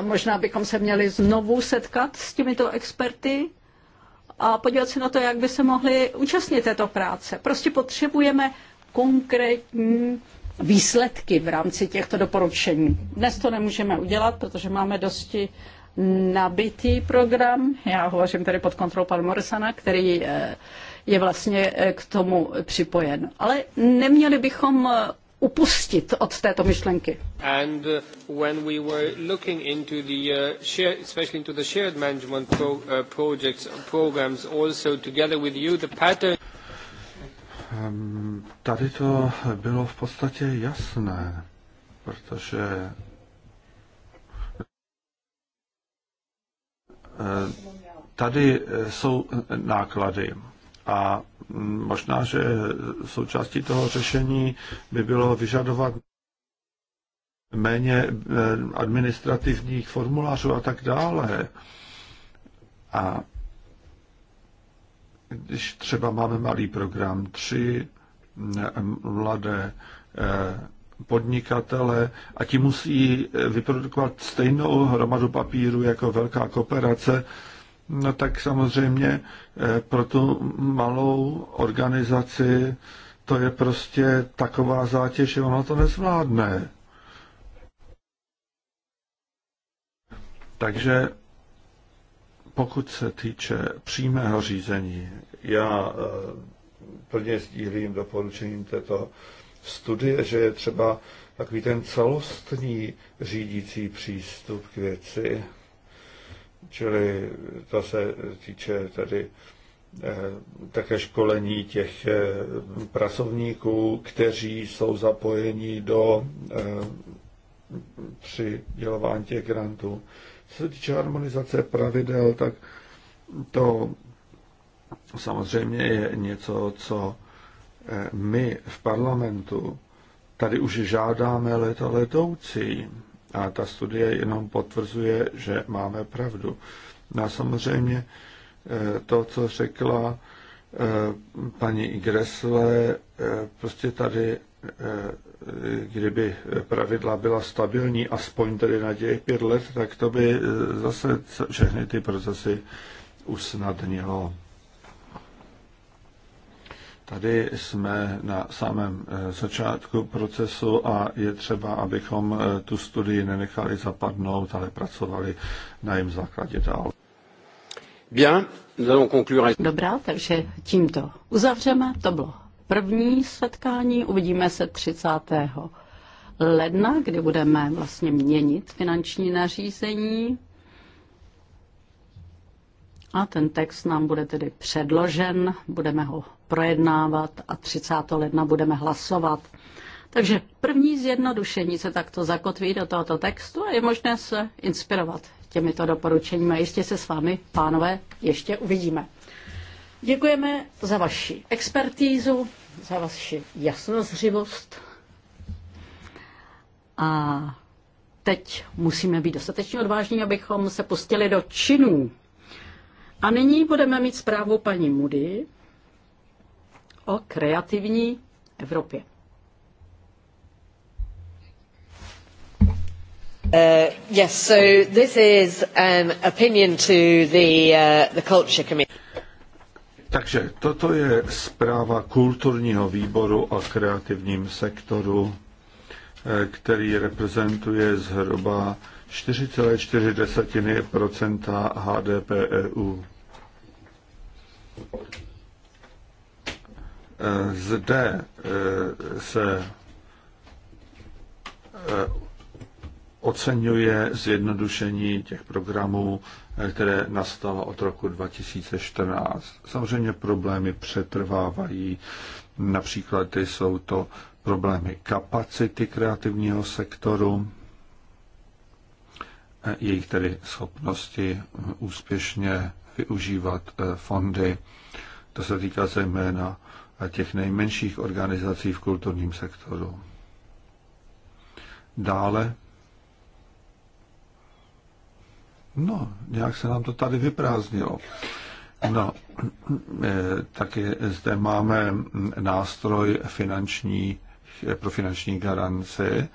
Speaker 1: možná bychom se měli znovu setkat s těmito experty a podívat se na to, jak by se mohli účastnit této práce. Prostě potřebujeme konkrétní výsledky v rámci těchto doporučení. Dnes to nemůžeme udělat, protože máme dosti nabitý program. Já hovořím tady pod kontrolou pan Morsana, který eh, je vlastně eh, k tomu připojen. Ale neměli bychom eh, upustit od této myšlenky.
Speaker 4: And uh, when we were looking
Speaker 3: into the uh, share, especially into the shared management pro, uh, projects, programs, also together with you, the pattern. Ehm, tady to bylo v podstatě jasné, protože eh, tady eh, jsou náklady a možná, že součástí toho řešení by bylo vyžadovat méně eh, administrativních formulářů a tak dále. A když třeba máme malý program, tři eh, mladé eh, podnikatele a ti musí vyprodukovat stejnou hromadu papíru jako velká kooperace, No tak samozřejmě eh, pro tu malou organizaci to je prostě taková zátěž, že ona to nezvládne. Takže pokud se týče přímého řízení, já eh, plně sdílím doporučením této studie, že je třeba takový ten celostní řídící přístup k věci, Čili to se týče tedy eh, také školení těch eh, pracovníků, kteří jsou zapojeni do eh, při dělování těch grantů. Co se týče harmonizace pravidel, tak to samozřejmě je něco, co my v parlamentu tady už žádáme leta letoucí. A ta studie jenom potvrzuje, že máme pravdu. A samozřejmě eh, to, co řekla eh, paní Igresle, eh, prostě tady, kdyby pravidla byla stabilní, aspoň tedy na těch pět let, tak to by zase všechny ty procesy usnadnilo. Tady jsme na samém eh, začátku procesu a je třeba, abychom eh, tu studii nenechali zapadnout, ale pracovali na jejím základě dál.
Speaker 1: Dobrá, takže tímto uzavřeme. To bylo první setkání. Uvidíme se 30. ledna, kdy budeme vlastně měnit finanční nařízení a ten text nám bude tedy předložen, budeme ho projednávat a 30. ledna budeme hlasovat. Takže první zjednodušení se takto zakotví do tohoto textu a je možné se inspirovat těmito doporučeními. jistě se s vámi, pánové, ještě uvidíme. Děkujeme za vaši expertízu, za vaši jasnozřivost. A teď musíme být dostatečně odvážní, abychom se pustili do činů. A nyní budeme mít zprávu paní Moody o kreativní Evropě. Uh, yes, so
Speaker 2: this is an opinion to the, uh, the Culture Committee.
Speaker 3: Takže toto je zpráva kulturního výboru o kreativním sektoru, eh, který reprezentuje zhruba 4,4 HDP EU. Zde e, se e, oceňuje zjednodušení těch programů, e, které nastalo od roku 2014. Samozřejmě problémy přetrvávají, například jsou to problémy kapacity kreativního sektoru, jejich tedy schopnosti úspěšně využívat eh, fondy. To se týká zejména těch nejmenších organizací v kulturním sektoru. Dále. No, nějak se nám to tady vyprázdnilo. No, eh, taky zde máme nástroj finanční, eh, pro finanční garanci.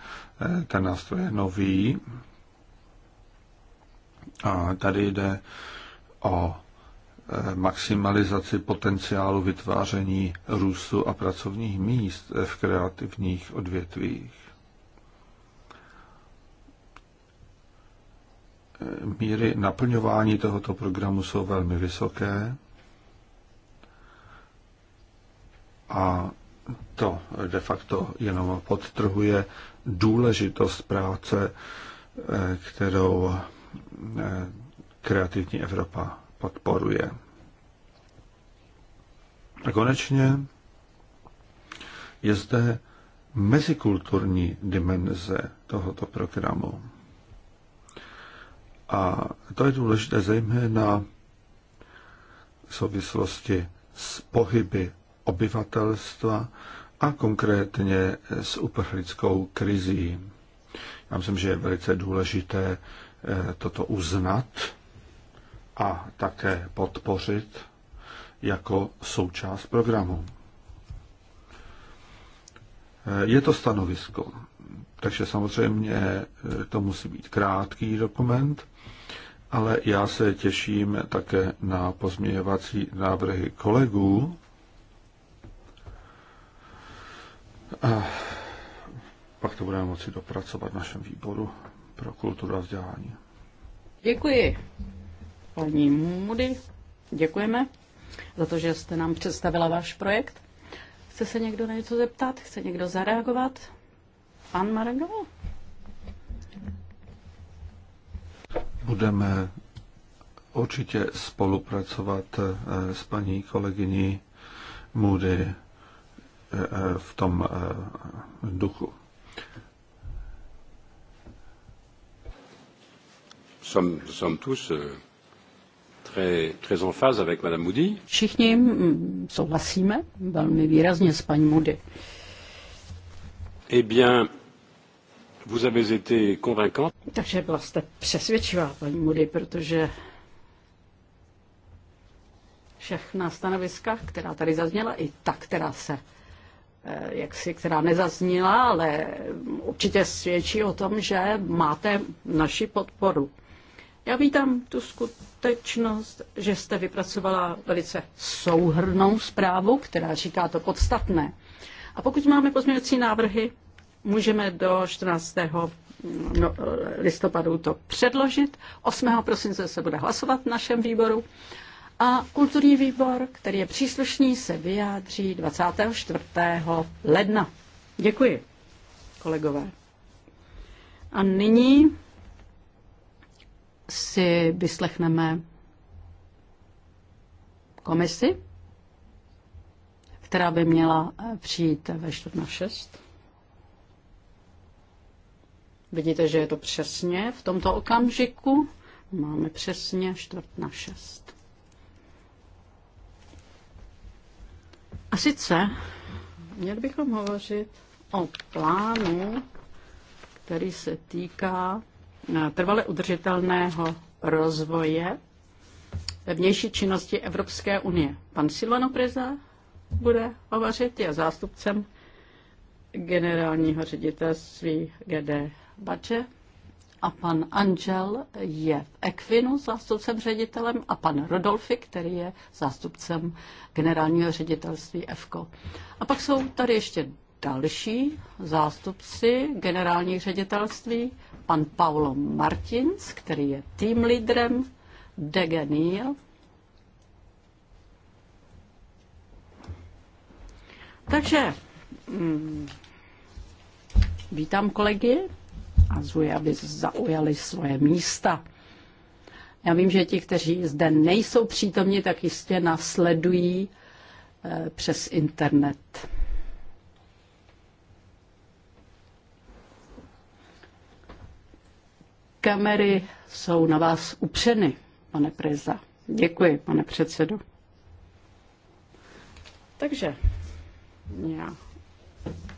Speaker 3: Ten nástroj je nový, a tady jde o e, maximalizaci potenciálu vytváření růstu a pracovních míst v kreativních odvětvích. Míry naplňování tohoto programu jsou velmi vysoké a to de facto jenom podtrhuje důležitost práce, e, kterou Eh, kreativní Evropa podporuje. A konečně je zde mezikulturní dimenze tohoto programu. A to je důležité zejména v souvislosti s pohyby obyvatelstva a konkrétně s uprchlickou krizí. Já myslím, že je velice důležité Eh, toto uznat a také podpořit jako součást programu. Eh, je to stanovisko, takže samozřejmě eh, to musí být krátký dokument, ale já se těším také na pozměňovací návrhy kolegů. A pak to budeme moci dopracovat v našem výboru pro kulturu a vzdělání.
Speaker 1: Děkuji, paní Moody. Děkujeme za to, že jste nám představila váš projekt. Chce se někdo na něco zeptat? Chce někdo zareagovat? Pan Marengo?
Speaker 3: Budeme určitě spolupracovat eh, s paní kolegyní Moody eh, eh, v tom duchu.
Speaker 2: sommes, sommes tous euh, très, très en phase avec Madame Moody.
Speaker 1: Všichni mm, souhlasíme velmi výrazně s paní Moody.
Speaker 2: Eh bien, vous avez été convaincante.
Speaker 1: Takže byla jste přesvědčivá, paní Moody, protože všechna stanoviska, která tady zazněla, i ta, která se eh, jak si, která nezazněla, ale určitě svědčí o tom, že máte naši podporu. Já vítám tu skutečnost, že jste vypracovala velice souhrnou zprávu, která říká to podstatné. A pokud máme pozměňovací návrhy, můžeme do 14. No, listopadu to předložit. 8. prosince se bude hlasovat v našem výboru. A kulturní výbor, který je příslušný, se vyjádří 24. ledna. Děkuji, kolegové. A nyní si vyslechneme komisi, která by měla přijít ve čtvrt na šest. Vidíte, že je to přesně v tomto okamžiku. Máme přesně čtvrt na šest. A sice měli bychom hovořit o plánu, který se týká trvale udržitelného rozvoje vnější činnosti Evropské unie. Pan Silvano Preza bude hovořit, je zástupcem generálního ředitelství GD Bače a pan Angel je v Equinu zástupcem ředitelem a pan Rodolfi, který je zástupcem generálního ředitelství EFKO. A pak jsou tady ještě další zástupci generálních ředitelství, pan Paulo Martins, který je tým lídrem Degenil. Takže mm, vítám kolegy a zvuji, aby zaujali svoje místa. Já vím, že ti, kteří zde nejsou přítomni, tak jistě nasledují eh, přes internet. kamery jsou na vás upřeny, pane Preza. Děkuji, pane předsedo. Takže já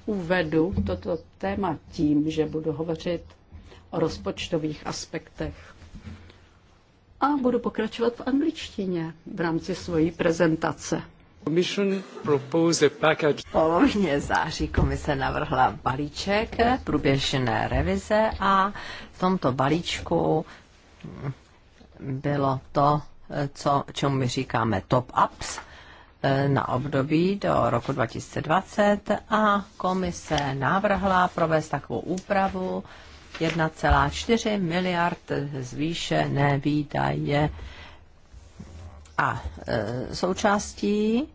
Speaker 1: uvedu toto téma tím, že budu hovořit o rozpočtových aspektech. A budu pokračovat v angličtině v rámci svojí prezentace.
Speaker 2: Položně září komise navrhla balíček průběžné revize a v tomto balíčku bylo to, co, čemu my říkáme top-ups eh, na období do roku 2020 a komise navrhla provést takovou úpravu 1,4 miliard zvýšené výdaje a e, součástí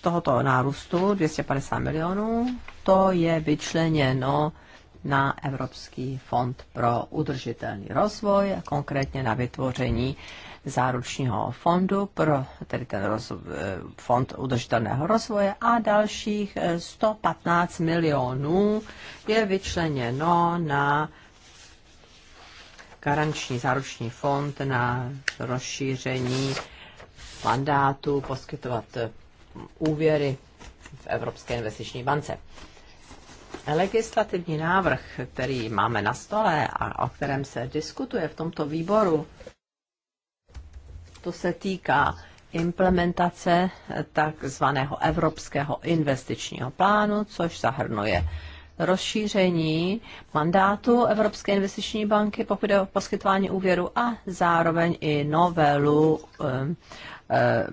Speaker 2: tohoto nárůstu 250 milionů, to je vyčleněno na Evropský fond pro udržitelný rozvoj, konkrétně na vytvoření záručního fondu pro tedy ten roz, e, fond udržitelného rozvoje a dalších 115 e, milionů je vyčleněno na garanční záruční fond na rozšíření mandátu poskytovat eh, úvěry v Evropské investiční bance. Legislativní návrh, který máme na stole a o kterém se diskutuje v tomto výboru, to se týká implementace eh, takzvaného Evropského investičního plánu, což zahrnuje rozšíření mandátu Evropské investiční banky, pokud je o poskytování úvěru a zároveň i novelu eh, Eh,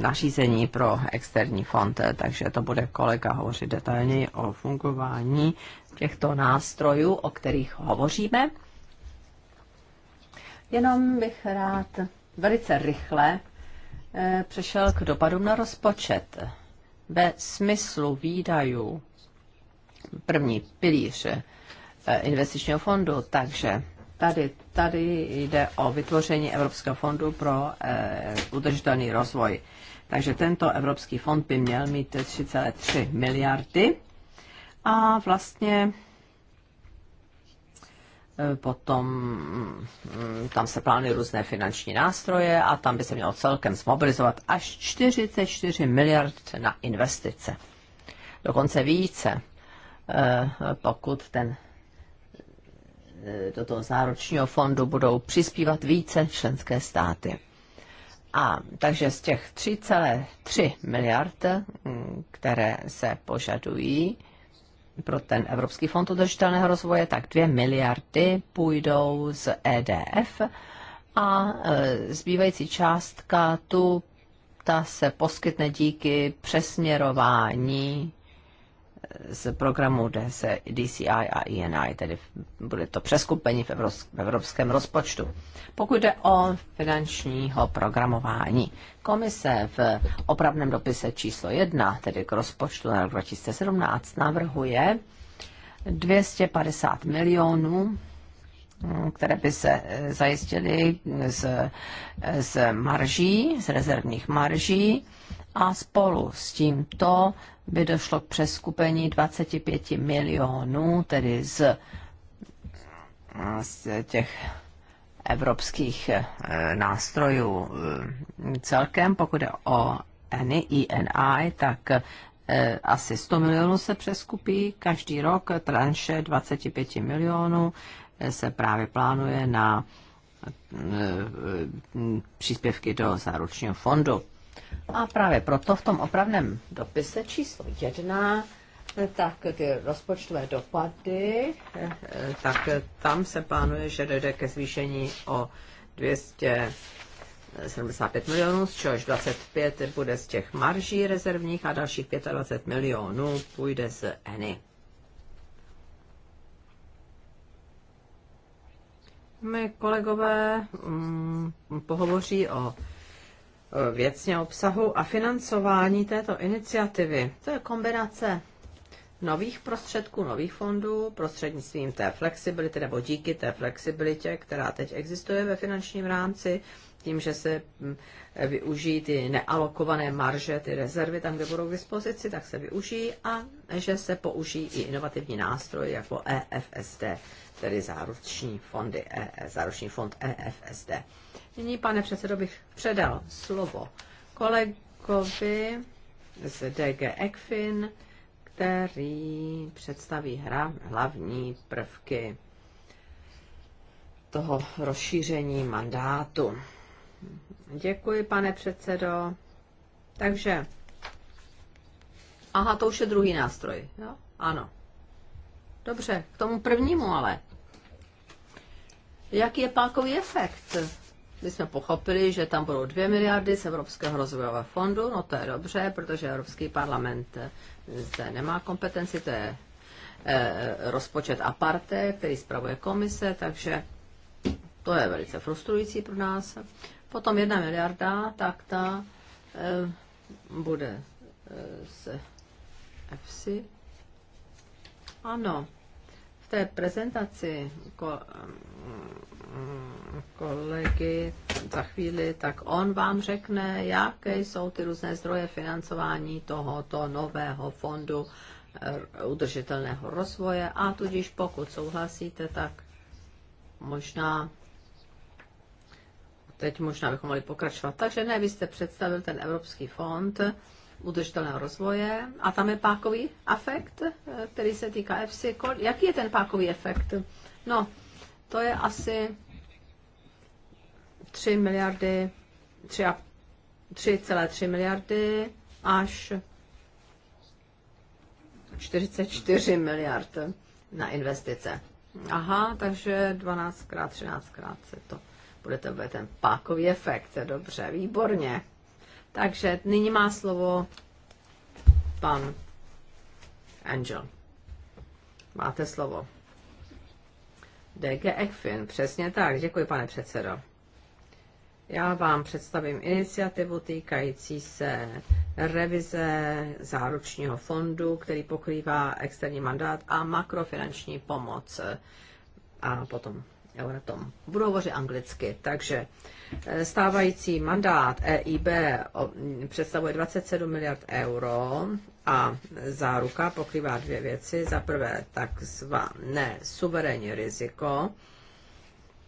Speaker 2: nařízení pro externí fond, takže to bude kolega hovořit detailně o fungování těchto nástrojů, o kterých hovoříme. Jenom bych rád velice rychle eh, přešel k dopadům na rozpočet. Ve smyslu výdajů první pilíře eh, investičního fondu, takže tady tady jde o vytvoření Evropského fondu pro e, udržitelný rozvoj. Takže tento Evropský fond by měl mít 3,3 miliardy a vlastně eh, potom hm, tam se plánují různé finanční nástroje a tam by se mělo celkem zmobilizovat až 44 miliard na investice. Dokonce více, eh, pokud ten E, do toho záročního fondu budou přispívat více členské státy. A takže z těch 3,3 miliard, mm, které se požadují pro ten Evropský fond udržitelného rozvoje, tak 2 miliardy půjdou z EDF a e, zbývající částka tu ta se poskytne díky přesměrování z programu DCI a INI, e tedy bude to přeskupení v evropském rozpočtu. Pokud jde o finančního programování, komise v opravném dopise číslo 1, tedy k rozpočtu na rok 2017, navrhuje 250 milionů mm, které by se eh, zajistily z, eh, z marží, z rezervních marží a spolu s tímto by došlo k přeskupení 25 milionů, tedy z, z těch evropských eh, nástrojů eh, celkem, pokud je o ENI, INI, tak eh, asi 100 milionů se přeskupí každý rok, tranše 25 milionů se právě plánuje na příspěvky do záručního fondu. A právě proto v tom opravném dopise číslo jedna, tak ty rozpočtové dopady, tak tam se plánuje, že dojde ke zvýšení o 275 milionů, z čehož 25 bude z těch marží rezervních a dalších 25 milionů půjde z ENI. My kolegové um, pohovoří o věcně obsahu a financování této iniciativy. To je kombinace nových prostředků, nových fondů, prostřednictvím té flexibility nebo díky té flexibilitě, která teď existuje ve finančním rámci, tím, že se mm, využijí ty nealokované marže, ty rezervy tam, kde budou k dispozici, tak se využijí a že se použijí i inovativní nástroje jako EFSD, tedy záruční, fondy, e záruční fond EFSD. Nyní, pane předsedo, bych předal slovo kolegovi z DG ECFIN, který představí hra hlavní prvky toho rozšíření mandátu. Děkuji, pane předsedo. Takže, aha, to už je druhý nástroj, jo? Ano. Dobře, k tomu prvnímu ale. Jaký je pákový efekt? my jsme pochopili, že tam budou 2 miliardy z Evropského rozvojového fondu, no to je dobře, protože Evropský parlament eh, zde nemá kompetenci, to je eh, rozpočet aparte, který spravuje komise, takže to je velice frustrující pro nás. Potom jedna miliarda, tak ta eh, bude z EFSI. Ano, v té prezentaci ko, mm, kolegy za chvíli, tak on vám řekne, jaké jsou ty různé zdroje financování tohoto nového fondu eh, udržitelného rozvoje a tudíž pokud souhlasíte, tak možná teď možná bychom mohli pokračovat. Takže ne, vy jste představil ten Evropský fond, udržitelného rozvoje a tam je pákový efekt, eh, který se týká FC. Jaký je ten pákový efekt? No, to je asi 3 miliardy, 3,3 miliardy až 44 miliard na investice. Aha, takže 12 krát, 13 krát se to bude to bude ten pákový efekt. Dobře, výborně. Takže nyní má slovo pan Angel. Máte slovo. DG Ekfin, přesně tak. Děkuji, pane předsedo. Já vám představím iniciativu týkající se revize záručního fondu, který pokrývá externí mandát a makrofinanční pomoc. A potom na tom Budu hovořit anglicky, takže eh, stávající mandát EIB představuje 27 miliard euro a záruka pokrývá dvě věci. Za prvé takzvané suverénní riziko,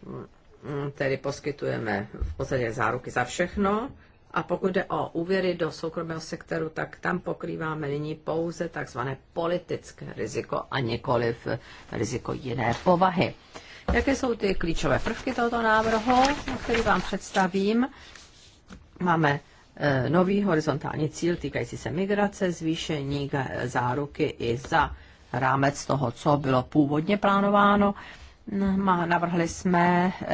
Speaker 2: mm, mm, tedy poskytujeme v podstatě záruky za všechno, a pokud jde o úvěry do soukromého sektoru, tak tam pokrýváme nyní pouze takzvané politické riziko a nikoliv riziko jiné povahy. Jaké jsou ty klíčové prvky tohoto návrhu, který vám představím? Máme e, nový horizontální cíl týkající se migrace, zvýšení záruky i za rámec toho, co bylo původně plánováno. No, navrhli jsme e,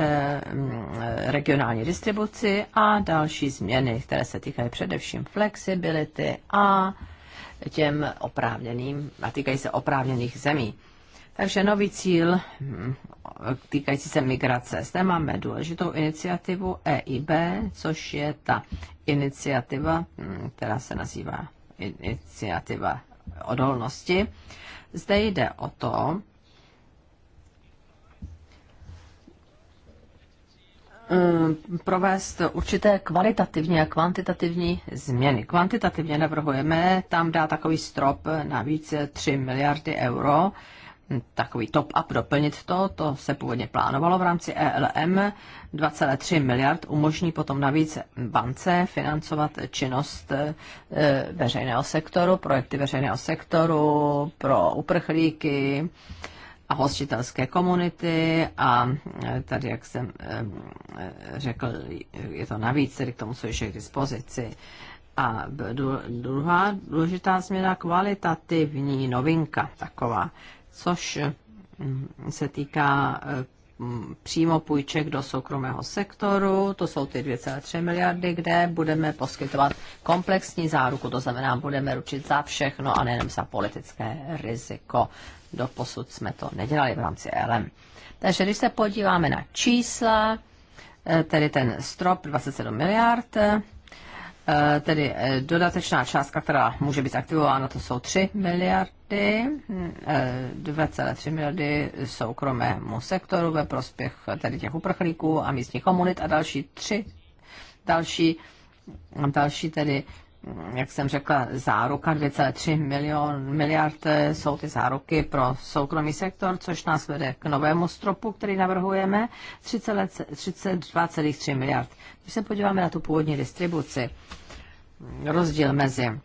Speaker 2: regionální distribuci a další změny, které se týkají především flexibility a těm oprávněným a týkají se oprávněných zemí. Takže nový cíl hm, týkající se migrace. Zde máme důležitou iniciativu EIB, což je ta iniciativa, hm, která se nazývá iniciativa odolnosti. Zde jde o to, hm, provést určité kvalitativní a kvantitativní změny. Kvantitativně navrhujeme tam dát takový strop navíc 3 miliardy euro, takový top-up doplnit to, to se původně plánovalo v rámci e ELM. 2,3 miliard umožní potom navíc bance financovat činnost e, veřejného sektoru, projekty veřejného sektoru pro uprchlíky a hostitelské komunity a e, tady, jak jsem řekl, je to navíc tedy k tomu, co je k dispozici. A druhá důležitá změna, kvalitativní novinka taková což mm, se týká eh, mm, přímo půjček do soukromého sektoru, to jsou ty 2,3 miliardy, kde budeme poskytovat komplexní záruku, to znamená, budeme ručit za všechno a nejenom za politické riziko. Doposud jsme to nedělali v rámci LM. Takže když se podíváme na čísla, eh, tedy ten strop 27 miliard, Eh, tedy eh, dodatečná částka, která může být aktivována, to jsou 3 miliardy, 2,3 eh, miliardy jsou kromě mu sektoru ve prospěch tedy těch uprchlíků a místních komunit a další 3, další, další tedy jak jsem řekla, záruka 2,3 milion, miliard eh, jsou ty záruky pro soukromý sektor, což nás vede k novému stropu, který navrhujeme, 32,3 miliard. Když se podíváme na tu původní distribuci, rozdíl mezi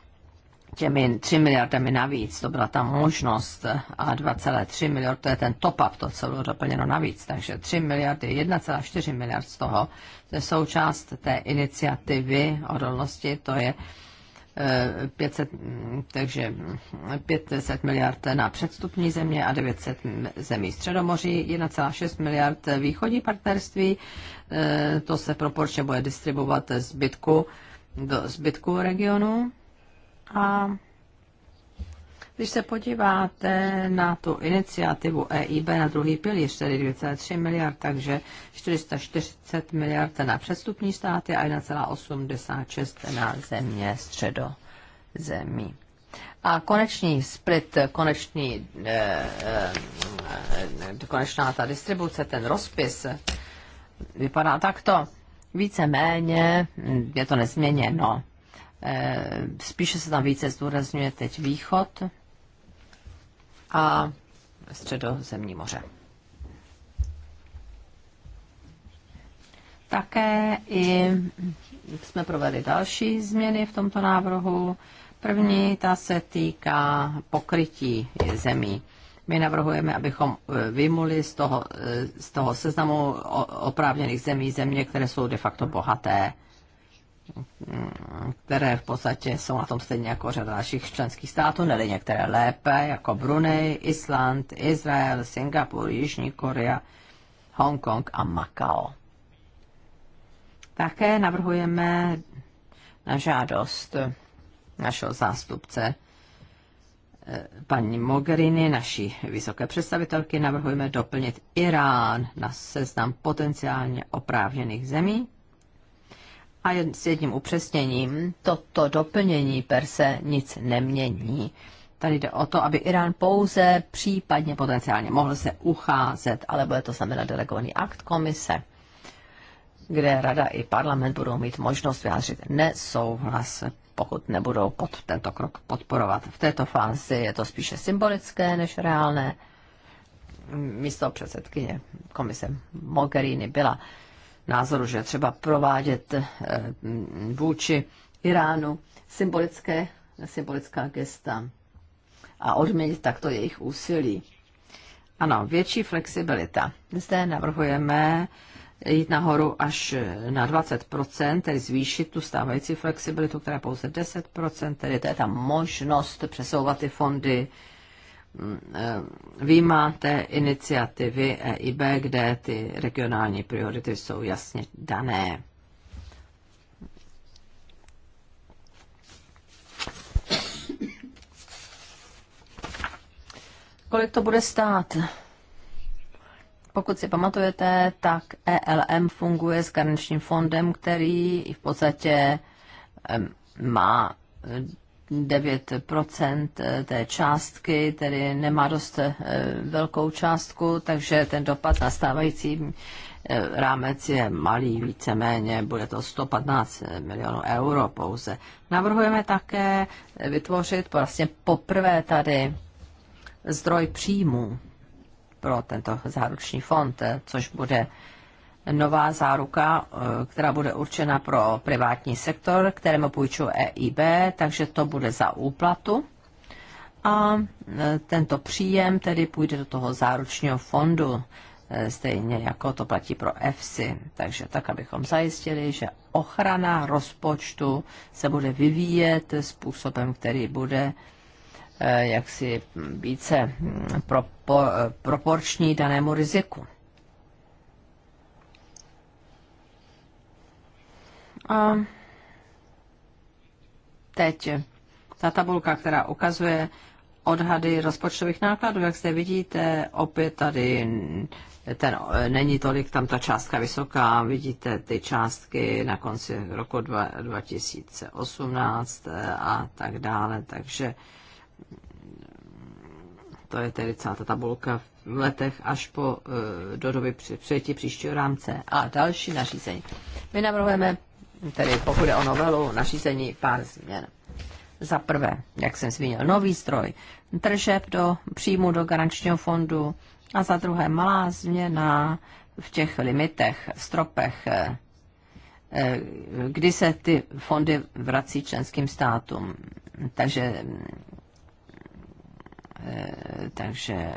Speaker 2: těmi 3 miliardami navíc, to byla ta možnost a 2,3 miliard, to je ten top-up, to, co bylo doplněno navíc, takže 3 miliardy, 1,4 miliard z toho, to je součást té iniciativy odolnosti, to je 500, takže 500 miliard na předstupní země a 900 zemí středomoří, 1,6 miliard východní partnerství, eh, to se proporčně bude distribuovat zbytku do zbytku regionu a když se podíváte na tu iniciativu EIB na druhý pilíř, tedy 2,3 miliard, takže 440 miliard na přestupní státy a 1,86 na země středo zemí. A konečný split, konečný, eh, eh, konečná ta distribuce, ten rozpis, vypadá takto. Víceméně je to nezměněno. Eh, spíše se tam více zdůrazňuje teď východ, a středozemní moře. Také i jsme provedli další změny v tomto návrhu. První, ta se týká pokrytí zemí. My navrhujeme, abychom eh, vymuli z toho, eh, z toho seznamu oprávněných zemí země, které jsou de facto bohaté které v podstatě jsou na tom stejně jako řada našich členských států, nebo některé lépe, jako Brunei, Island, Izrael, Singapur, Jižní Korea, Hongkong a Macao. Také navrhujeme na žádost našeho zástupce eh, paní Mogherini, naší vysoké představitelky, navrhujeme doplnit Irán na seznam potenciálně oprávněných zemí, a s jedním upřesněním. Toto doplnění per se nic nemění. Tady jde o to, aby Irán pouze případně potenciálně mohl se ucházet, ale bude to znamenat delegovaný akt komise, kde rada i parlament budou mít možnost vyjádřit nesouhlas, pokud nebudou pod tento krok podporovat. V této fázi je to spíše symbolické než reálné. Místo předsedkyně komise Mogherini byla názoru, že třeba provádět eh, vůči Iránu symbolické, symbolická gesta a odměnit takto jejich úsilí. Ano, větší flexibilita. Zde navrhujeme jít nahoru až na 20%, tedy zvýšit tu stávající flexibilitu, která je pouze 10%, tedy to je ta možnost přesouvat ty fondy, Eh, máte iniciativy EIB, kde ty regionální priority jsou jasně dané. Kolik to bude stát? Pokud si pamatujete, tak ELM funguje s garančním fondem, který v podstatě má 9% eh, té částky, tedy nemá dost eh, velkou částku, takže ten dopad na stávající eh, rámec je malý, víceméně bude to 115 milionů euro pouze. Navrhujeme také vytvořit vlastně poprvé tady zdroj příjmů pro tento záruční fond, což bude nová záruka, eh, která bude určena pro privátní sektor, kterému půjčuje EIB, takže to bude za úplatu. A eh, tento příjem tedy půjde do toho záručního fondu, eh, stejně jako to platí pro EFSI. Takže tak, abychom zajistili, že ochrana rozpočtu se bude vyvíjet způsobem, který bude jaksi více hm, propo, proporční danému riziku. A teď ta tabulka, která ukazuje odhady rozpočtových nákladů, jak zde vidíte, opět tady ten, není tolik tam ta částka vysoká, vidíte ty částky na konci roku 2018 eh, a tak dále, takže to je tedy celá ta tabulka v letech až po, eh, do doby přijetí příštího rámce a další nařízení. My navrhujeme tedy pokud je o novelu nařízení, pár změn. Za prvé, jak jsem zmínil, nový stroj tržeb do příjmu do garančního fondu a za druhé malá změna v těch limitech, v stropech, eh, eh, kdy se ty fondy vrací členským státům. Takže eh, takže,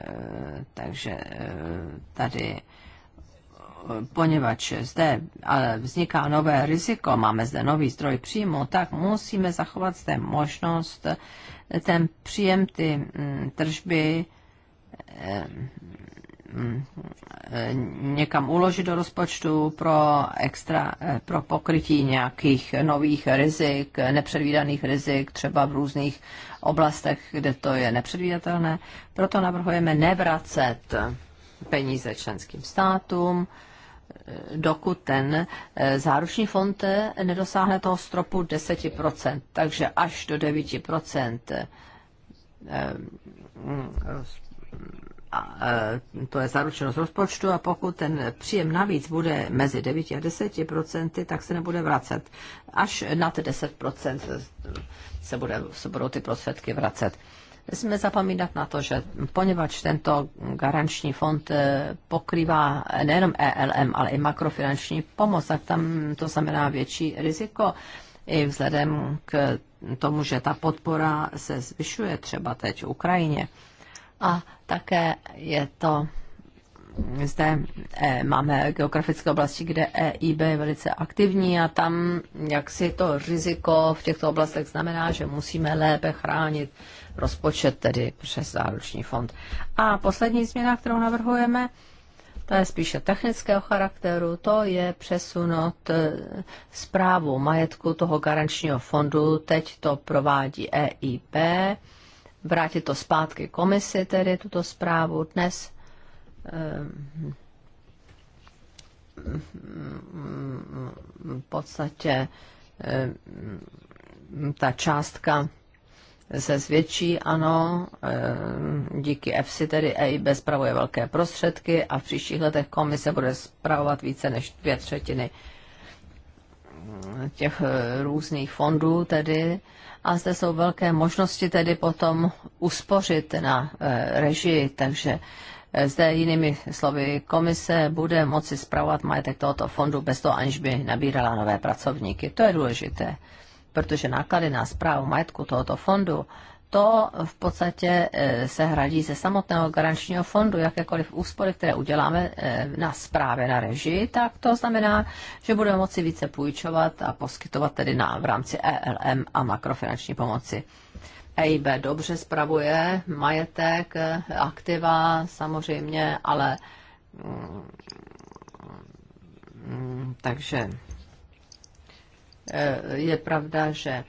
Speaker 2: takže tady poněvadž zde vzniká nové riziko, máme zde nový zdroj příjmu, tak musíme zachovat zde možnost eh, ten příjem, ty mm, tržby eh, mm, eh, někam uložit do rozpočtu pro, extra, pro pokrytí nějakých nových rizik, nepředvídaných rizik, třeba v různých oblastech, kde to je nepředvídatelné. Proto navrhujeme nevracet peníze členským státům, dokud ten eh, záruční fond eh, nedosáhne toho stropu 10%, takže až do 9% eh, to je zaručenost rozpočtu a pokud ten příjem navíc bude mezi 9 a 10 tak se nebude vracet. Až nad 10 se, bude, se budou ty prostředky vracet nesmíme zapomínat na to, že poněvadž tento garanční fond eh, pokrývá nejenom ELM, ale i makrofinanční pomoc, tak tam to znamená větší riziko i vzhledem k tomu, že ta podpora se zvyšuje třeba teď v Ukrajině. A také je to zde eh, máme geografické oblasti, kde EIB je velice aktivní a tam jak si to riziko v těchto oblastech znamená, že musíme lépe chránit rozpočet, tedy přes záruční fond. A poslední změna, kterou navrhujeme, to je spíše technického charakteru, to je přesunout zprávu eh, majetku toho garančního fondu, teď to provádí EIP, vrátit to zpátky komisi, tedy tuto zprávu dnes eh, v podstatě eh, ta částka se zvětší, ano, eh, díky EFSI tedy EIB spravuje velké prostředky a v příštích letech komise bude spravovat více než dvě třetiny těch eh, různých fondů tedy a zde jsou velké možnosti tedy potom uspořit na eh, režii, takže zde jinými slovy komise bude moci spravovat majetek tohoto fondu bez toho, aniž by nabírala nové pracovníky. To je důležité protože náklady na zprávu majetku tohoto fondu to v podstatě e, se hradí ze samotného garančního fondu. Jakékoliv úspory, které uděláme e, na zprávě na režii, tak to znamená, že budeme moci více půjčovat a poskytovat tedy na, v rámci ELM a makrofinanční pomoci. EIB dobře spravuje majetek, e, aktiva samozřejmě, ale mm, mm, takže Eh, je pravda, že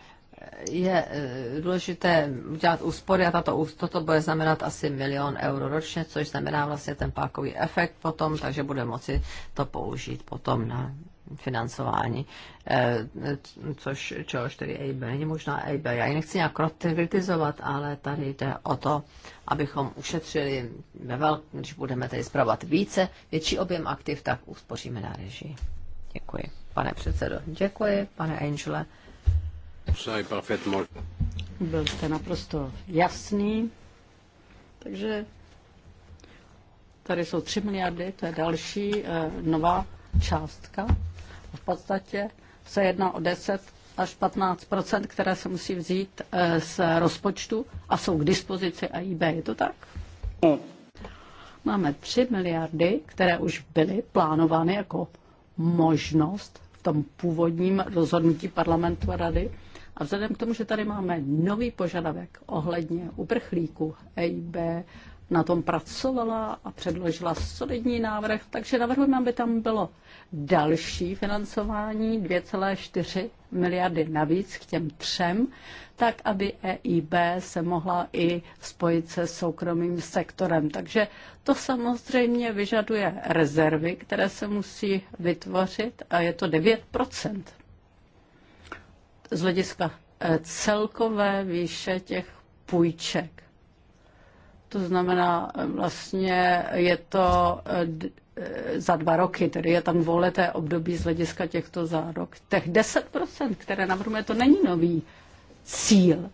Speaker 2: je eh, důležité udělat úspory a tato, toto bude znamenat asi milion euro ročně, což znamená vlastně ten pákový efekt potom, takže bude moci to použít potom na financování, eh, což čehož tedy AB, není možná AB, Já ji nechci nějak kritizovat, ale tady jde o to, abychom ušetřili, ve velk- když budeme tedy zpravovat více, větší objem aktiv, tak uspoříme na režii. Děkuji pane předsedo. Děkuji, pane Angele.
Speaker 1: Byl jste naprosto jasný, takže tady jsou 3 miliardy, to je další eh, nová částka. V podstatě se jedná o 10 až 15 které se musí vzít eh, z rozpočtu a jsou k dispozici AIB. Je to tak? No. Máme 3 miliardy, které už byly plánovány jako možnost v tom původním rozhodnutí parlamentu a rady. A vzhledem k tomu, že tady máme nový požadavek ohledně uprchlíků EIB, na tom pracovala a předložila solidní návrh, takže navrhujeme, aby tam bylo další financování 2,4 miliardy navíc k těm třem, tak aby EIB se mohla i spojit se soukromým sektorem. Takže to samozřejmě vyžaduje rezervy, které se musí vytvořit a je to 9 z hlediska e, celkové výše těch půjček. To znamená, e, vlastně je to e, za dva roky, tedy je tam dvouleté období z hlediska těchto zárok. Těch 10%, které navrhuje, to není nový cíl.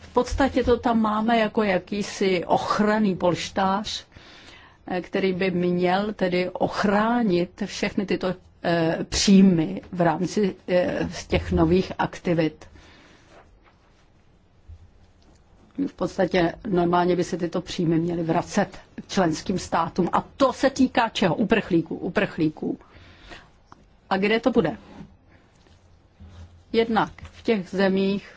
Speaker 1: V podstatě to tam máme jako jakýsi ochranný polštář, eh, který by měl tedy ochránit všechny tyto eh, příjmy v rámci eh, těch nových aktivit. V podstatě normálně by se tyto příjmy měly vracet členským státům. A to se týká čeho? Uprchlíků. Uprchlíků. A kde to bude? Jednak v těch zemích,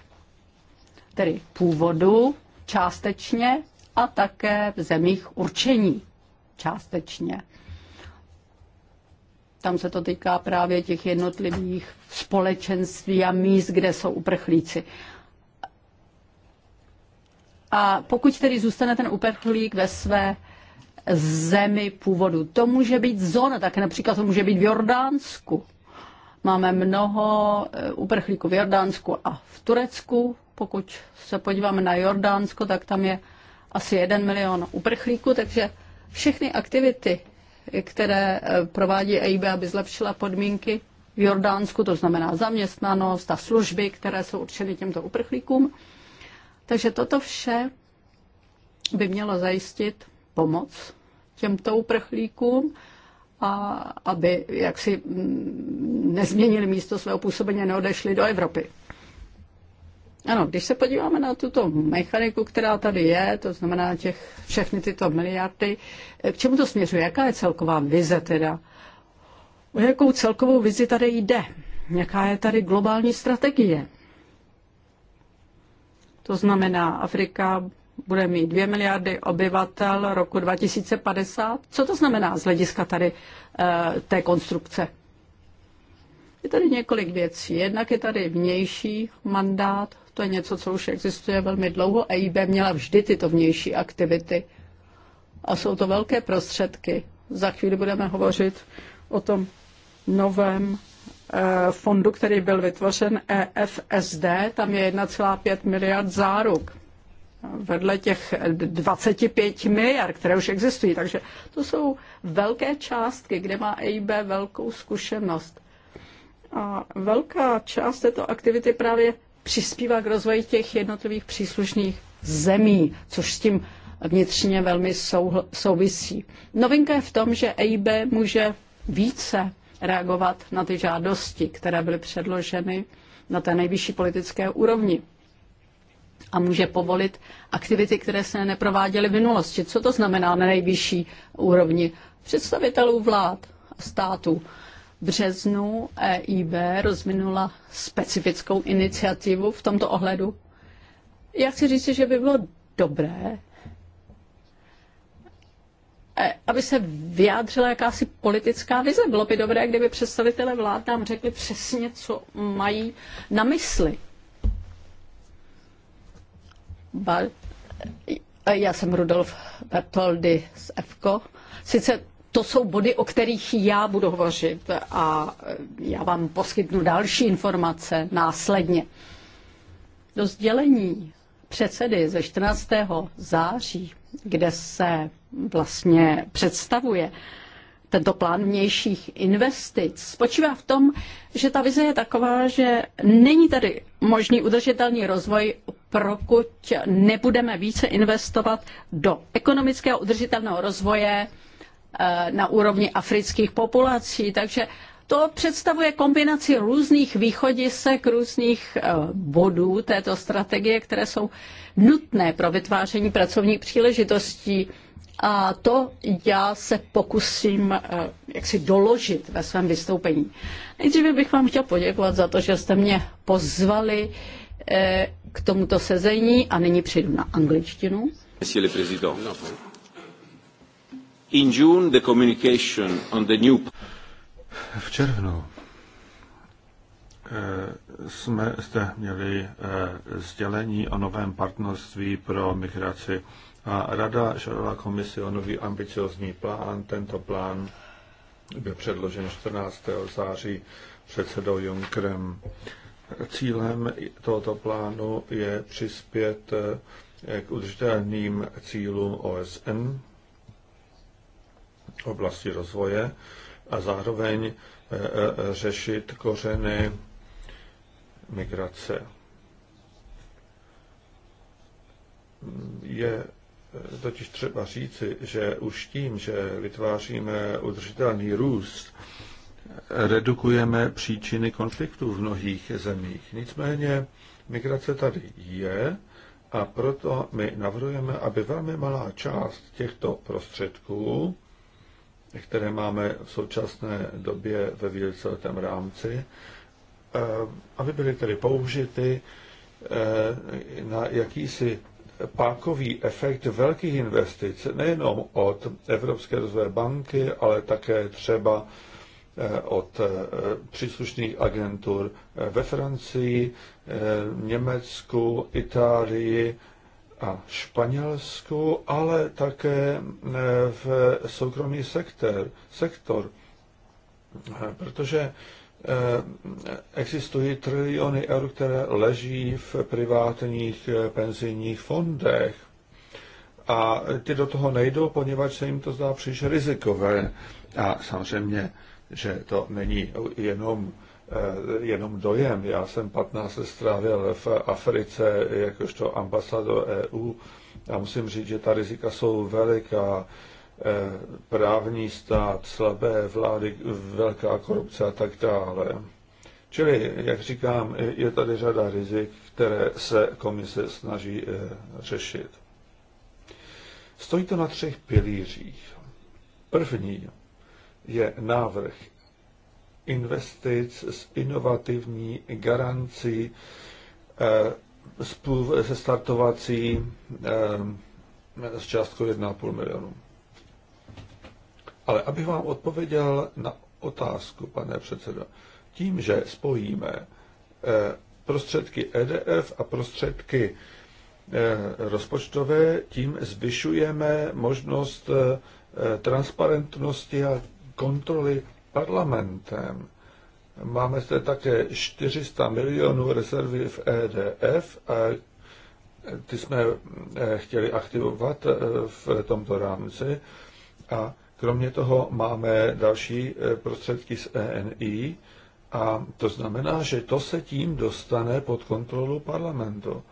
Speaker 1: tedy původu částečně a také v zemích určení částečně. Tam se to týká právě těch jednotlivých společenství a míst, kde jsou uprchlíci. A pokud tedy zůstane ten uprchlík ve své zemi původu, to může být zóna, tak například to může být v Jordánsku. Máme mnoho eh, uprchlíků v Jordánsku a v Turecku, pokud se podíváme na Jordánsko, tak tam je asi jeden milion uprchlíků, takže všechny aktivity, které eh, provádí EIB, aby zlepšila podmínky v Jordánsku, to znamená zaměstnanost a služby, které jsou určeny těmto uprchlíkům. Takže toto vše by mělo zajistit pomoc těmto uprchlíkům, a aby jaksi mm, nezměnili místo svého působení a neodešli do Evropy. Ano, když se podíváme na tuto mechaniku, která tady je, to znamená těch všechny tyto miliardy, k čemu to směřuje? Jaká je celková vize teda? O jakou celkovou vizi tady jde? Jaká je tady globální strategie? To znamená, Afrika bude mít 2 miliardy obyvatel roku 2050. Co to znamená z hlediska tady e, té konstrukce? Je tady několik věcí. Jednak je tady vnější mandát, to je něco, co už existuje velmi dlouho. EIB měla vždy tyto vnější aktivity. A jsou to velké prostředky. Za chvíli budeme hovořit o tom novém eh, fondu, který byl vytvořen EFSD. Tam je 1,5 miliard záruk vedle těch 25 miliard, které už existují. Takže to jsou velké částky, kde má EIB velkou zkušenost. A velká část této aktivity právě přispívá k rozvoji těch jednotlivých příslušných zemí, což s tím vnitřně velmi souhl- souvisí. Novinka je v tom, že EIB může více reagovat na ty žádosti, které byly předloženy na té nejvyšší politické úrovni a může povolit aktivity, které se neprováděly v minulosti. Co to znamená na nejvyšší úrovni představitelů vlád a států? březnu EIB rozvinula specifickou iniciativu v tomto ohledu. Já chci říct, že by bylo dobré, e, aby se vyjádřila jakási politická vize. Bylo by dobré, kdyby představitelé vlád nám řekli přesně, co mají na mysli. Ba- e, já jsem Rudolf Bertoldi z EFKO. Sice to jsou body, o kterých já budu hovořit a já vám poskytnu další informace následně. Do sdělení předsedy ze 14. září, kde se vlastně představuje tento plán vnějších investic, spočívá v tom, že ta vize je taková, že není tady možný udržitelný rozvoj, pokud nebudeme více investovat do ekonomického udržitelného rozvoje, Eh, na úrovni afrických populací. Takže to představuje kombinaci různých východisek, různých eh, bodů této strategie, které jsou nutné pro vytváření pracovních příležitostí. A to já se pokusím eh, jaksi doložit ve svém vystoupení. Nejdříve bych vám chtěl poděkovat za to, že jste mě pozvali k tomuto sezení a nyní přijdu na angličtinu.
Speaker 3: Monsieur le président. No, no. V červnu eh, jsme zde měli eh, sdělení o novém partnerství pro migraci a Rada žádala komisi o nový ambiciozní plán. Tento plán byl předložen 14. září předsedou Junckerem. Cílem tohoto plánu je přispět eh, k udržitelným cílům OSN oblasti rozvoje a zároveň e, e, řešit kořeny migrace. Je totiž třeba říci, že už tím, že vytváříme udržitelný růst, redukujeme příčiny konfliktů v mnohých zemích. Nicméně migrace tady je a proto my navrhujeme, aby velmi malá část těchto prostředků které máme v současné době ve víceletém rámci, eh, aby byly tedy použity eh, na jakýsi pákový efekt velkých investic, nejenom od Evropské rozvoje banky, ale také třeba eh, od příslušných agentur ve Francii, Německu, Itálii, a Španělsku, ale také eh, v soukromý sektor, sektor eh, protože eh, existují triliony eur, které leží v privátních penzijních fondech. A ty do toho nejdou, poněvadž se jim to zdá příliš rizikové. A samozřejmě, že to není jenom Eh, jenom dojem. Já jsem 15 let strávil v Africe jakožto ambasador EU a musím říct, že ta rizika jsou veliká. Eh, právní stát, slabé vlády, velká korupce a tak dále. Čili, jak říkám, je tady řada rizik, které se komise snaží eh, řešit. Stojí to na třech pilířích. První je návrh investic s inovativní garancí, eh, se startovací eh, s částkou 1,5 milionu. Ale abych vám odpověděl na otázku, pane předsedo, tím, že spojíme eh, prostředky EDF a prostředky rozpočtové, tím zvyšujeme možnost transparentnosti a kontroly parlamentem. Máme zde také 400 milionů rezervy v EDF a ty jsme eh, chtěli aktivovat eh, v tomto rámci. A kromě toho máme další eh, prostředky z ENI a to znamená, že to se tím dostane pod kontrolu parlamentu.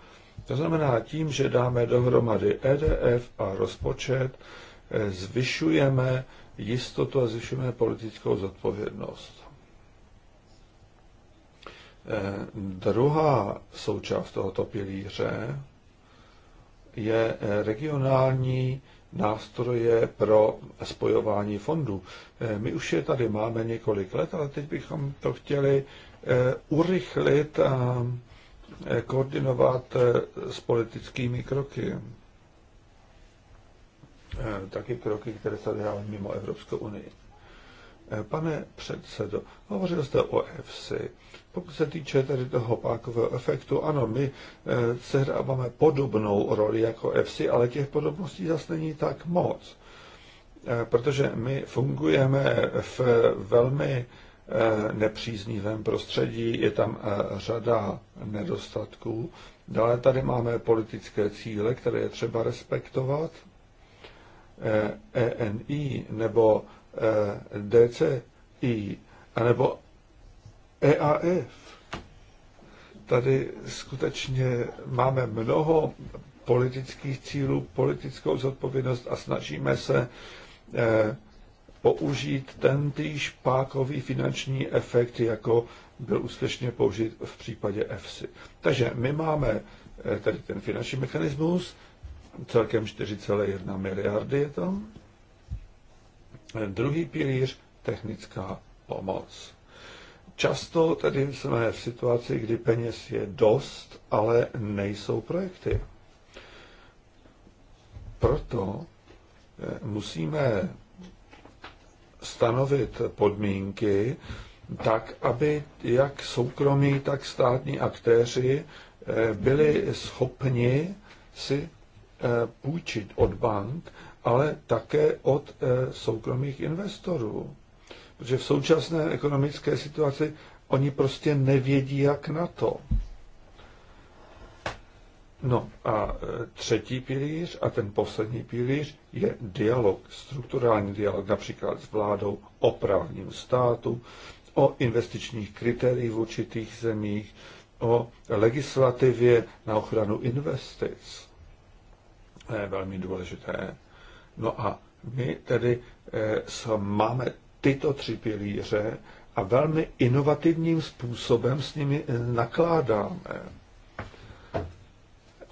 Speaker 3: To znamená tím, že dáme dohromady EDF a rozpočet, zvyšujeme jistotu a zvyšujeme politickou zodpovědnost. Eh, druhá součást tohoto pilíře je eh, regionální nástroje pro spojování fondů. Eh, my už je tady máme několik let, ale teď bychom to chtěli urychlit a koordinovat s politickými kroky. Eh, taky kroky, které se odehrávají mimo Evropskou unii. Eh, pane předsedo, hovořil jste o EFSI. Pokud se týče tady toho pákového efektu, ano, my eh, sehráváme podobnou roli jako EFSI, ale těch podobností zase není tak moc. Protože my fungujeme v velmi nepříznivém prostředí, je tam řada nedostatků. Dále tady máme politické cíle, které je třeba respektovat ENI e nebo e, DCI anebo EAF. Tady skutečně máme mnoho politických cílů, politickou zodpovědnost a snažíme se e, použít ten týž pákový finanční efekt, jako byl úspěšně použit v případě EFSI. Takže my máme tady ten finanční mechanismus, celkem 4,1 miliardy je tam. Druhý pilíř technická pomoc. Často tedy jsme v situaci, kdy peněz je dost, ale nejsou projekty. Proto eh, musíme stanovit podmínky tak, aby jak soukromí, tak státní aktéři eh, byli schopni si Eh, půjčit od bank, ale také od eh, soukromých investorů. Protože v současné ekonomické situaci oni prostě nevědí, jak na to. No a eh, třetí pilíř a ten poslední pilíř je dialog, strukturální dialog například s vládou o právním státu, o investičních kritériích v určitých zemích, o legislativě na ochranu investic velmi důležité. No a my tedy eh, máme tyto tři pilíře a velmi inovativním způsobem s nimi eh, nakládáme.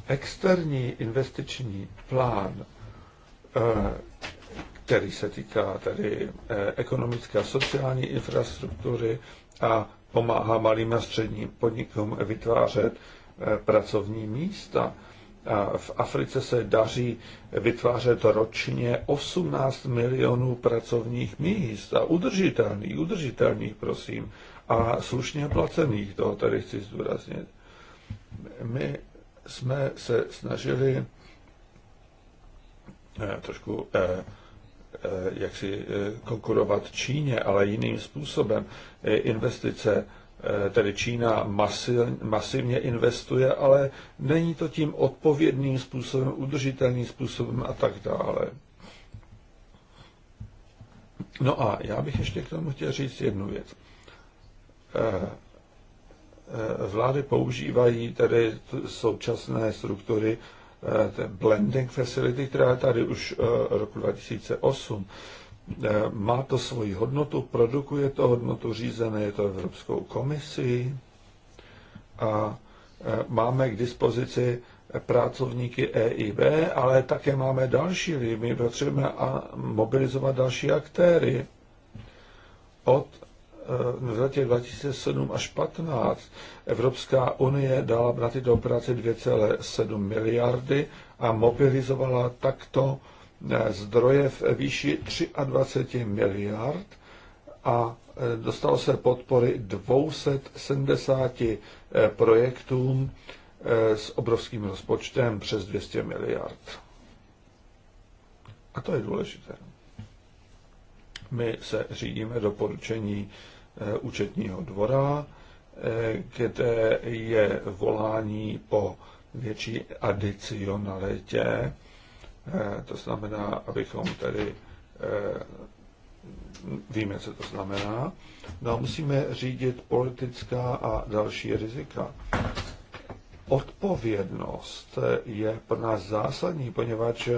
Speaker 3: Externí investiční plán, eh, který se týká tedy ekonomické a sociální infrastruktury a pomáhá malým a středním podnikům vytvářet pracovní místa, v Africe se daří vytvářet ročně 18 milionů pracovních míst a udržitelných, udržitelných, prosím, a slušně placených, to tady chci zdůraznit. My jsme se snažili eh, trošku eh, eh, jak si konkurovat Číně, ale jiným způsobem. Investice Eh, tedy Čína masivně investuje, ale není to tím odpovědným způsobem, udržitelným způsobem a tak dále. No a já bych ještě k tomu chtěl říct jednu věc. Eh, eh, vlády používají tedy současné struktury blending facility, která tady už roku 2008. Eh, má to svoji hodnotu, produkuje to hodnotu, řízené je to Evropskou komisí a eh, máme k dispozici pracovníky EIB, ale také máme další lidi. My potřebujeme a mobilizovat další aktéry. Od eh, v letě 2007 až 15 Evropská unie dala na tyto operace 2,7 miliardy a mobilizovala takto zdroje v výši 23 miliard a e, dostalo se podpory 270 projektům e, s obrovským rozpočtem přes 200 miliard. A to je důležité. My se řídíme doporučení e, účetního dvora, kde je volání po větší adicionalitě Eh, to znamená, abychom tedy eh, víme, co to znamená. No a musíme řídit politická a další rizika. Odpovědnost je pro nás zásadní, poněvadž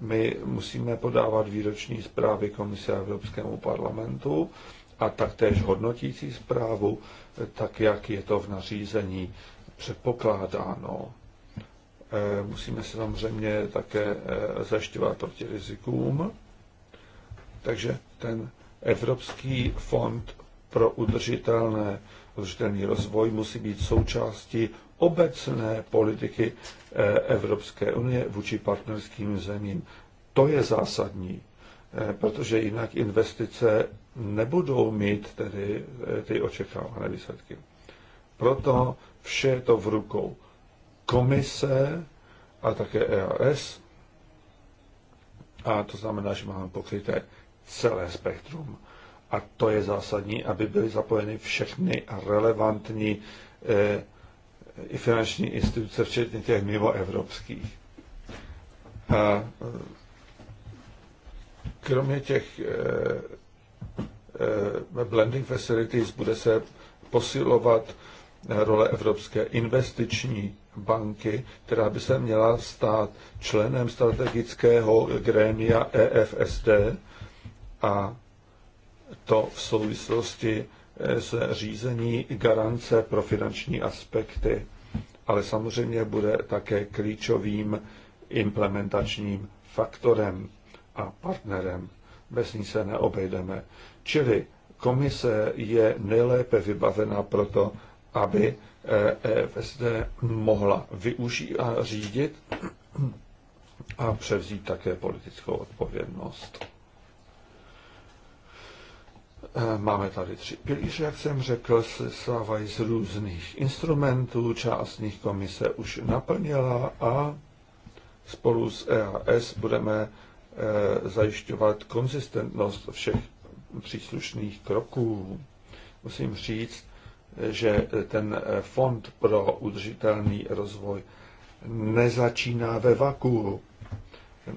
Speaker 3: my musíme podávat výroční zprávy Komise Evropskému parlamentu a taktéž hodnotící zprávu, tak jak je to v nařízení předpokládáno. Eh, musíme se samozřejmě také eh, zašťovat proti rizikům. Takže ten Evropský fond pro udržitelné, udržitelný rozvoj musí být součástí obecné politiky eh, Evropské unie vůči partnerským zemím. To je zásadní, protože jinak investice nebudou mít tedy ty očekávané výsledky. Proto vše je to v rukou komise a také EAS. A to znamená, že máme pokryté celé spektrum. A to je zásadní, aby byly zapojeny všechny relevantní eh, i finanční instituce, včetně těch mimoevropských. A eh, kromě těch eh, eh, blending facilities bude se posilovat role Evropské investiční banky, která by se měla stát členem strategického grémia EFSD a to v souvislosti eh, s řízení garance pro finanční aspekty, ale samozřejmě bude také klíčovým implementačním faktorem a partnerem. Bez ní se neobejdeme. Čili komise je nejlépe vybavena proto, aby EFSD e mohla využít a řídit a převzít také politickou odpovědnost. E, máme tady tři pilíře, jak jsem řekl, se stávají z různých instrumentů, část nich komise už naplnila a spolu s EAS budeme e, zajišťovat konzistentnost všech příslušných kroků. Musím říct, že ten fond pro udržitelný rozvoj nezačíná ve vakuu.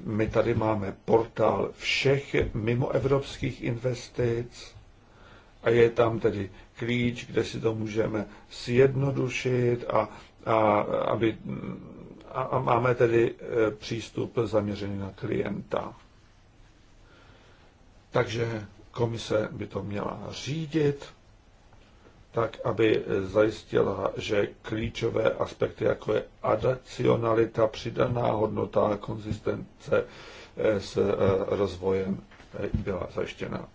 Speaker 3: My tady máme portál všech mimoevropských investic a je tam tedy klíč, kde si to můžeme sjednodušit a, a, aby, a, a máme tedy e, přístup zaměřený na klienta. Takže komise by to měla řídit tak aby zajistila, že klíčové aspekty, jako je adacionalita, přidaná hodnota, konzistence eh, s eh, rozvojem, eh, byla zajištěna.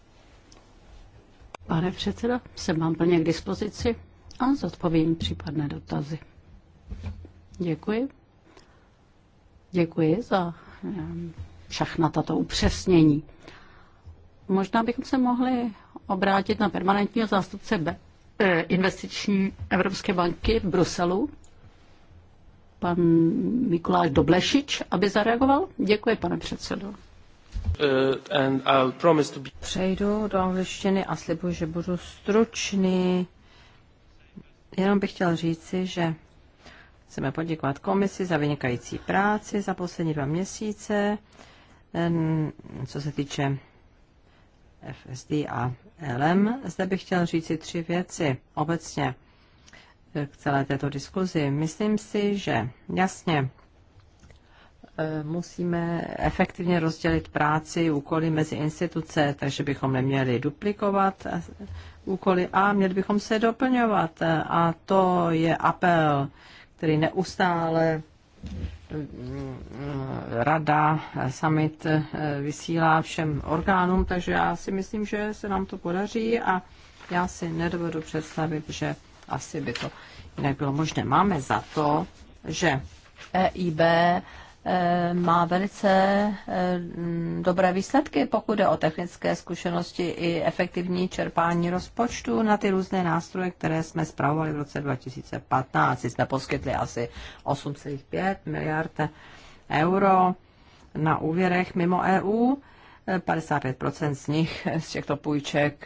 Speaker 1: Pane předseda, jsem vám plně k dispozici a zodpovím případné dotazy. Děkuji. Děkuji za ehm, všechna tato upřesnění. Možná bychom se mohli obrátit na permanentního zástupce B. Eh, investiční Evropské banky v Bruselu, pan Mikuláš Doblešič, aby zareagoval. Děkuji, pane předsedo. Uh, be... Přejdu do angličtiny a slibuji, že budu stručný.
Speaker 2: Jenom bych chtěl říci, že chceme poděkovat komisi za vynikající práci za poslední dva měsíce, eh, co se týče FSD a LM. Zde bych chtěl říci tři věci obecně k celé této diskuzi. Myslím si, že jasně eh, musíme efektivně rozdělit práci, úkoly mezi instituce, takže bychom neměli duplikovat úkoly a měli bychom se doplňovat. A to je apel, který neustále rada, summit eh, vysílá všem orgánům, takže já si myslím, že se nám to podaří a já si nedovedu představit, že asi by to jinak bylo možné. Máme za to, že EIB Eh, má velice eh, dobré výsledky, pokud jde o technické zkušenosti i efektivní čerpání rozpočtu na ty různé nástroje, které jsme zpravovali v roce 2015. Jsme poskytli asi 8,5 miliard euro na úvěrech mimo EU. 55% eh, z nich, z těchto půjček,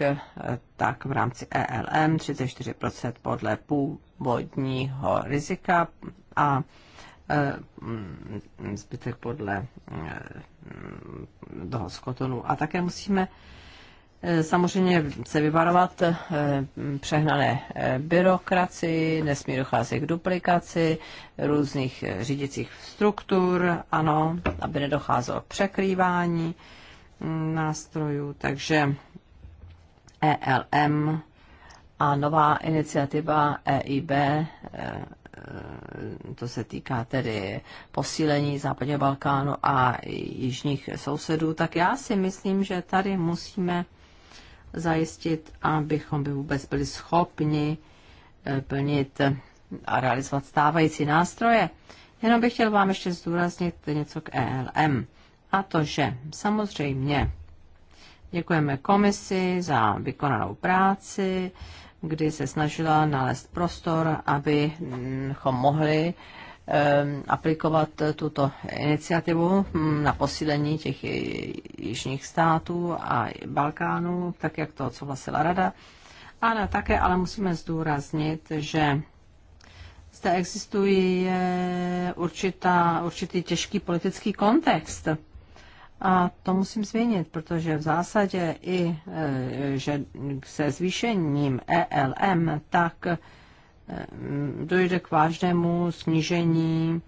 Speaker 2: tak v rámci ELM, 34% podle původního rizika a Eh, zbytek podle eh, toho skotonu. A také musíme eh, samozřejmě se vyvarovat přehnané byrokracii, nesmí docházet k duplikaci různých řídicích struktur, ano, aby nedocházelo k překrývání mm, nástrojů, takže ELM a nová iniciativa EIB Eh, to se týká tedy posílení západě Balkánu a jižních sousedů, tak já si myslím, že tady musíme zajistit, abychom by vůbec byli schopni eh, plnit a realizovat stávající nástroje. Jenom bych chtěl vám ještě zdůraznit něco k ELM. A to, že samozřejmě děkujeme komisi za vykonanou práci, kdy se snažila nalézt prostor, abychom mohli aplikovat tuto iniciativu mm, na posílení těch jižních států a Balkánu, tak jak to odsouhlasila rada. Ale také ale musíme zdůraznit, že zde existuje určitá, určitý těžký politický kontext a to musím změnit, protože v zásadě i e, že se zvýšením ELM, tak e, dojde k vážnému snížení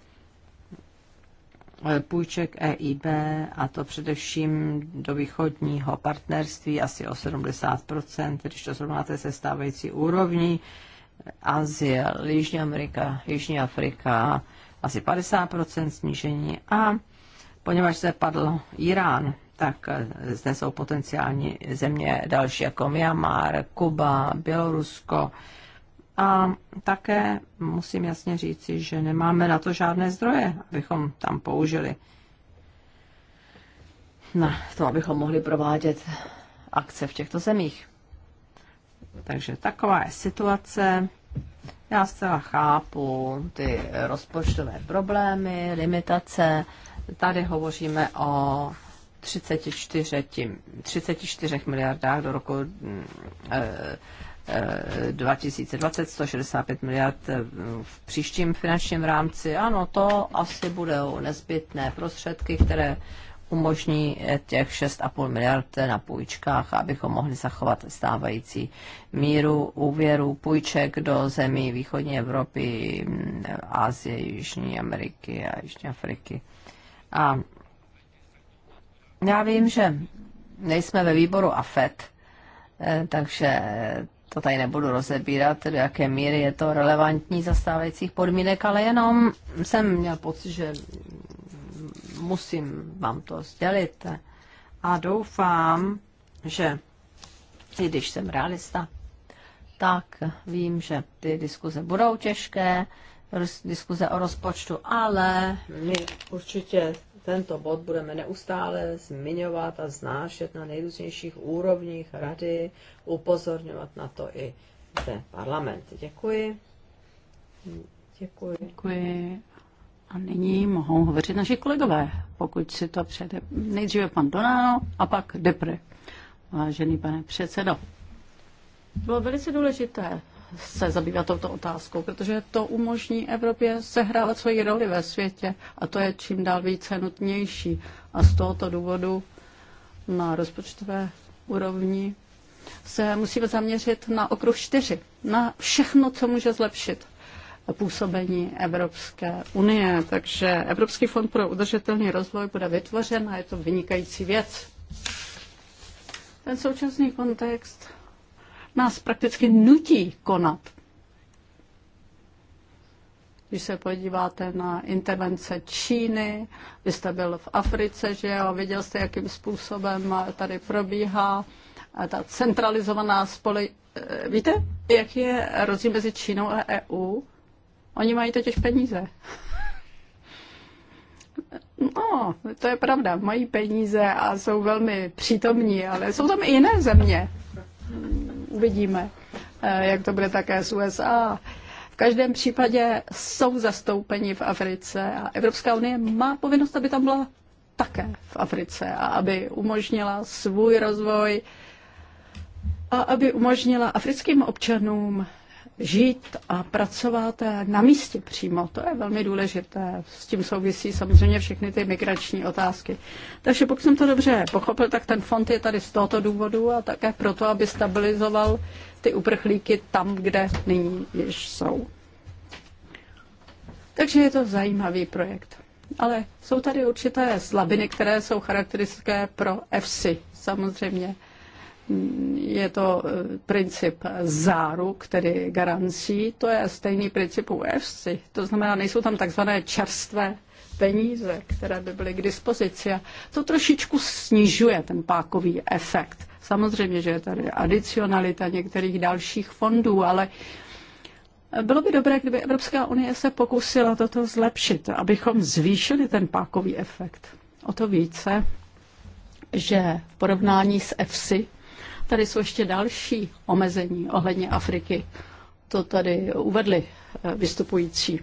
Speaker 2: e, půjček EIB, a to především do východního partnerství asi o 70%, když to srovnáte se stávající úrovní, Azie, Jižní Amerika, Jižní Afrika, asi 50% snížení a Poněvadž se padl Irán, tak zde jsou potenciální země další jako Myanmar, Kuba, Bělorusko. A také musím jasně říci, že nemáme na to žádné zdroje, abychom tam použili. Na to, abychom mohli provádět akce v těchto zemích. Takže taková je situace. Já zcela chápu ty rozpočtové problémy, limitace, tady hovoříme o 34, 34 miliardách do roku 2020, mm, 165 eh, eh, miliard eh, v příštím finančním rámci. Ano, to asi budou nezbytné prostředky, které umožní těch 6,5 miliard na půjčkách, abychom mohli zachovat stávající míru úvěru půjček do zemí východní Evropy, mm, Asie, Jižní Ameriky a Jižní Afriky. A já vím, že nejsme ve výboru AFET, eh, takže to tady nebudu rozebírat, do jaké míry je to relevantní za stávajících podmínek, ale jenom jsem měl pocit, že musím vám to sdělit. A doufám, že i když jsem realista, tak vím, že ty diskuze budou těžké, diskuze o rozpočtu, ale my určitě tento bod budeme neustále zmiňovat a znášet na nejrůznějších úrovních rady, upozorňovat na to i ten parlament.
Speaker 1: Děkuji. Děkuji. Děkuji. A nyní mohou hovořit naši kolegové, pokud si to přede. Nejdříve pan Donáno a pak Depre. Vážený pane předsedo, bylo velice důležité se zabývat touto otázkou, protože to umožní Evropě sehrávat svoji roli ve světě a to je čím dál více nutnější. A z tohoto důvodu na rozpočtové úrovni se musíme zaměřit na okruh čtyři, na všechno, co může zlepšit působení Evropské unie. Takže Evropský fond pro udržitelný rozvoj bude vytvořen a je to vynikající věc. Ten současný kontext nás prakticky nutí konat. Když se podíváte na intervence Číny, vy jste byl v Africe, že jo, viděl jste, jakým způsobem tady probíhá ta centralizovaná spoli... Eh, víte, jak je rozdíl mezi Čínou a EU? Oni mají totiž peníze. No, to je pravda, mají peníze a jsou velmi přítomní, ale jsou tam i jiné země. Uvidíme, eh, jak to bude také s USA. V každém případě jsou zastoupeni v Africe a Evropská unie má povinnost, aby tam byla také v Africe a aby umožnila svůj rozvoj a aby umožnila africkým občanům žít a pracovat na místě přímo. To je velmi důležité. S tím souvisí samozřejmě všechny ty migrační otázky. Takže pokud jsem to dobře pochopil, tak ten fond je tady z tohoto důvodu a také proto, aby stabilizoval ty uprchlíky tam, kde nyní již jsou. Takže je to zajímavý projekt. Ale jsou tady určité slabiny, které jsou charakteristické pro EFSI, samozřejmě je to eh, princip záruk, tedy garancí, to je stejný princip u EFSI. To znamená, nejsou tam takzvané čerstvé peníze, které by byly k dispozici. A to trošičku snižuje ten pákový efekt. Samozřejmě, že je tady adicionalita některých dalších fondů, ale bylo by dobré, kdyby Evropská unie se pokusila toto zlepšit, abychom zvýšili ten pákový efekt. O to více, že v porovnání s EFSI Tady jsou ještě další omezení ohledně Afriky. To tady uvedli eh, vystupující.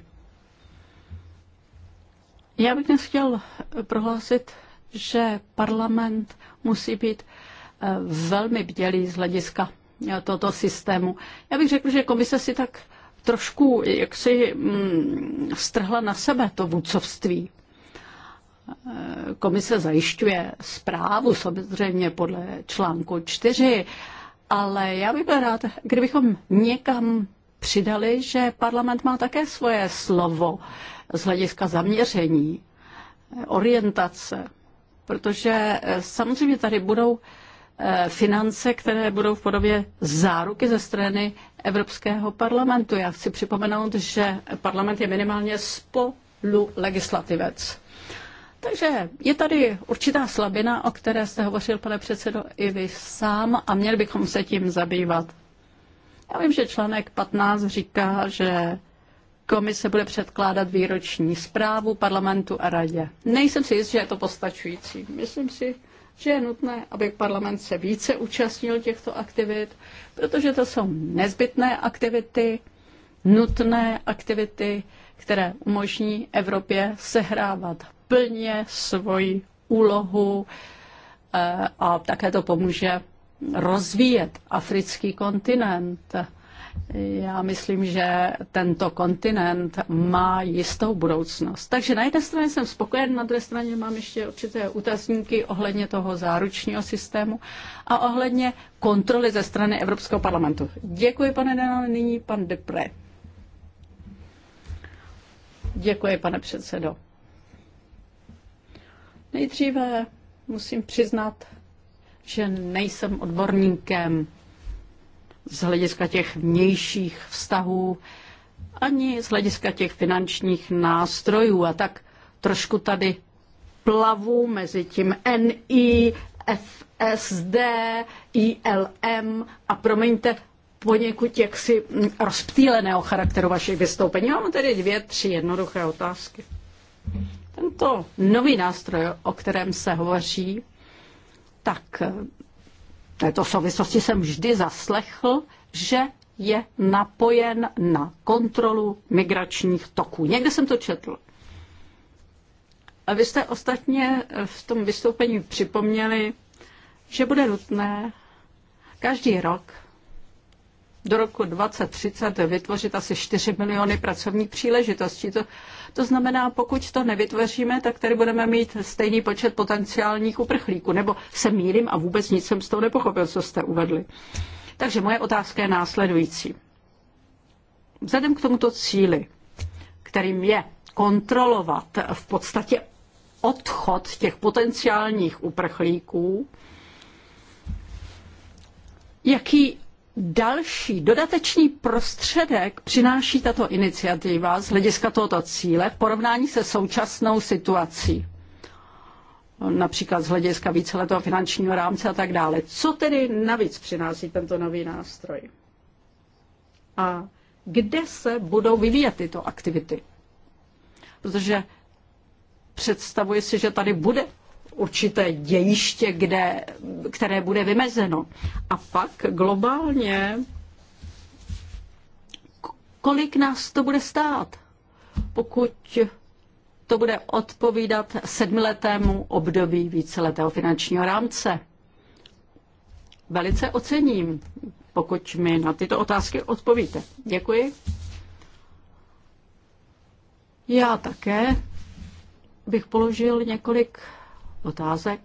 Speaker 1: Já bych dnes chtěl prohlásit, že parlament musí být eh, velmi bdělý z hlediska eh, tohoto systému. Já bych řekl, že komise si tak trošku jaksi mm, strhla na sebe to vůdcovství komise zajišťuje zprávu samozřejmě podle článku 4, ale já bych byl rád, kdybychom někam přidali, že parlament má také svoje slovo z hlediska zaměření, orientace, protože eh, samozřejmě tady budou eh, finance, které budou v podobě záruky ze strany Evropského parlamentu. Já chci připomenout, že parlament je minimálně spolu legislativec. Takže je tady určitá slabina, o které jste hovořil, pane předsedo, i vy sám a měli bychom se tím zabývat. Já vím, že článek 15 říká, že komise bude předkládat výroční zprávu parlamentu a radě. Nejsem si jist, že je to postačující. Myslím si, že je nutné, aby parlament se více účastnil těchto aktivit, protože to jsou nezbytné aktivity, nutné aktivity, které umožní Evropě sehrávat plně svoji úlohu eh, a také to pomůže rozvíjet africký kontinent. Já myslím, že tento kontinent má jistou budoucnost. Takže na jedné straně jsem spokojen, na druhé straně mám ještě určité útazníky ohledně toho záručního systému a ohledně kontroly ze strany Evropského parlamentu. Děkuji, pane Denal, nyní pan Depre. Děkuji, pane předsedo. Nejdříve musím přiznat, že nejsem odborníkem z hlediska těch vnějších vztahů, ani z hlediska těch finančních nástrojů. A tak trošku tady plavu mezi tím NI, FSD, ILM a promiňte, poněkud jaksi rozptýleného charakteru vašich vystoupení. Mám tedy dvě, tři jednoduché otázky. Tento nový nástroj, o kterém se hovoří, tak eh, v této souvislosti jsem vždy zaslechl, že je napojen na kontrolu migračních toků. Někde jsem to četl. A vy jste ostatně eh, v tom vystoupení připomněli, že bude nutné každý rok do roku 2030 vytvořit asi 4 miliony pracovních příležitostí. To, to znamená, pokud to nevytvoříme, tak tady budeme mít stejný počet potenciálních uprchlíků. Nebo se mílim a vůbec nic jsem z toho nepochopil, co jste uvedli. Takže moje otázka je následující. Vzhledem k tomuto cíli, kterým je kontrolovat v podstatě odchod těch potenciálních uprchlíků, jaký další dodatečný prostředek přináší tato iniciativa z hlediska tohoto cíle v porovnání se současnou situací? Například z hlediska víceletého finančního rámce a tak dále. Co tedy navíc přináší tento nový nástroj? A kde se budou vyvíjet tyto aktivity? Protože představuje si, že tady bude určité dějiště, kde, které bude vymezeno. A pak globálně, kolik nás to bude stát, pokud to bude odpovídat sedmiletému období víceletého finančního rámce. Velice ocením, pokud mi na tyto otázky odpovíte. Děkuji. Já také bych položil několik otázek.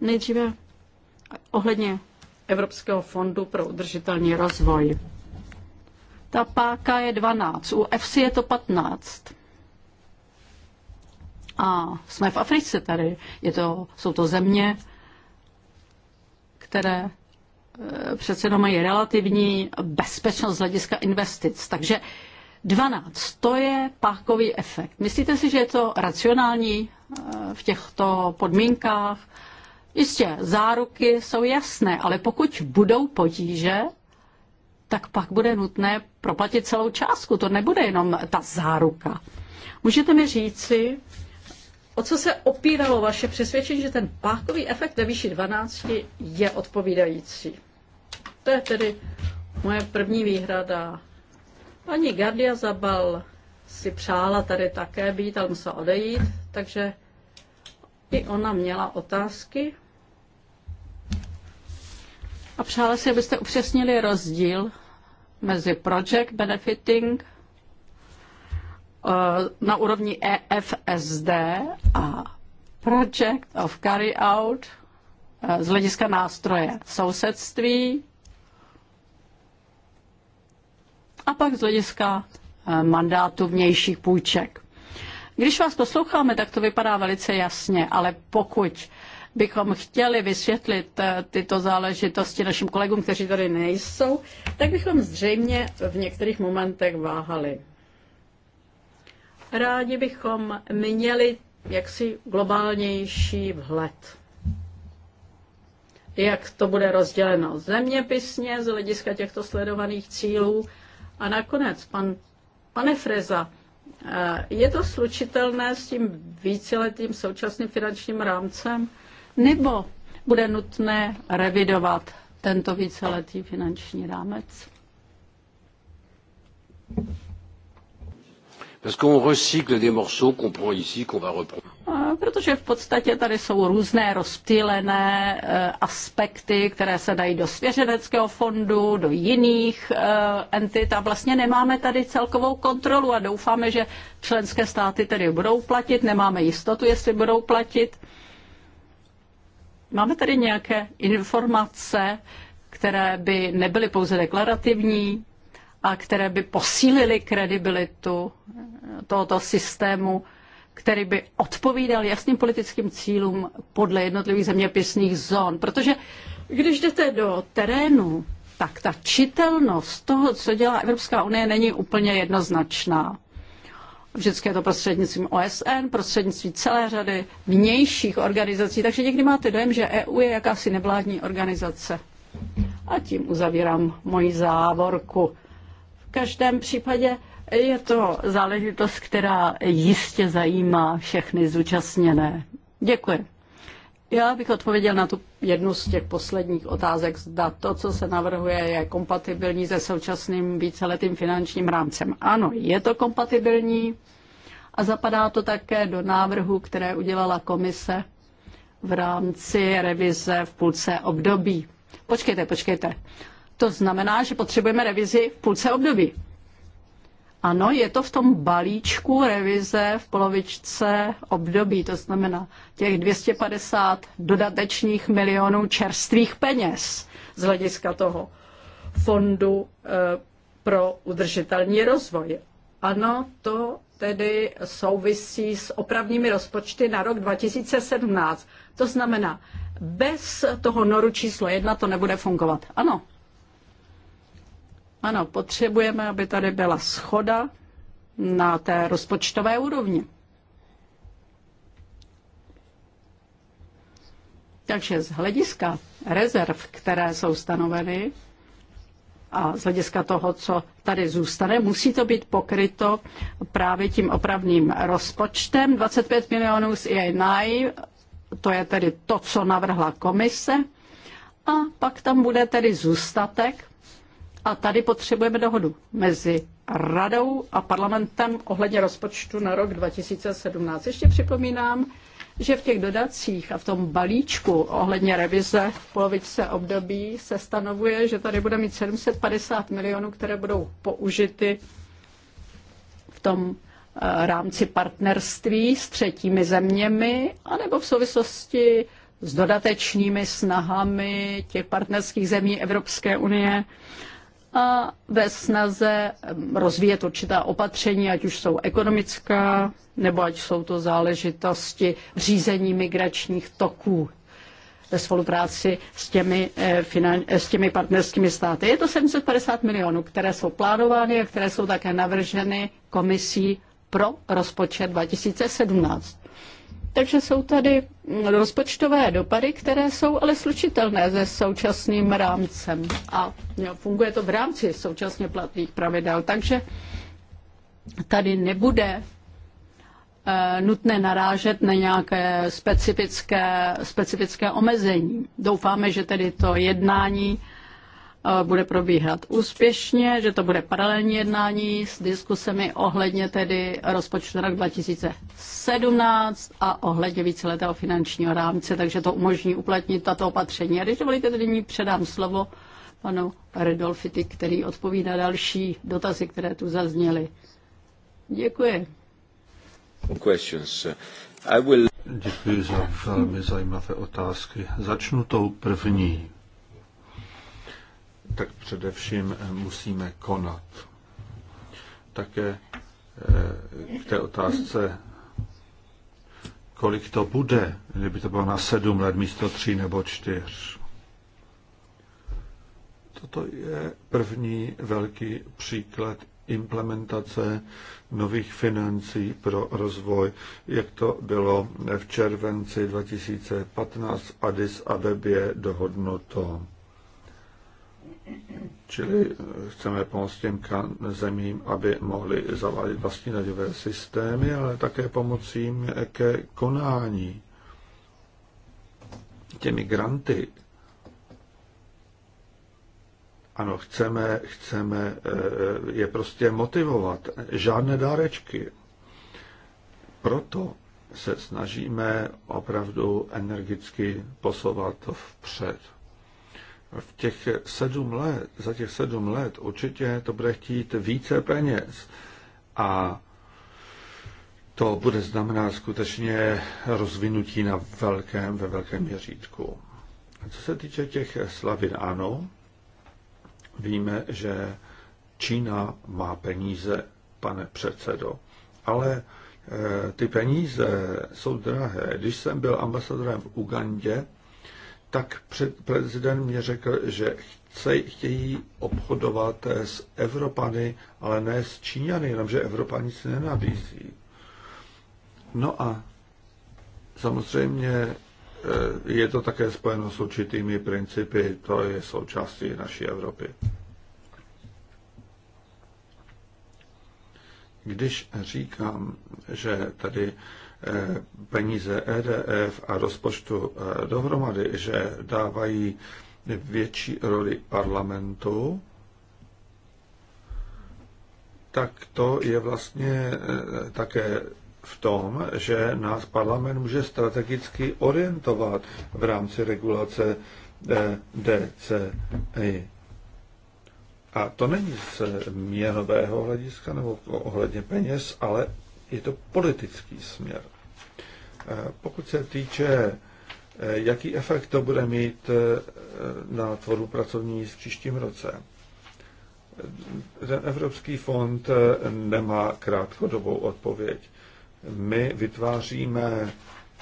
Speaker 1: Nejdříve ohledně Evropského fondu pro udržitelný rozvoj. Ta páka je 12, u EFSI je to 15. A jsme v Africe tady. Je to, jsou to země, které e, přece jenom mají relativní bezpečnost z hlediska investic. Takže 12. To je pákový efekt. Myslíte si, že je to racionální eh, v těchto podmínkách? Jistě, záruky jsou jasné, ale pokud budou potíže, tak pak bude nutné proplatit celou částku. To nebude jenom ta záruka. Můžete mi říci, o co se opíralo vaše přesvědčení, že ten pákový efekt ve výši 12 je odpovídající? To je tedy moje první výhrada Paní Gardia Zabal si přála tady také být, ale musela odejít, takže i ona měla otázky. A přála si, abyste upřesnili rozdíl mezi project benefiting eh, na úrovni EFSD a project of carry out eh, z hlediska nástroje sousedství a pak z hlediska eh, mandátu vnějších půjček. Když vás posloucháme, tak to vypadá velice jasně, ale pokud bychom chtěli vysvětlit eh, tyto záležitosti našim kolegům, kteří tady nejsou, tak bychom zřejmě v některých momentech váhali. Rádi bychom měli jaksi globálnější vhled. Jak to bude rozděleno zeměpisně z hlediska těchto sledovaných cílů a nakonec, pan, pane Freza, eh, je to slučitelné s tím víceletým současným finančním rámcem, nebo bude nutné revidovat tento víceletý finanční rámec? Protože v podstatě tady jsou různé rozptýlené e, aspekty, které se dají do svěřeneckého fondu, do jiných e, entit a vlastně nemáme tady celkovou kontrolu a doufáme, že členské státy tedy budou platit, nemáme jistotu, jestli budou platit. Máme tady nějaké informace, které by nebyly pouze deklarativní? a které by posílily kredibilitu tohoto systému, který by odpovídal jasným politickým cílům podle jednotlivých zeměpisných zón. Protože když jdete do terénu, tak ta čitelnost toho, co dělá Evropská unie, není úplně jednoznačná. Vždycky je to prostřednictvím OSN, prostřednictvím celé řady vnějších organizací, takže někdy máte dojem, že EU je jakási nevládní organizace. A tím uzavírám moji závorku každém případě je to záležitost, která jistě zajímá všechny zúčastněné. Děkuji. Já bych odpověděl na tu jednu z těch posledních otázek, zda to, co se navrhuje, je kompatibilní se současným víceletým finančním rámcem. Ano, je to kompatibilní a zapadá to také do návrhu, které udělala komise v rámci revize v půlce období. Počkejte, počkejte. To znamená, že potřebujeme revizi v půlce období. Ano, je to v tom balíčku revize v polovičce období, to znamená těch 250 dodatečných milionů čerstvých peněz z hlediska toho fondu eh, pro udržitelný rozvoj. Ano, to tedy souvisí s opravními rozpočty na rok 2017. To znamená, bez toho noru číslo jedna to nebude fungovat. Ano, ano, potřebujeme, aby tady byla schoda na té rozpočtové úrovni. Takže z hlediska rezerv, které jsou stanoveny, a z hlediska toho, co tady zůstane, musí to být pokryto právě tím opravným rozpočtem. 25 milionů z ENI, to je tedy to, co navrhla komise. A pak tam bude tedy zůstatek a tady potřebujeme dohodu mezi radou a parlamentem ohledně rozpočtu na rok 2017. Ještě připomínám, že v těch dodacích a v tom balíčku ohledně revize v polovičce období se stanovuje, že tady bude mít 750 milionů, které budou použity v tom eh, rámci partnerství s třetími zeměmi, anebo v souvislosti s dodatečnými snahami těch partnerských zemí Evropské unie a ve snaze rozvíjet určitá opatření, ať už jsou ekonomická, nebo ať jsou to záležitosti řízení migračních toků ve spolupráci s těmi, eh, finan- eh, s těmi partnerskými státy. Je to 750 milionů, které jsou plánovány a které jsou také navrženy komisí pro rozpočet 2017. Takže jsou tady rozpočtové dopady, které jsou ale slučitelné se současným rámcem. A funguje to v rámci současně platných pravidel. Takže tady nebude eh, nutné narážet na nějaké specifické, specifické omezení. Doufáme, že tedy to jednání Eh, bude probíhat úspěšně, že to bude paralelní jednání s diskusemi ohledně tedy rozpočtu rok 2017 a ohledně víceletého finančního rámce, takže to umožní uplatnit tato opatření. A když dovolíte, tedy nyní předám slovo panu Redolfity, který odpoví na další dotazy, které tu zazněly. Děkuji.
Speaker 3: Questions. I will... Děkuji za velmi zajímavé otázky. Začnu tou první tak především eh, musíme konat. Také eh, k té otázce, kolik to bude, kdyby to bylo na sedm let místo tří nebo čtyř. Toto je první velký příklad implementace nových financí pro rozvoj, jak to bylo v červenci 2015 v Addis Abebě dohodnuto. Čili eh, chceme pomoct těm zemím, aby mohli zavádět vlastní daňové systémy, ale také pomoci jim ke konání. Těmi granty, ano, chceme, chceme eh, je prostě motivovat. Žádné dárečky. Proto se snažíme opravdu energicky posouvat to vpřed v těch sedm let, za těch sedm let určitě to bude chtít více peněz a to bude znamenat skutečně rozvinutí na velkém, ve velkém měřítku. A co se týče těch slavin, ano, víme, že Čína má peníze, pane předsedo, ale eh, ty peníze jsou drahé. Když jsem byl ambasadorem v Ugandě, tak prezident mě řekl, že chce, chtějí obchodovat s Evropany, ale ne s Číňany, jenomže Evropa nic nenabízí. No a samozřejmě eh, je to také spojeno s určitými principy, to je součástí naší Evropy. Když říkám, že tady Eh, peníze EDF a rozpočtu eh, dohromady, že dávají větší roli parlamentu, tak to je vlastně eh, také v tom, že nás parlament může strategicky orientovat v rámci regulace DCI. A to není z měnového hlediska nebo ohledně peněz, ale je to politický směr. Eh, pokud se týče, eh, jaký efekt to bude mít eh, na tvorbu pracovní v příštím roce, ten Evropský fond nemá krátkodobou odpověď. My vytváříme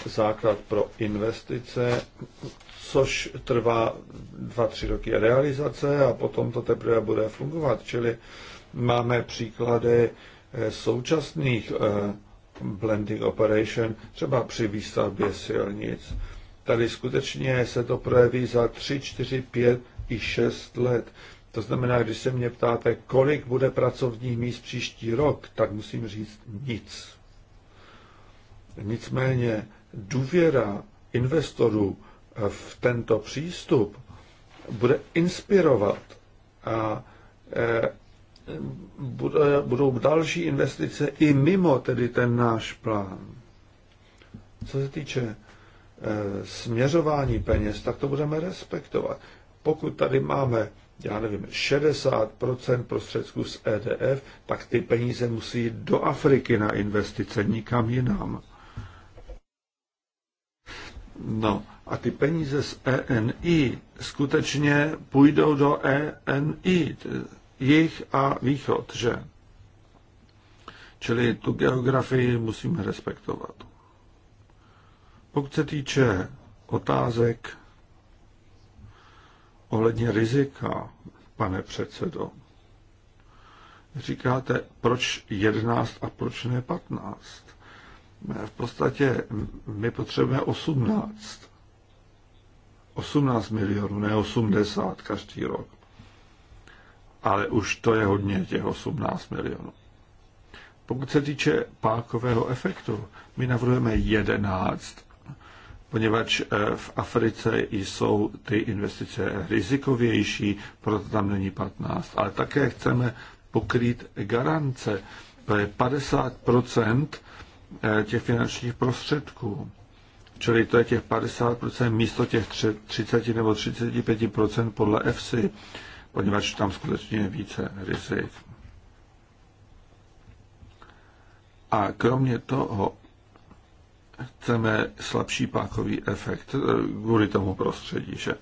Speaker 3: základ pro investice, což trvá 2-3 roky realizace a potom to teprve bude fungovat. Čili máme příklady současných blending operation, třeba při výstavbě silnic. Tady skutečně se to projeví za 3, 4, 5 i 6 let. To znamená, když se mě ptáte, kolik bude pracovních míst příští rok, tak musím říct nic. Nicméně důvěra investorů v tento přístup bude inspirovat a eh, budou další investice i mimo tedy ten náš plán. Co se týče e, směřování peněz, tak to budeme respektovat. Pokud tady máme, já nevím, 60% prostředků z EDF, tak ty peníze musí do Afriky na investice, nikam jinam. No a ty peníze z ENI skutečně půjdou do ENI, jich a východ, že? Čili tu geografii musíme respektovat. Pokud se týče otázek ohledně rizika, pane předsedo, říkáte, proč 11 a proč ne 15? V podstatě my potřebujeme 18. 18 milionů, ne 80 každý rok ale už to je hodně těch 18 milionů. Pokud se týče pákového efektu, my navrhujeme 11, poněvadž eh, v Africe jsou ty investice rizikovější, proto tam není 15, ale také chceme pokrýt garance. To je 50 eh, těch finančních prostředků. Čili to je těch 50 místo těch 30 nebo 35 podle EFSI poněvadž tam skutečně je více rizik. A kromě toho chceme slabší pákový efekt eh, kvůli tomu prostředí, že?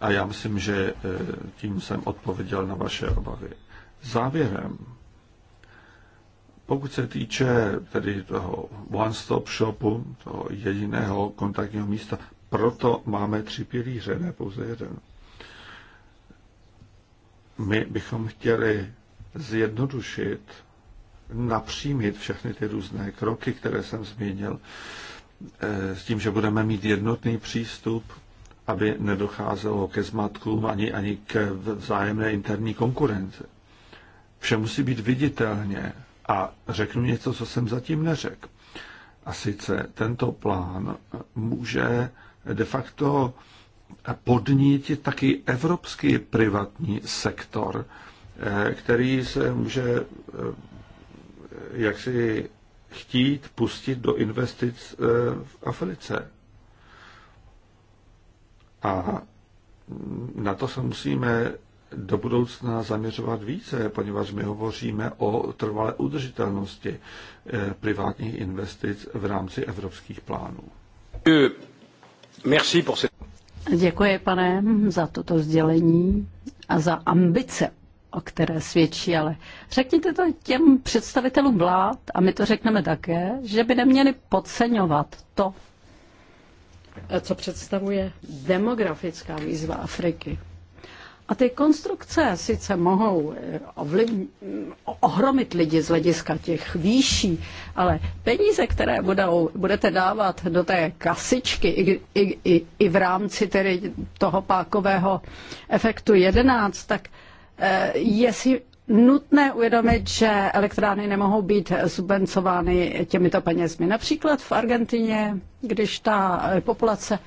Speaker 3: A já myslím, že eh, tím jsem odpověděl na vaše obavy. Závěrem, pokud se týče tedy toho one-stop shopu, toho jediného kontaktního místa, proto máme tři pilíře, ne pouze jeden. My bychom chtěli zjednodušit, napřímit všechny ty různé kroky, které jsem zmínil, eh, s tím, že budeme mít jednotný přístup, aby nedocházelo ke zmatkům ani, ani k vzájemné interní konkurenci. Vše musí být viditelně a řeknu něco, co jsem zatím neřekl. A sice tento plán může de facto podnítit taky evropský privatní sektor, eh, který se může eh, jaksi chtít pustit do investic eh, v Africe. A na to se musíme do budoucna zaměřovat více, poněvadž my hovoříme o trvalé udržitelnosti privátních investic v rámci evropských plánů. Merci pour
Speaker 1: Děkuji, pane, za toto sdělení a za ambice, o které svědčí, ale řekněte to těm představitelům vlád, a my to řekneme také, že by neměli podceňovat to, co představuje demografická výzva Afriky. A ty konstrukce sice mohou eh, ovliv, ohromit lidi z hlediska těch výší, ale peníze, které budou, budete dávat do té kasičky i, i, i, i v rámci tedy toho pákového efektu 11, tak eh, je si nutné uvědomit, že elektrárny nemohou být subvencovány těmito penězmi. Například v Argentině, když ta populace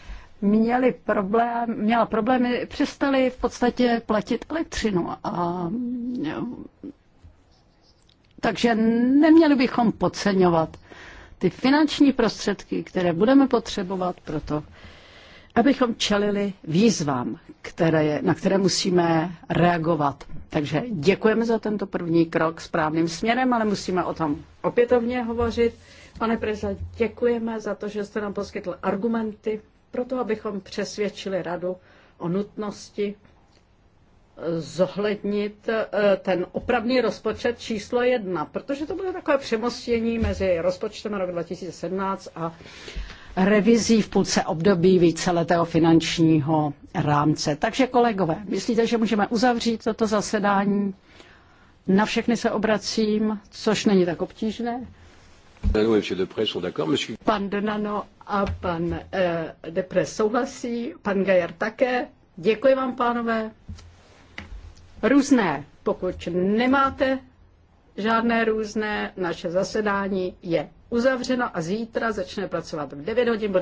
Speaker 1: měli problém, měla problémy, přestali v podstatě platit elektřinu. A, takže neměli bychom podceňovat ty finanční prostředky, které budeme potřebovat pro to, abychom čelili výzvám, které, na které musíme reagovat. Takže děkujeme za tento první krok správným směrem, ale musíme o tom opětovně hovořit. Pane prezident, děkujeme za to, že jste nám poskytl argumenty proto abychom přesvědčili radu o nutnosti eh, zohlednit eh, ten opravný rozpočet číslo jedna, protože to bylo takové přemostění mezi rozpočtem roku 2017 a revizí v půlce období víceletého finančního rámce. Takže kolegové, myslíte, že můžeme uzavřít toto zasedání? Na všechny se obracím, což není tak obtížné. Pan Denano a pan uh, eh, Depres souhlasí, pan Gajer také. Děkuji vám, pánové. Různé, pokud nemáte žádné různé, naše zasedání je uzavřeno a zítra začne pracovat v 9 hodin.